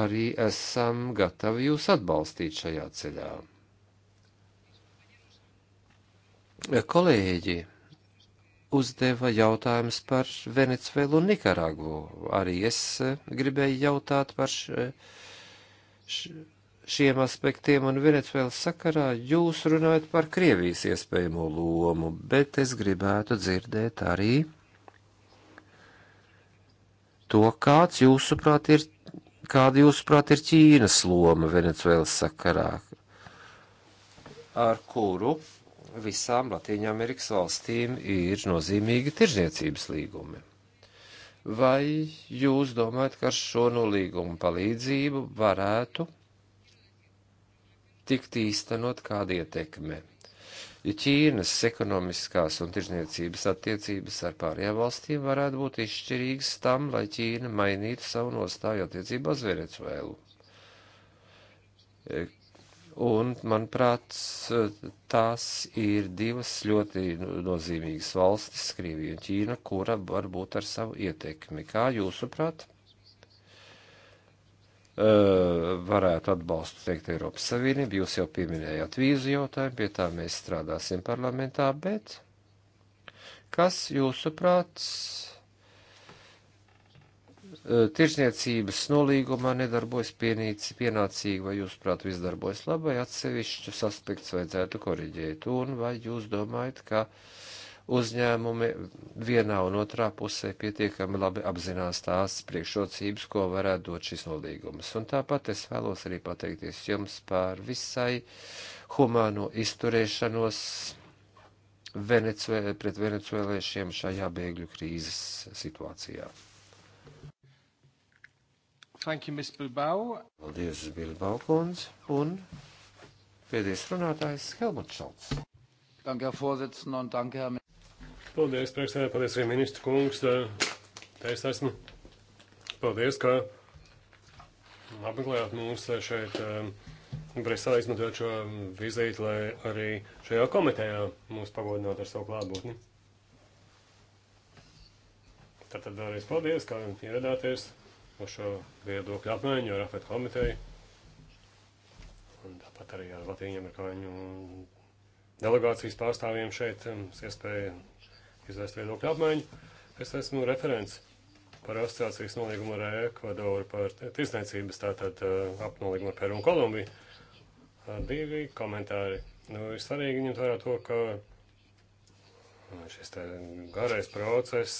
[SPEAKER 2] arī esam gatavi jūs atbalstīt šajā ceļā. Kolēģi! uzdeva jautājumus par Venecuēlu un Nikaragu. Arī es eh, gribēju jautāt par š, š, šiem aspektiem un Venecuēlas sakarā. Jūs runājat par Krievijas iespējamo lomu, bet es gribētu dzirdēt arī to, kāds jūsuprāt ir, kāda jūsuprāt ir Ķīnas loma Venecuēlas sakarā, ar kuru visām Latīņamerikas valstīm ir nozīmīgi tirzniecības līgumi. Vai jūs domājat, ka ar šo nolīgumu palīdzību varētu tikt īstenot kāda ietekme? Ja Ķīnas ekonomiskās un tirzniecības attiecības ar pārējām valstīm varētu būt izšķirīgas tam, lai Ķīna mainītu savu nostāju attiecībā uz Venecuēlu Un, manuprāt, tās ir divas ļoti nozīmīgas valstis, Krievija un Ķīna, kura var būt ar savu ietekmi. Kā jūsuprāt, eh, varētu atbalstu teikt Eiropas Savienību? Jūs jau pieminējāt vīzu jautājumu, pie tā mēs strādāsim parlamentā, bet kas jūsuprāt Eh, tirsniecības nolīgumā nedarbojas pienīci, pienācīgi, vai jūs, prāt, viss darbojas labi, vai atsevišķus aspektus vajadzētu koriģēt, un vai jūs domājat, ka uzņēmumi vienā un otrā pusē pietiekami labi apzinās tās priekšrocības, ko varētu dot šis nolīgums. Un tāpat es vēlos arī pateikties jums par visai humāno izturēšanos Venecuēlē, pret venecuēliešiem šajā bēgļu krīzes situācijā. Thank you, Ms. Bilbao. Paldies, Bilbao kundze. Un
[SPEAKER 4] pēdējais runātājs Helmuts Šalts. Danke, Herr Vorsitzender, un danke, Herr Ministrs. Paldies, priekšsēdētāj, paldies arī ministru kungs. Te es esmu. Paldies, ka apmeklējāt mūs šeit Briselē izmantojot šo vizīti, lai arī šajā komitejā mūs pagodinātu ar savu klātbūtni. Tātad vēlreiz paldies, ka ieradāties uz šo viedokļu apmaiņu ar Afet komiteju. Un tāpat arī ar Latīņu amerikāņu delegācijas pārstāvjiem šeit mums iespēja izvērst viedokļu apmaiņu. Es esmu referents par asociācijas nolīgumu ar Ekvadoru par tirsniecības, tātad ap nolīgumu ar Peru un Kolumbiju. Divi komentāri. Nu, ir svarīgi ņemt vērā to, ka šis garais process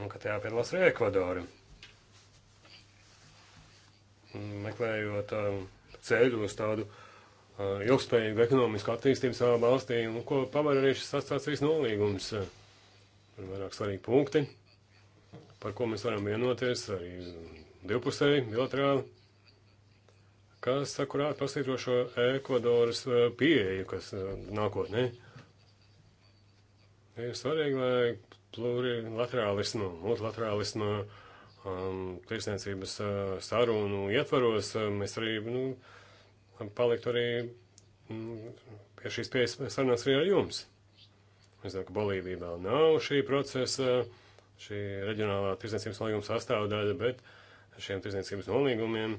[SPEAKER 4] un ka tajā piedalās arī Ekvadora. Meklējot um, ceļu uz tādu uh, ilgspējīgu ekonomisku attīstību savā valstī, un ko pavar arī šis asociācijas nolīgums. Uh, ir vairāk svarīgi punkti, par ko mēs varam vienoties arī divpusēji, bilaterāli, kas akurāt pasītrošo Ekvadoras uh, pieeju, kas nākotnē. Ir svarīgi, lai plurilaterālismu, multilaterālismu, um, tirsniecības uh, sarunu ietvaros, uh, mēs arī nu, paliktu arī mm, pie šīs pieejas sarunās arī ar jums. Es zinu, ka Bolīvija vēl nav šī procesa, šī reģionālā tirsniecības nolīguma sastāvdaļa, bet šiem tirsniecības nolīgumiem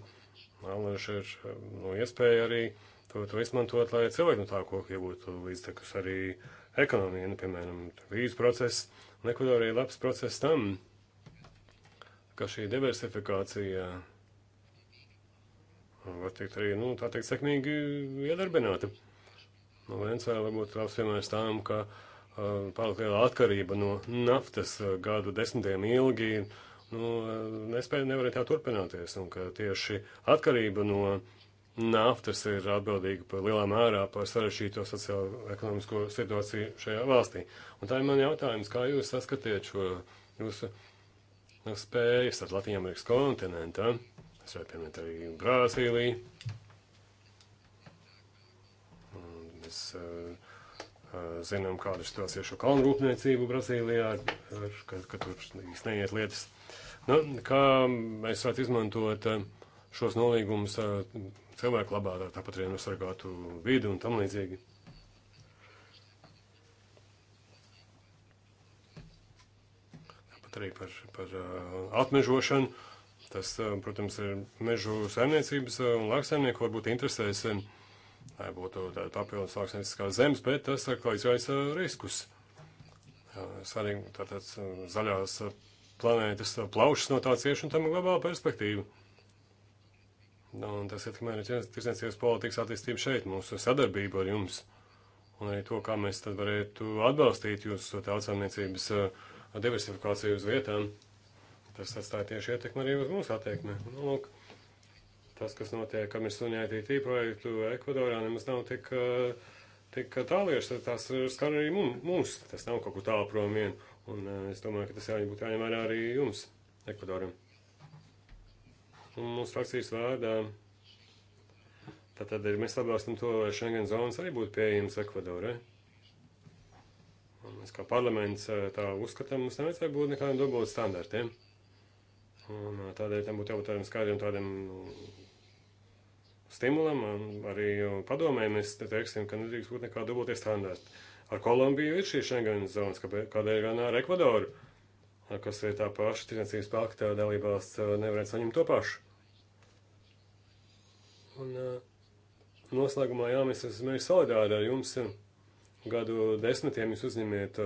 [SPEAKER 4] Alluši ir um, nu, no iespēja arī to, to izmantot, lai cilvēki no tā koka iegūtu līdztekus arī uh, ekonomijai, nu, piemēram, vīzu process, un Ekvadora ir labs process tam, ka šī diversifikācija var tikt arī, nu, tā teikt, sekmīgi iedarbināta. Nu, Venecijā varbūt labs piemērs tam, ka uh, pārāk liela atkarība no naftas uh, gadu desmitiem ilgi, nu, uh, nespēja nevarēja tā turpināties, un ka tieši atkarība no naftas, naftas ir atbildīga par lielā mērā par sarežģīto sociālo-ekonomisko situāciju šajā valstī. Un tā ir man jautājums, kā jūs saskatiet šo jūsu nu, spējas ar Latvijas kontinentā? Es varu pieminēt arī Brāzīliju. Mēs uh, zinām, kāda ir situācija ar šo kalnu rūpniecību Brazīlijā, ar, ar, ka, ka tur īsti neiet lietas. Nu, kā mēs varētu izmantot uh, šos nolīgumus cilvēku labā, tāpat arī nosargātu vidi un tam līdzīgi. Tāpat arī par, par atmežošanu. Tas, protams, ir mežu saimniecības un lauksaimnieku varbūt interesēs, lai būtu tāda papildus lauksaimnieciskās zemes, bet tas atkal izraisa riskus. Svarīgi tātad zaļās planētas plaušas no tā cieši un tam ir globāla perspektīva. Nu, un tas ietekmē arī tirsniecības politikas attīstību šeit, mūsu sadarbību ar jums. Un arī to, kā mēs tad varētu atbalstīt jūsu tautsāmniecības uh, diversifikāciju uz vietām. Tas atstāja tieši ietekmi arī uz mūsu attieksmi. Nu, lūk, tas, kas notiek, kam ir sunītī projektu Ekvadorā, nemaz nav tik, uh, tik tālieši. Tas skar arī mums. Tas nav kaut kur tālu prom vien. Un uh, es domāju, ka tas jāņem vērā arī jums, Ekvadoram mūsu frakcijas vārdā. Tātad mēs atbalstam to, lai Schengen zonas arī būtu pieejams Ekvadorai. Un mēs kā parlaments eh, tā uzskatām, mums nevajadzēja būt nekādiem dubult standartiem. Un eh, tādēļ tam būtu jābūt tādiem skaidriem tādiem nu, stimulam, un arī padomē mēs te teiksim, ka nedrīkst būt nekādi dubultie standarti. Ar Kolumbiju ir šī Schengen zonas, kādēļ gan ar Ekvadoru, kas ir tā paša tirdzniecības pakta dalībvalsts, eh, nevarētu saņemt to pašu. Un noslēgumā jāmies uz mērķi solidāri ar jums. Gadu desmitiem jūs uzņemiet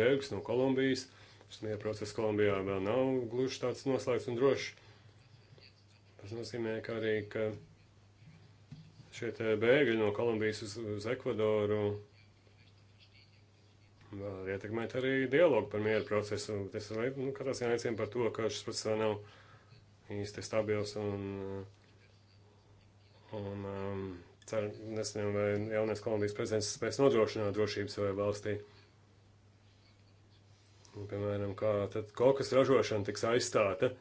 [SPEAKER 4] bēgus no Kolumbijas. Šis process Kolumbijā vēl nav gluži tāds noslēgts un drošs. Tas nozīmē, ka arī, ka šie bēgļi no Kolumbijas uz, uz Ekvadoru var ietekmēt arī dialogu par mieru procesu. Tas ir nu, katrā ziņā liecina par to, ka šis process vēl nav īsti stabils un uh, Un um, ceru, nesaņem, vai jaunais Kolumbijas prezidents spēs nodrošināt drošību savai valstī. Un, piemēram, kā tad kokas ražošana tiks aizstāta,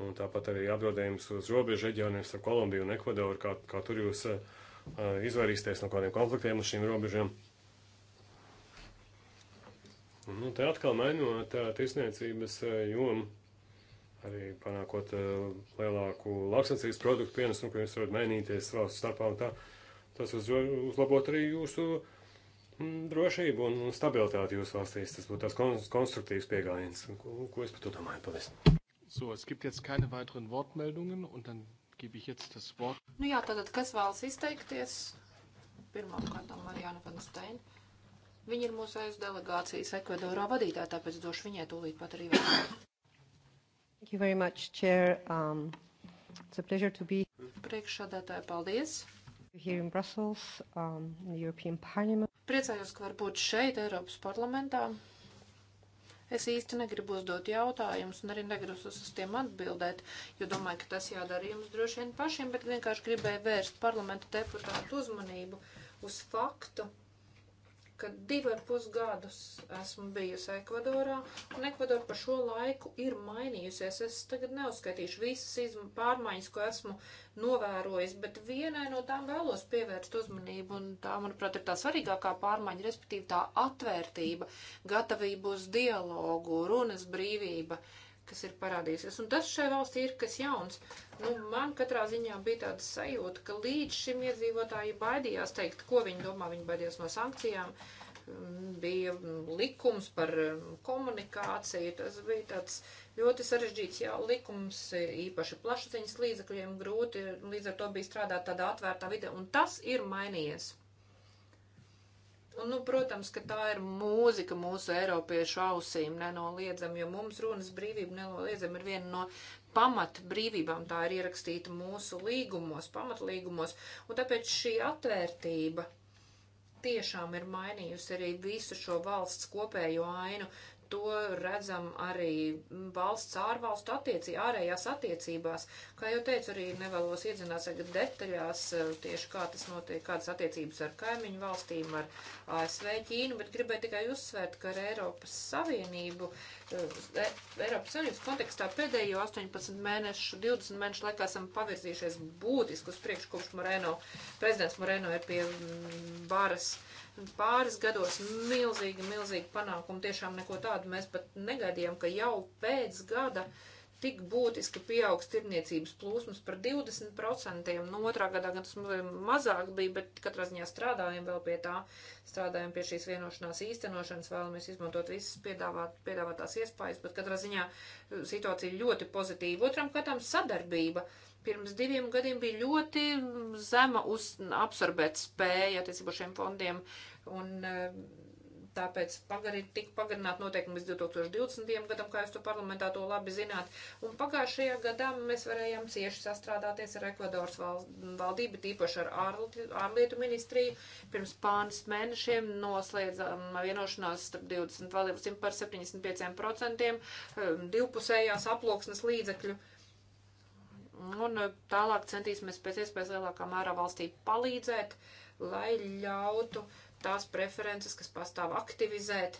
[SPEAKER 4] un tāpat arī apdraudējums uz robežu reģioniem starp Kolumbiju un Ekvadoru, kā, kā tur jūs uh, uh izvairīsieties no kādiem konfliktiem uz šīm robežām. Nu, te atkal mainot uh, tirsniecības uh, jomu arī panākot uh, lielāku lauksacīs produktu pienesumu, ka jūs varat mainīties valsts starpā un tā. Tas uz, uzlabot arī jūsu mm, drošību un stabilitāti jūsu valstīs. Tas būtu tās konstruktīvs pieejams. Ko, ko es par to domāju? Paldies! So, es gibt jetzt keine weiteren Wortmeldungen un dann gebe ich jetzt das Wort.
[SPEAKER 1] Nu jā, tātad, kas vēlas izteikties? Pirmām kārtām Marijāna van Stein. Viņa ir mūsu aiz delegācijas Ekvadorā vadītāja, tāpēc došu viņai tūlīt pat arī vārdu. Thank you very much, Chair. Um, it's a pleasure to be. Priekšādātāji, paldies. Here in Brussels, um, in the European Parliament. Priecājos, ka var būt šeit, Eiropas parlamentā. Es īsti negribu uzdot jautājumus un arī negribu uz tiem atbildēt, jo domāju, ka tas jādara jums droši vien pašiem, bet vienkārši gribēju vērst parlamenta deputātu uzmanību uz faktu, ka divi ar pus gadus esmu bijusi Ekvadorā, un Ekvadora pa šo laiku ir mainījusies. Es tagad neuzskaitīšu visas pārmaiņas, ko esmu novērojis, bet vienai no tām vēlos pievērst uzmanību, un tā, manuprāt, ir tā svarīgākā pārmaiņa, respektīvi tā atvērtība, gatavība uz dialogu, runas brīvība. Uh, kas ir parādījusies. Un tas šai valstī ir kas jauns. Nu, man katrā ziņā bija tāda sajūta, ka līdz šim iedzīvotāji baidījās teikt, ko viņi domā. Viņi baidījās no sankcijām, mm, bija likums par mm, komunikāciju. Tas bija tāds ļoti sarežģīts jā, likums, īpaši plašsaziņas līdzakļiem grūti, līdz ar to bija strādāt tādā atvērtā vidē. Un tas ir mainījies. Un, nu, nu, protams, ka tā ir mūzika mūsu eiropiešu ausīm nenoliedzami, jo mums runas brīvība nenoliedzami ir viena no pamat brīvībām. Tā ir ierakstīta mūsu līgumos, pamatlīgumos. Un tāpēc šī atvērtība tiešām ir mainījusi arī visu šo valsts kopējo ainu to redzam arī valsts ārvalstu attiecī, ārējās attiecībās. Kā jau teicu, arī nevēlos iedzinās tagad detaļās eh, tieši kā tas notiek, kādas attiecības ar kaimiņu valstīm, ar ASV, Ķīnu, bet gribēju tikai uzsvērt, ka ar Eiropas Savienību, eh, Eiropas Savienības kontekstā pēdējo 18 mēnešu, 20 mēnešu laikā esam pavirzījušies būtiski uz priekšu, kopš Moreno, prezidents Moreno ir pie varas. Mm, pāris gados milzīgi, milzīgi panākumi. Tiešām neko tādu mēs pat negaidījām, ka jau pēc gada tik būtiski pieaugs tirniecības plūsmas par 20%. Nu, otrā gadā gan tas mazāk bija, bet katrā ziņā strādājam vēl pie tā, strādājam pie šīs vienošanās īstenošanas, vēlamies izmantot visas piedāvāt, piedāvātās iespējas, bet katrā ziņā uh, situācija ļoti pozitīva. Otram katam sadarbība. Uh, Pirms diviem gadiem bija ļoti zema uz, absorbēt spēja attiecībā šiem fondiem, un eh, tāpēc pagarin, tika pagarināta noteikumi līdz 2020. gadam, kā jūs to parlamentā to labi zināt. Un pagājušajā gadā mēs varējām cieši sastrādāties ar Ekvadoras valdību, tīpaši ar ārlietu ministriju. Pirms pāris mēnešiem noslēdzām vienošanās starp 20 valdībām par 75% eh, divpusējās aploksnes līdzekļu Un eh, tālāk centīsimies pēc iespējas lielākā mērā valstī palīdzēt, lai ļautu tās preferences, kas pastāv aktivizēt,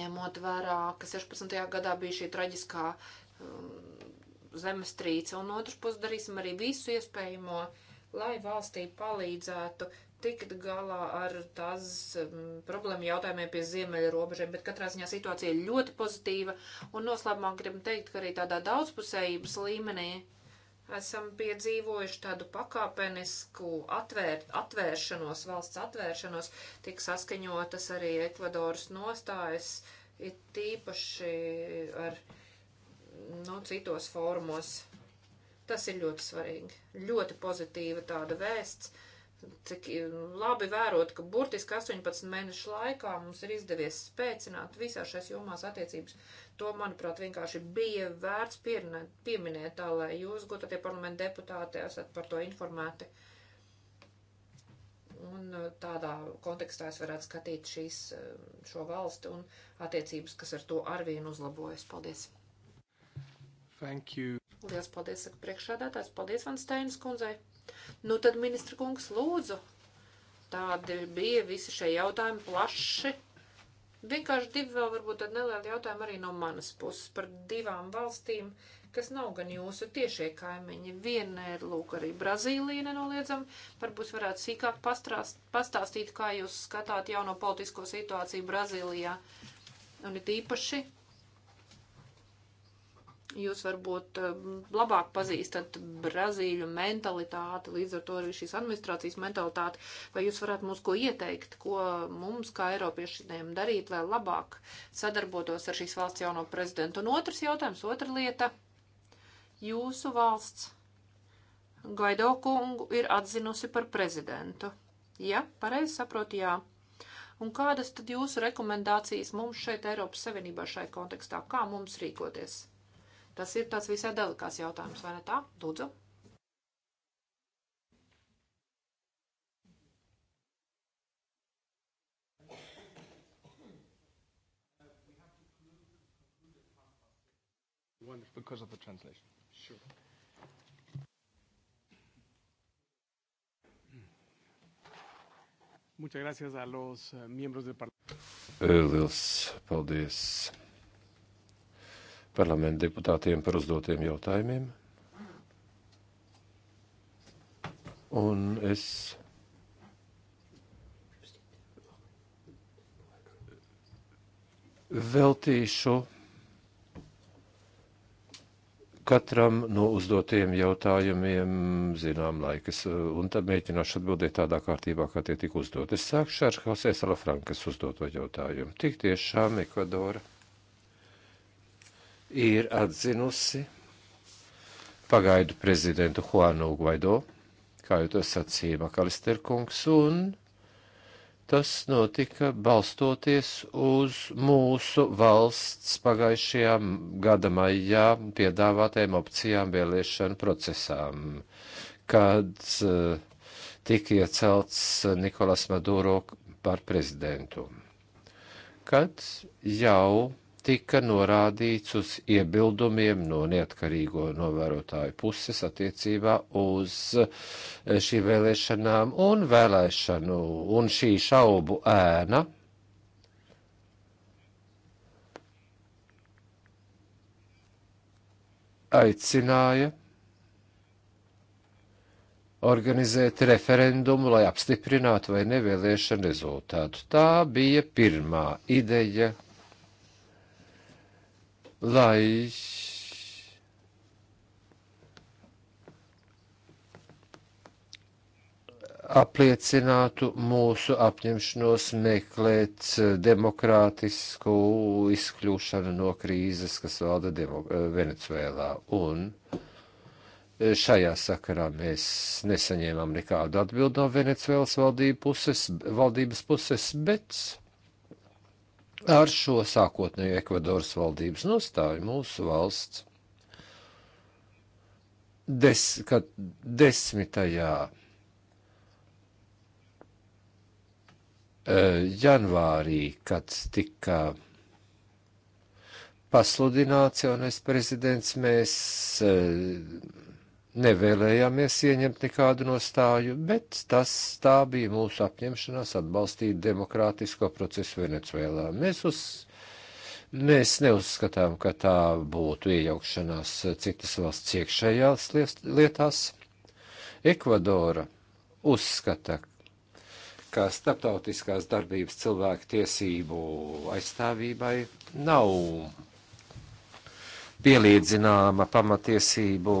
[SPEAKER 1] ņemot vērā, ka 16. gadā bija šī traģiskā um, zemestrīce, un otrs puses darīsim arī visu iespējamo, lai valstī palīdzētu tikt galā ar tās um, problēmu jautājumiem pie ziemeļa robežiem, bet katrā ziņā situācija ir ļoti pozitīva. Un noslēgumā gribam teikt, ka arī tādā daudzpusējības līmenī esam piedzīvojuši tādu pakāpenisku atvēr, atvēršanos, valsts atvēršanos, tik saskaņotas arī Ekvadoras nostājas, ir tīpaši ar, nu, citos fórumos. Tas ir ļoti svarīgi. Ļoti pozitīva tāda vēsts cik eh, labi vērot, ka burtiski 18 mēnešu laikā mums ir izdevies spēcināt visā šais jomās attiecības. To, manuprāt, vienkārši bija vērts pieminēt tā, lai jūs, gotatie parlamenta deputāti, esat par to informēti. Un eh, tādā kontekstā es varētu skatīt šīs, eh, šo valsti un attiecības, kas ar to arvien uzlabojas. Paldies! Thank you! Lielas paldies, saka priekšādātājs. Paldies, Vansteinas kundzei! Nu tad, ministra kungs, lūdzu, tādi bija visi šie jautājumi plaši. Vienkārši divi vēl varbūt tādi nelieli jautājumi arī no manas puses par divām valstīm, kas nav gan jūsu tiešie kaimiņi. Viena ir, lūk, arī Brazīlija nenoliedzam. Varbūt varētu sīkāk pastrāst, pastāstīt, kā jūs skatāt jauno politisko situāciju Brazīlijā. Un it īpaši Jūs varbūt eh, labāk pazīstat Brazīļu mentalitāti, līdz ar to arī šīs administrācijas mentalitāti. Vai jūs varētu mums ko ieteikt, ko mums, kā Eiropiešiem, darīt, lai labāk sadarbotos ar šīs valsts jauno prezidentu? Un otrs jautājums, otra lieta. Jūsu valsts Gaido kungu ir atzinusi par prezidentu. Ja, pareizi saprotu, jā. Un kādas tad jūsu rekomendācijas mums šeit Eiropas Savienībā šai kontekstā? Kā mums rīkoties? Tas ir tāds visai delikāts jautājums, vai ne tā? Lūdzu.
[SPEAKER 3] Because of the translation. Sure.
[SPEAKER 4] Muchas gracias a los eh, miembros del Parlamento.
[SPEAKER 2] Eh, liels paldies parlamenta deputātiem par uzdotiem jautājumiem. Un es veltīšu katram no uzdotiem jautājumiem zinām laikas, uh, un tad mēģināšu atbildēt tādā kārtībā, kā tie tika uzdot. Es sākšu ar Hosē Salafrankas uzdoto jautājumu. Tik tiešām Ekvadora ir atzinusi pagaidu prezidentu Juanu Guaido, kā jau to sacīja Makalister kungs, un tas notika balstoties uz mūsu valsts pagājušajā gada maijā piedāvātajām opcijām vēlēšanu procesām, kad eh, tika iecelts Nikolas Maduro par prezidentu. Kad jau tika norādīts uz iebildumiem no neatkarīgo novērotāju puses attiecībā uz eh, šīm vēlēšanām un vēlēšanu un šī šaubu ēna. Aicināja organizēt referendumu, lai apstiprinātu vai nevēlēšanu rezultātu. Tā bija pirmā ideja, lai apliecinātu mūsu apņemšanos meklēt demokrātisku izkļūšanu no krīzes, kas valda eh, Venecuēlā. Un eh, šajā sakarā mēs nesaņēmām nekādu atbildu no Venecuēlas valdības puses, valdības puses bet ar šo sākotnēju Ekvadoras valdības nostāju mūsu valsts des, desmitajā eh, janvārī, kad tika pasludināts jaunais prezidents, mēs eh, nevēlējāmies ieņemt nekādu nostāju, bet tas tā bija mūsu apņemšanās atbalstīt demokrātisko procesu Venecuēlā. Mēs, uz, mēs neuzskatām, ka tā būtu iejaukšanās citas valsts iekšējās lietās. Ekvadora uzskata, ka starptautiskās darbības cilvēku tiesību aizstāvībai nav pielīdzināma pamatiesību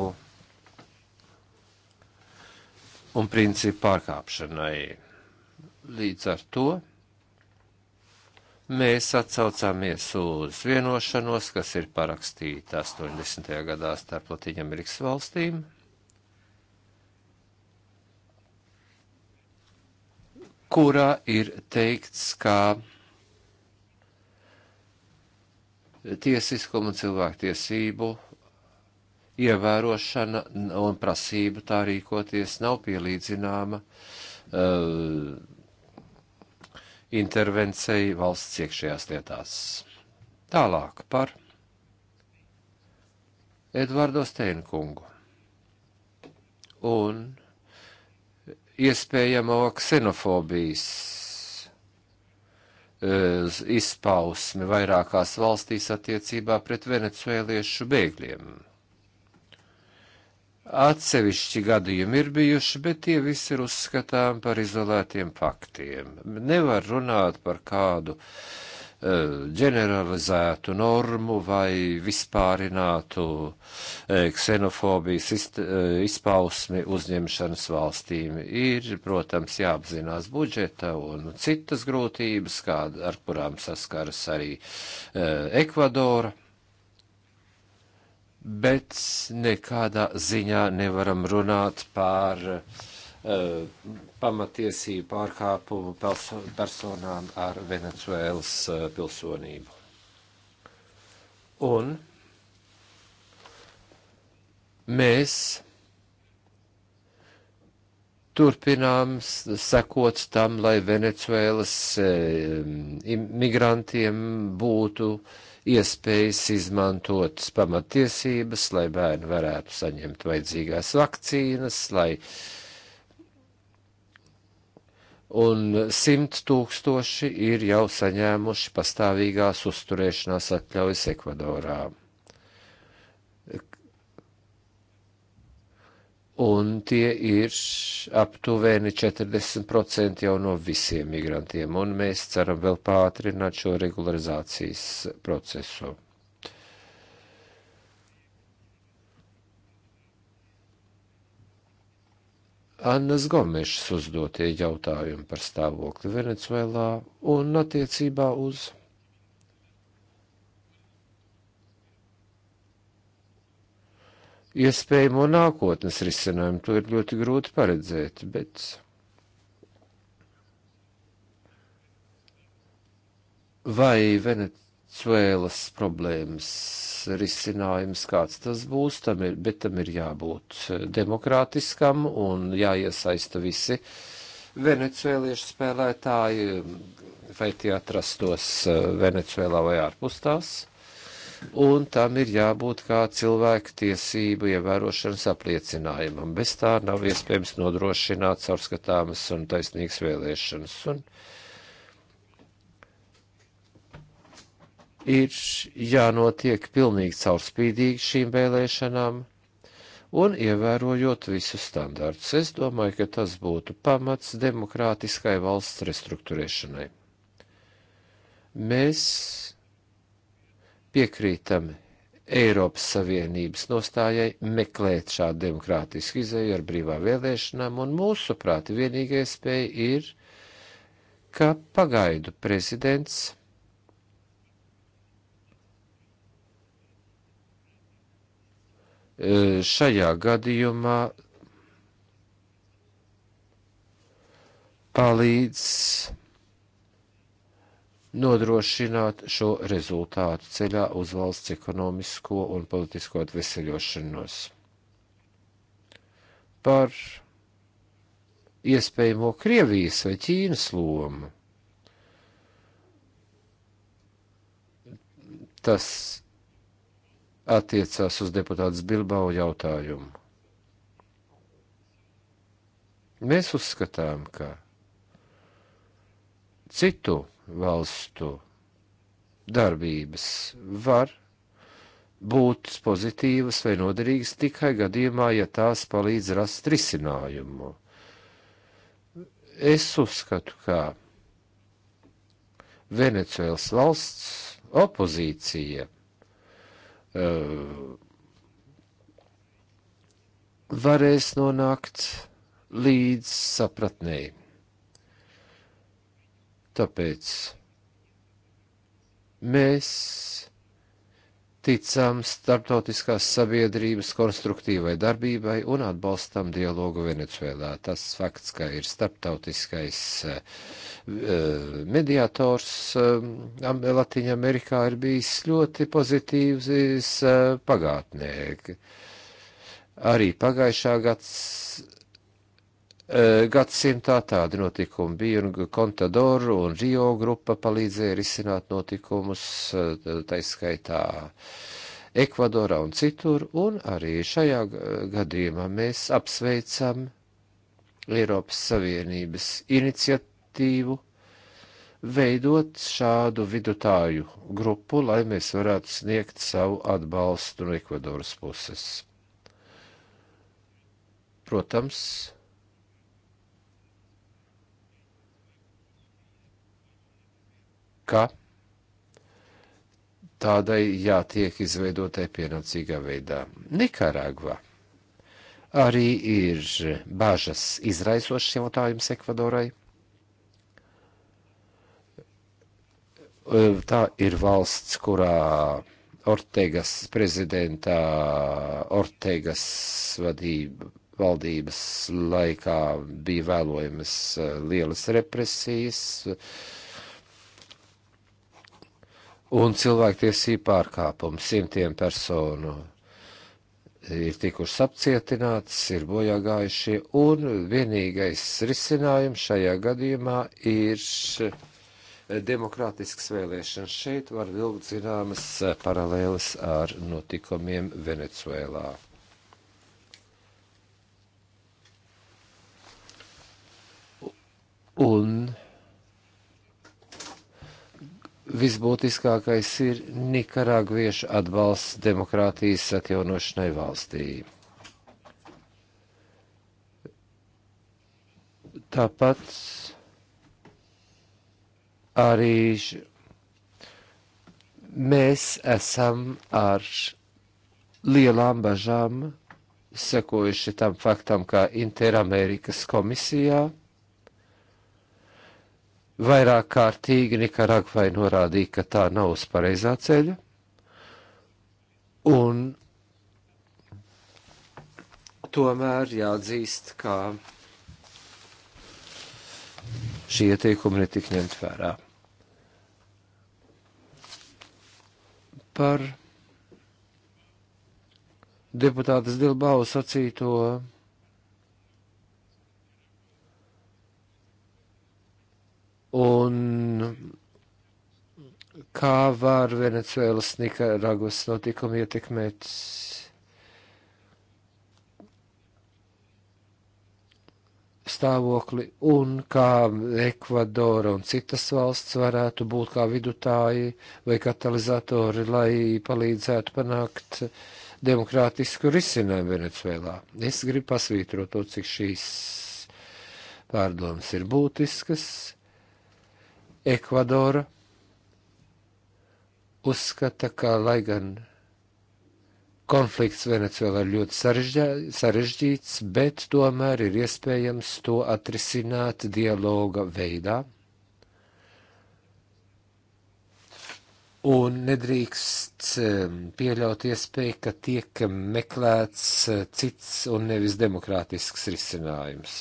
[SPEAKER 2] un principu pārkāpšanai. Līdz ar to mēs atcaucāmies uz vienošanos, kas ir parakstīta 80. gadā starp Latviju-Amerikas valstīm. kurā ir teikts, ka tiesiskumu un cilvēktiesību ievērošana un prasība tā rīkoties nav pielīdzināma uh, intervencei valsts iekšējās lietās. Tālāk par Edvardo Steinkungu un iespējamo ksenofobijas uh, izpausmi vairākās valstīs attiecībā pret venecuēliešu bēgļiem. Atsevišķi gadījumi ir bijuši, bet tie visi ir uzskatām par izolētiem faktiem. Nevar runāt par kādu uh, ģeneralizētu normu vai vispārinātu uh, eh, ksenofobijas ist, uh, eh, izpausmi uzņemšanas valstīm. Ir, protams, jāapzinās budžeta un citas grūtības, kāda, ar kurām saskaras arī Ekvadora bet nekādā ziņā nevaram runāt par uh, pamatiesību pārkāpumu perso personām ar Venecuēlas uh, pilsonību. Un mēs turpinām sekot tam, lai Venecuēlas uh, eh, imigrantiem būtu uh, iespējas izmantot pamatiesības, lai bērni varētu saņemt vajadzīgās vakcīnas, lai un simt tūkstoši ir jau saņēmuši pastāvīgās uzturēšanās atļaujas Ekvadorā. un tie ir aptuveni 40% jau no visiem migrantiem, un mēs ceram vēl pātrināt šo regularizācijas procesu. Annas Gomešas uzdotie jautājumi par stāvokli Venecuēlā un attiecībā uz iespējamo nākotnes risinājumu. To ir ļoti grūti paredzēt, bet. Vai Venecuēlas problēmas risinājums, kāds tas būs, tam ir, bet tam ir jābūt demokrātiskam un jāiesaista visi venecuēliešu spēlētāji, vai tie atrastos Venecuēlā vai ārpus tās un tam ir jābūt kā cilvēku tiesību ievērošanas apliecinājumam. Bez tā nav iespējams nodrošināt caurskatāmas un taisnīgas vēlēšanas. Un ir jānotiek pilnīgi caurspīdīgi šīm vēlēšanām un ievērojot visus standārtus. Es domāju, ka tas būtu pamats demokrātiskai valsts restruktūrēšanai. Mēs piekrītam Eiropas Savienības nostājai meklēt šādu demokrātisku izēju ar brīvā vēlēšanām, un mūsuprāt, vienīgā iespēja ir, ka pagaidu prezidents e, šajā gadījumā palīdz nodrošināt šo rezultātu ceļā uz valsts ekonomisko un politisko atveseļošanos. Par iespējamo Krievijas vai Ķīnas lomu. Tas attiecās uz deputātas Bilbao jautājumu. Mēs uzskatām, ka citu valstu darbības var būt pozitīvas vai noderīgas tikai gadījumā, ja tās palīdz rast risinājumu. Es uzskatu, ka Venecuēlas valsts opozīcija uh, varēs nonākt līdz sapratnēji Tāpēc mēs ticam starptautiskās sabiedrības konstruktīvai darbībai un atbalstam dialogu Venecuēlā. Tas fakts, ka ir starptautiskais uh, mediators uh, eh, Latvijā Amerikā, ir bijis ļoti pozitīvs uh, pagātnē. Arī pagājušā gads Eh, gadsimtā tādi notikumi bija, un Kontadoru un Rio grupa palīdzēja risināt notikumus, eh, taiskaitā Ekvadorā un citur, un arī šajā gadījumā mēs apsveicam Eiropas Savienības iniciatīvu veidot šādu vidutāju grupu, lai mēs varētu sniegt savu atbalstu no Ekvadoras puses. Protams, ka tādai jātiek izveidotai pienācīgā veidā. Nikaragva arī ir bažas izraisošs jautājums Ekvadorai. E, tā ir valsts, kurā Ortegas prezidentā, Ortegas vadība, valdības laikā bija vēlojamas e, lielas represijas, uh, un cilvēktiesību pārkāpumu. Simtiem personu ir tikušas apcietinātas, ir bojā gājušie, un vienīgais risinājums šajā gadījumā ir demokrātisks vēlēšanas. Šeit var vilkt zināmas paralēles ar notikumiem Venecuēlā. Un visbūtiskākais ir Nikaragviešu atbalsts demokrātijas atjaunošanai valstī. Tāpat arī mēs esam ar lielām bažām sekojuši tam faktam, kā Interamerikas komisijā vairāk kārtīgi Nikaragvai norādīja, ka tā nav uz pareizā ceļa, un tomēr jāatzīst, ka šie ieteikumi netika ņemt vērā. Par deputātas Dilbau sacīto un kā var Venecuēlas Nikaragos notikumi ietekmēt stāvokli un kā Ekvadora un citas valsts varētu būt kā vidutāji vai katalizatori, lai palīdzētu panākt demokrātisku risinājumu Venecuēlā. Es gribu pasvītrot to, cik šīs pārdomas ir būtiskas Ekvadora uzskata, ka, lai gan konflikts Venecijā ir ļoti sarežģā, sarežģīts, bet tomēr ir iespējams to atrisināt dialoga veidā. Un nedrīkst ehm, pieļaut iespēju, ka tiek meklēts eh, cits un nevis demokrātisks risinājums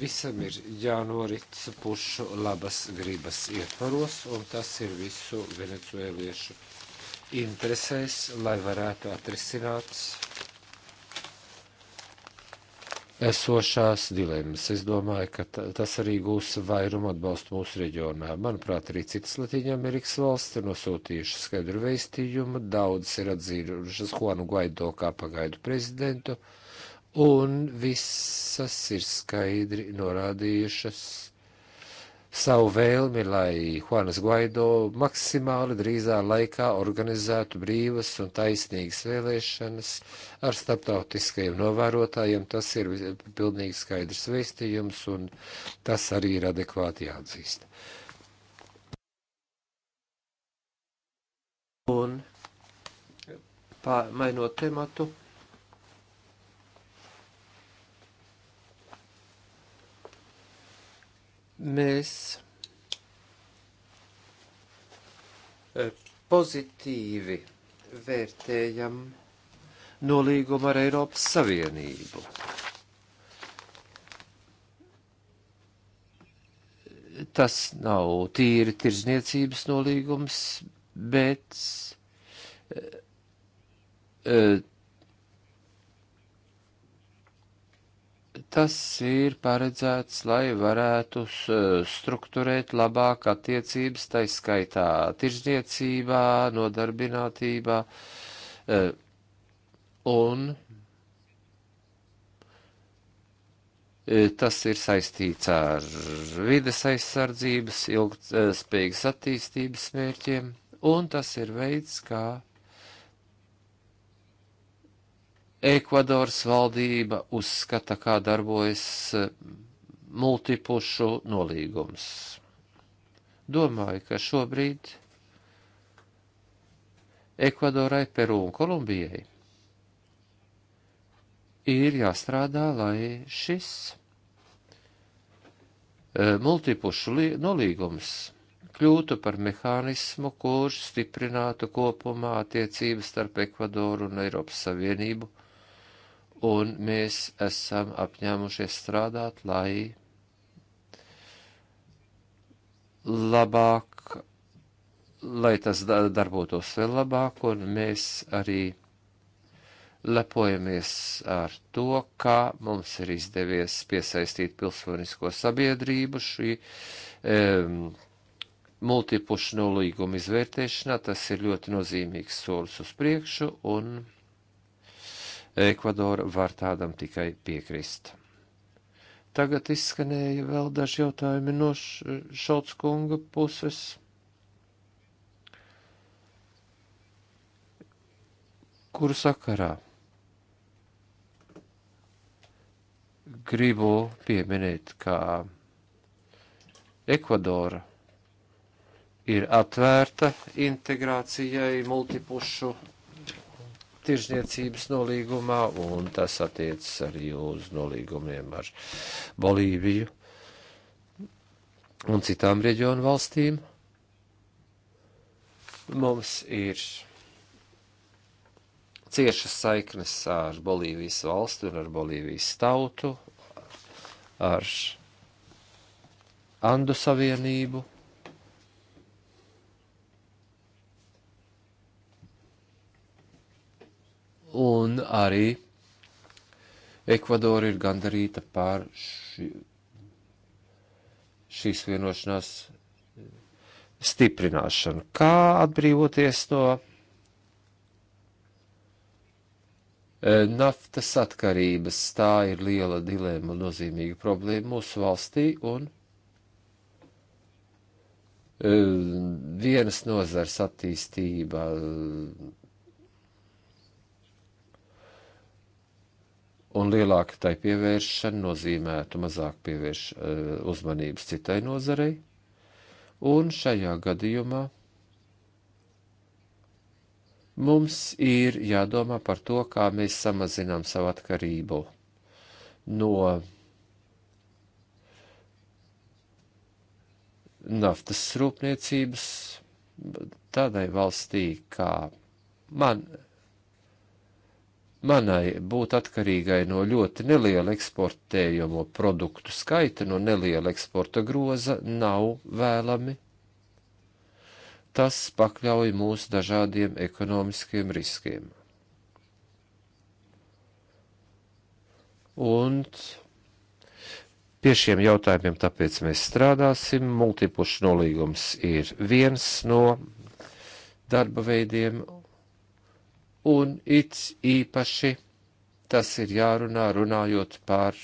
[SPEAKER 2] visam ir jānorit pušu labas gribas ietvaros, un tas ir visu venecuēliešu interesēs, lai varētu atrisināt esošās dilemmas. Es domāju, ka tas arī gūs vairumu atbalstu mūsu reģionā. Manuprāt, arī citas Latīņamerikas valsts ir nosūtījušas skaidru veistījumu, daudz ir atzīrušas Juanu Guaido kā pagaidu prezidentu. Uh, un visas ir skaidri norādījušas savu vēlmi, lai Juanas Guaido maksimāli drīzā laikā organizētu brīvas un taisnīgas vēlēšanas ar starptautiskajiem novērotājiem. Tas ir pilnīgi skaidrs vēstījums, un tas arī ir adekvāti jāatzīst. Un pār, mainot tematu Mēs eh, pozitīvi vērtējam nolīgumu ar Eiropas Savienību. Tas nav tīri tirzniecības nolīgums, bet eh, eh, Tas ir paredzēts, lai varētu strukturēt labāk attiecības, tai skaitā tirzniecībā, nodarbinātībā e, un e, Tas ir saistīts ar vides aizsardzības, ilgspējīgas attīstības mērķiem, un tas ir veids, kā Ekvadoras valdība uzskata, kā darbojas eh, multipušu nolīgums. Domāju, ka šobrīd Ekvadorai, Peru un Kolumbijai ir jāstrādā, lai šis eh, multipušu nolīgums kļūtu par mehānismu, kurš stiprinātu kopumā attiecības starp Ekvadoru un Eiropas Savienību, un mēs esam apņēmušies strādāt, lai labāk, lai tas darbotos vēl labāk, un mēs arī lepojamies ar to, kā mums ir izdevies piesaistīt pilsonisko sabiedrību šī. Um, multipušu nolīguma izvērtēšanā, tas ir ļoti nozīmīgs solis uz priekšu, un Ekvadora var tādam tikai piekrist. Tagad izskanēja vēl daži jautājumi no Šalts kunga puses. Kuru sakarā? Gribu pieminēt, ka Ekvadora ir atvērta integrācijai multipušu tirzniecības nolīgumā, un tas attiecas arī uz nolīgumiem ar Bolīviju un citām reģionu valstīm. Mums ir ciešas saiknes ar Bolīvijas valsti un ar Bolīvijas tautu, ar Andu Savienību un arī Ekvadora ir gandarīta par ši, šīs vienošanās stiprināšanu. Kā atbrīvoties no e, naftas atkarības? Tā ir liela dilēma un nozīmīga problēma mūsu valstī, un e, vienas nozars attīstība un lielāka tai pievēršana nozīmētu mazāk pievērš eh, uzmanības citai nozarei, un šajā gadījumā mums ir jādomā par to, kā mēs samazinām savu atkarību no naftas rūpniecības tādai valstī kā man manai būt atkarīgai no ļoti neliela eksportējumu produktu skaita, no neliela eksporta groza nav vēlami. Tas pakļauj mūs dažādiem ekonomiskiem riskiem. Un Pie šiem jautājumiem tāpēc mēs strādāsim. Multipušu nolīgums ir viens no darba veidiem, un it īpaši tas ir jārunā runājot par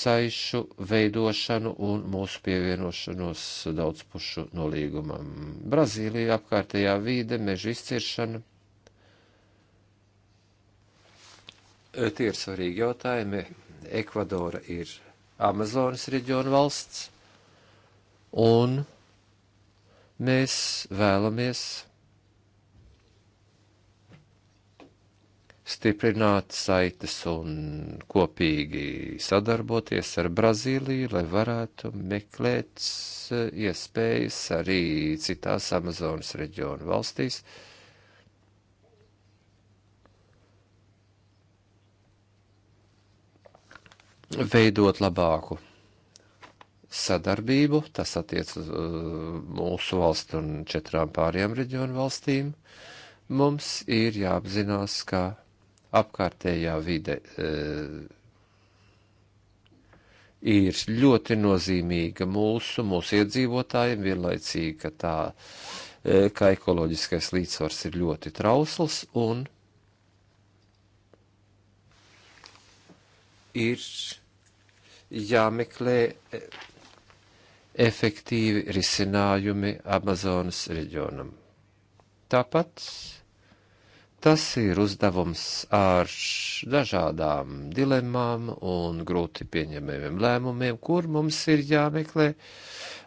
[SPEAKER 2] saišu veidošanu un mūsu pievienošanos daudzpušu nolīgumam. Brazīlija apkārtējā vīde, meža izciršana. E, tie ir svarīgi jautājumi. Ekvadora ir Amazonas reģiona valsts, un Mēs vēlamies stiprināt saites un kopīgi sadarboties ar Brazīliju, lai varētu meklēt eh, iespējas arī citās Amazonas reģionu valstīs. veidot labāku sadarbību, tas attiec uz uh, mūsu valsti un četrām pārējām reģionu valstīm, mums ir jāapzinās, ka apkārtējā vide e, ir ļoti nozīmīga mūsu, mūsu iedzīvotājiem, vienlaicīgi, ka tā, e, ka ekoloģiskais līdzsvars ir ļoti trausls un ir jāmeklē efektīvi risinājumi Amazonas reģionam. Tāpat tas ir uzdevums ar dažādām dilemmām un grūti pieņemamiem lēmumiem, kur mums ir jāmeklē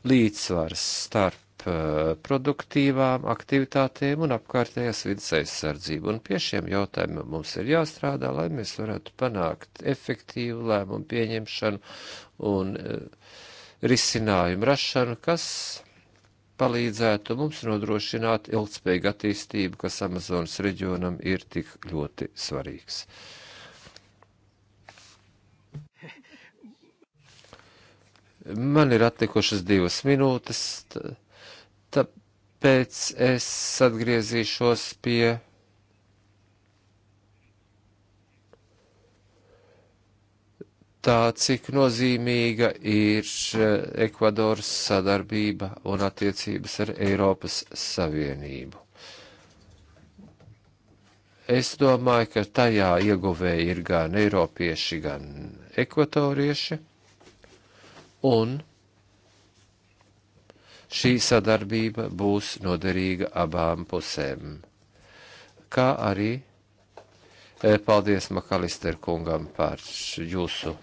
[SPEAKER 2] līdzsvars starp eh, produktīvām aktivitātēm un apkārtējās vidas aizsardzību. Un pie šiem jautājumiem mums ir jāstrādā, lai mēs varētu panākt efektīvu lēmumu pieņemšanu un uh, risinājumu rašanu, kas palīdzētu mums nodrošināt ilgspējīgu attīstību, kas Amazonas reģionam ir tik ļoti svarīgs. Man ir atlikušas divas minūtes, tāpēc es atgriezīšos pie tā, cik nozīmīga ir eh, Ekvadoras sadarbība un attiecības ar Eiropas Savienību. Es domāju, ka tajā ieguvēji ir gan eiropieši, gan ekvatorieši, un šī sadarbība būs noderīga abām pusēm, kā arī eh, Paldies Makalister kungam par jūsu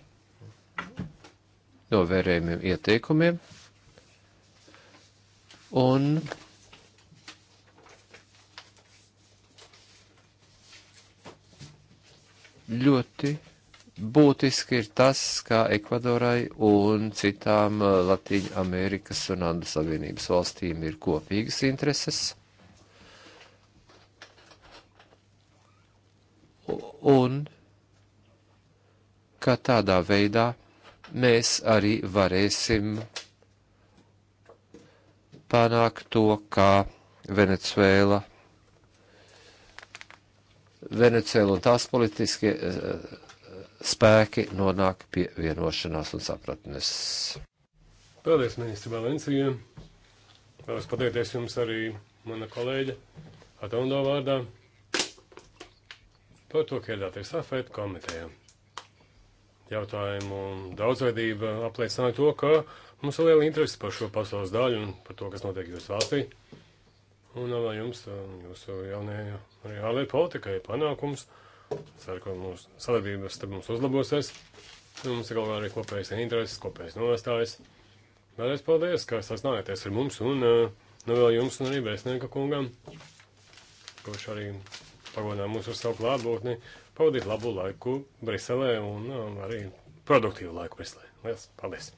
[SPEAKER 2] novērējumiem, ieteikumiem. Un ļoti būtiski ir tas, kā Ekvadorai un citām uh, Latīņu Amerikas un Andu Savienības valstīm ir kopīgas intereses. Un ka tādā veidā mēs arī varēsim panākt to, kā Venecuēla, Venecuēla un tās politiskie eh, eh, spēki nonāk pie vienošanās un sapratnes.
[SPEAKER 4] Paldies, ministri Valencija. Vēlos pateikties jums arī mana kolēģa Atondo vārdā par to, ka iedāties afētu komitejām jautājumu daudzveidība apliecināja to, ka mums ir liela interese par šo pasaules daļu un par to, kas notiek jūsu valstī. Un lai jums, um, jūsu jaunajai arī ārlietu politikai, panākums, ceru, ka mūsu sadarbības starp mums uzlabosies. Mums ir galvā arī kopējas intereses, kopējas nostājas. Vēlreiz paldies, ka sasnājāties ar mums un uh, nu vēl jums un arī vēstnieka kungam, kurš arī pagodināja mūs ar savu klātbūtni pavadīt labu laiku Briselē un um, arī produktīvu laiku Briselē. Lielas paldies!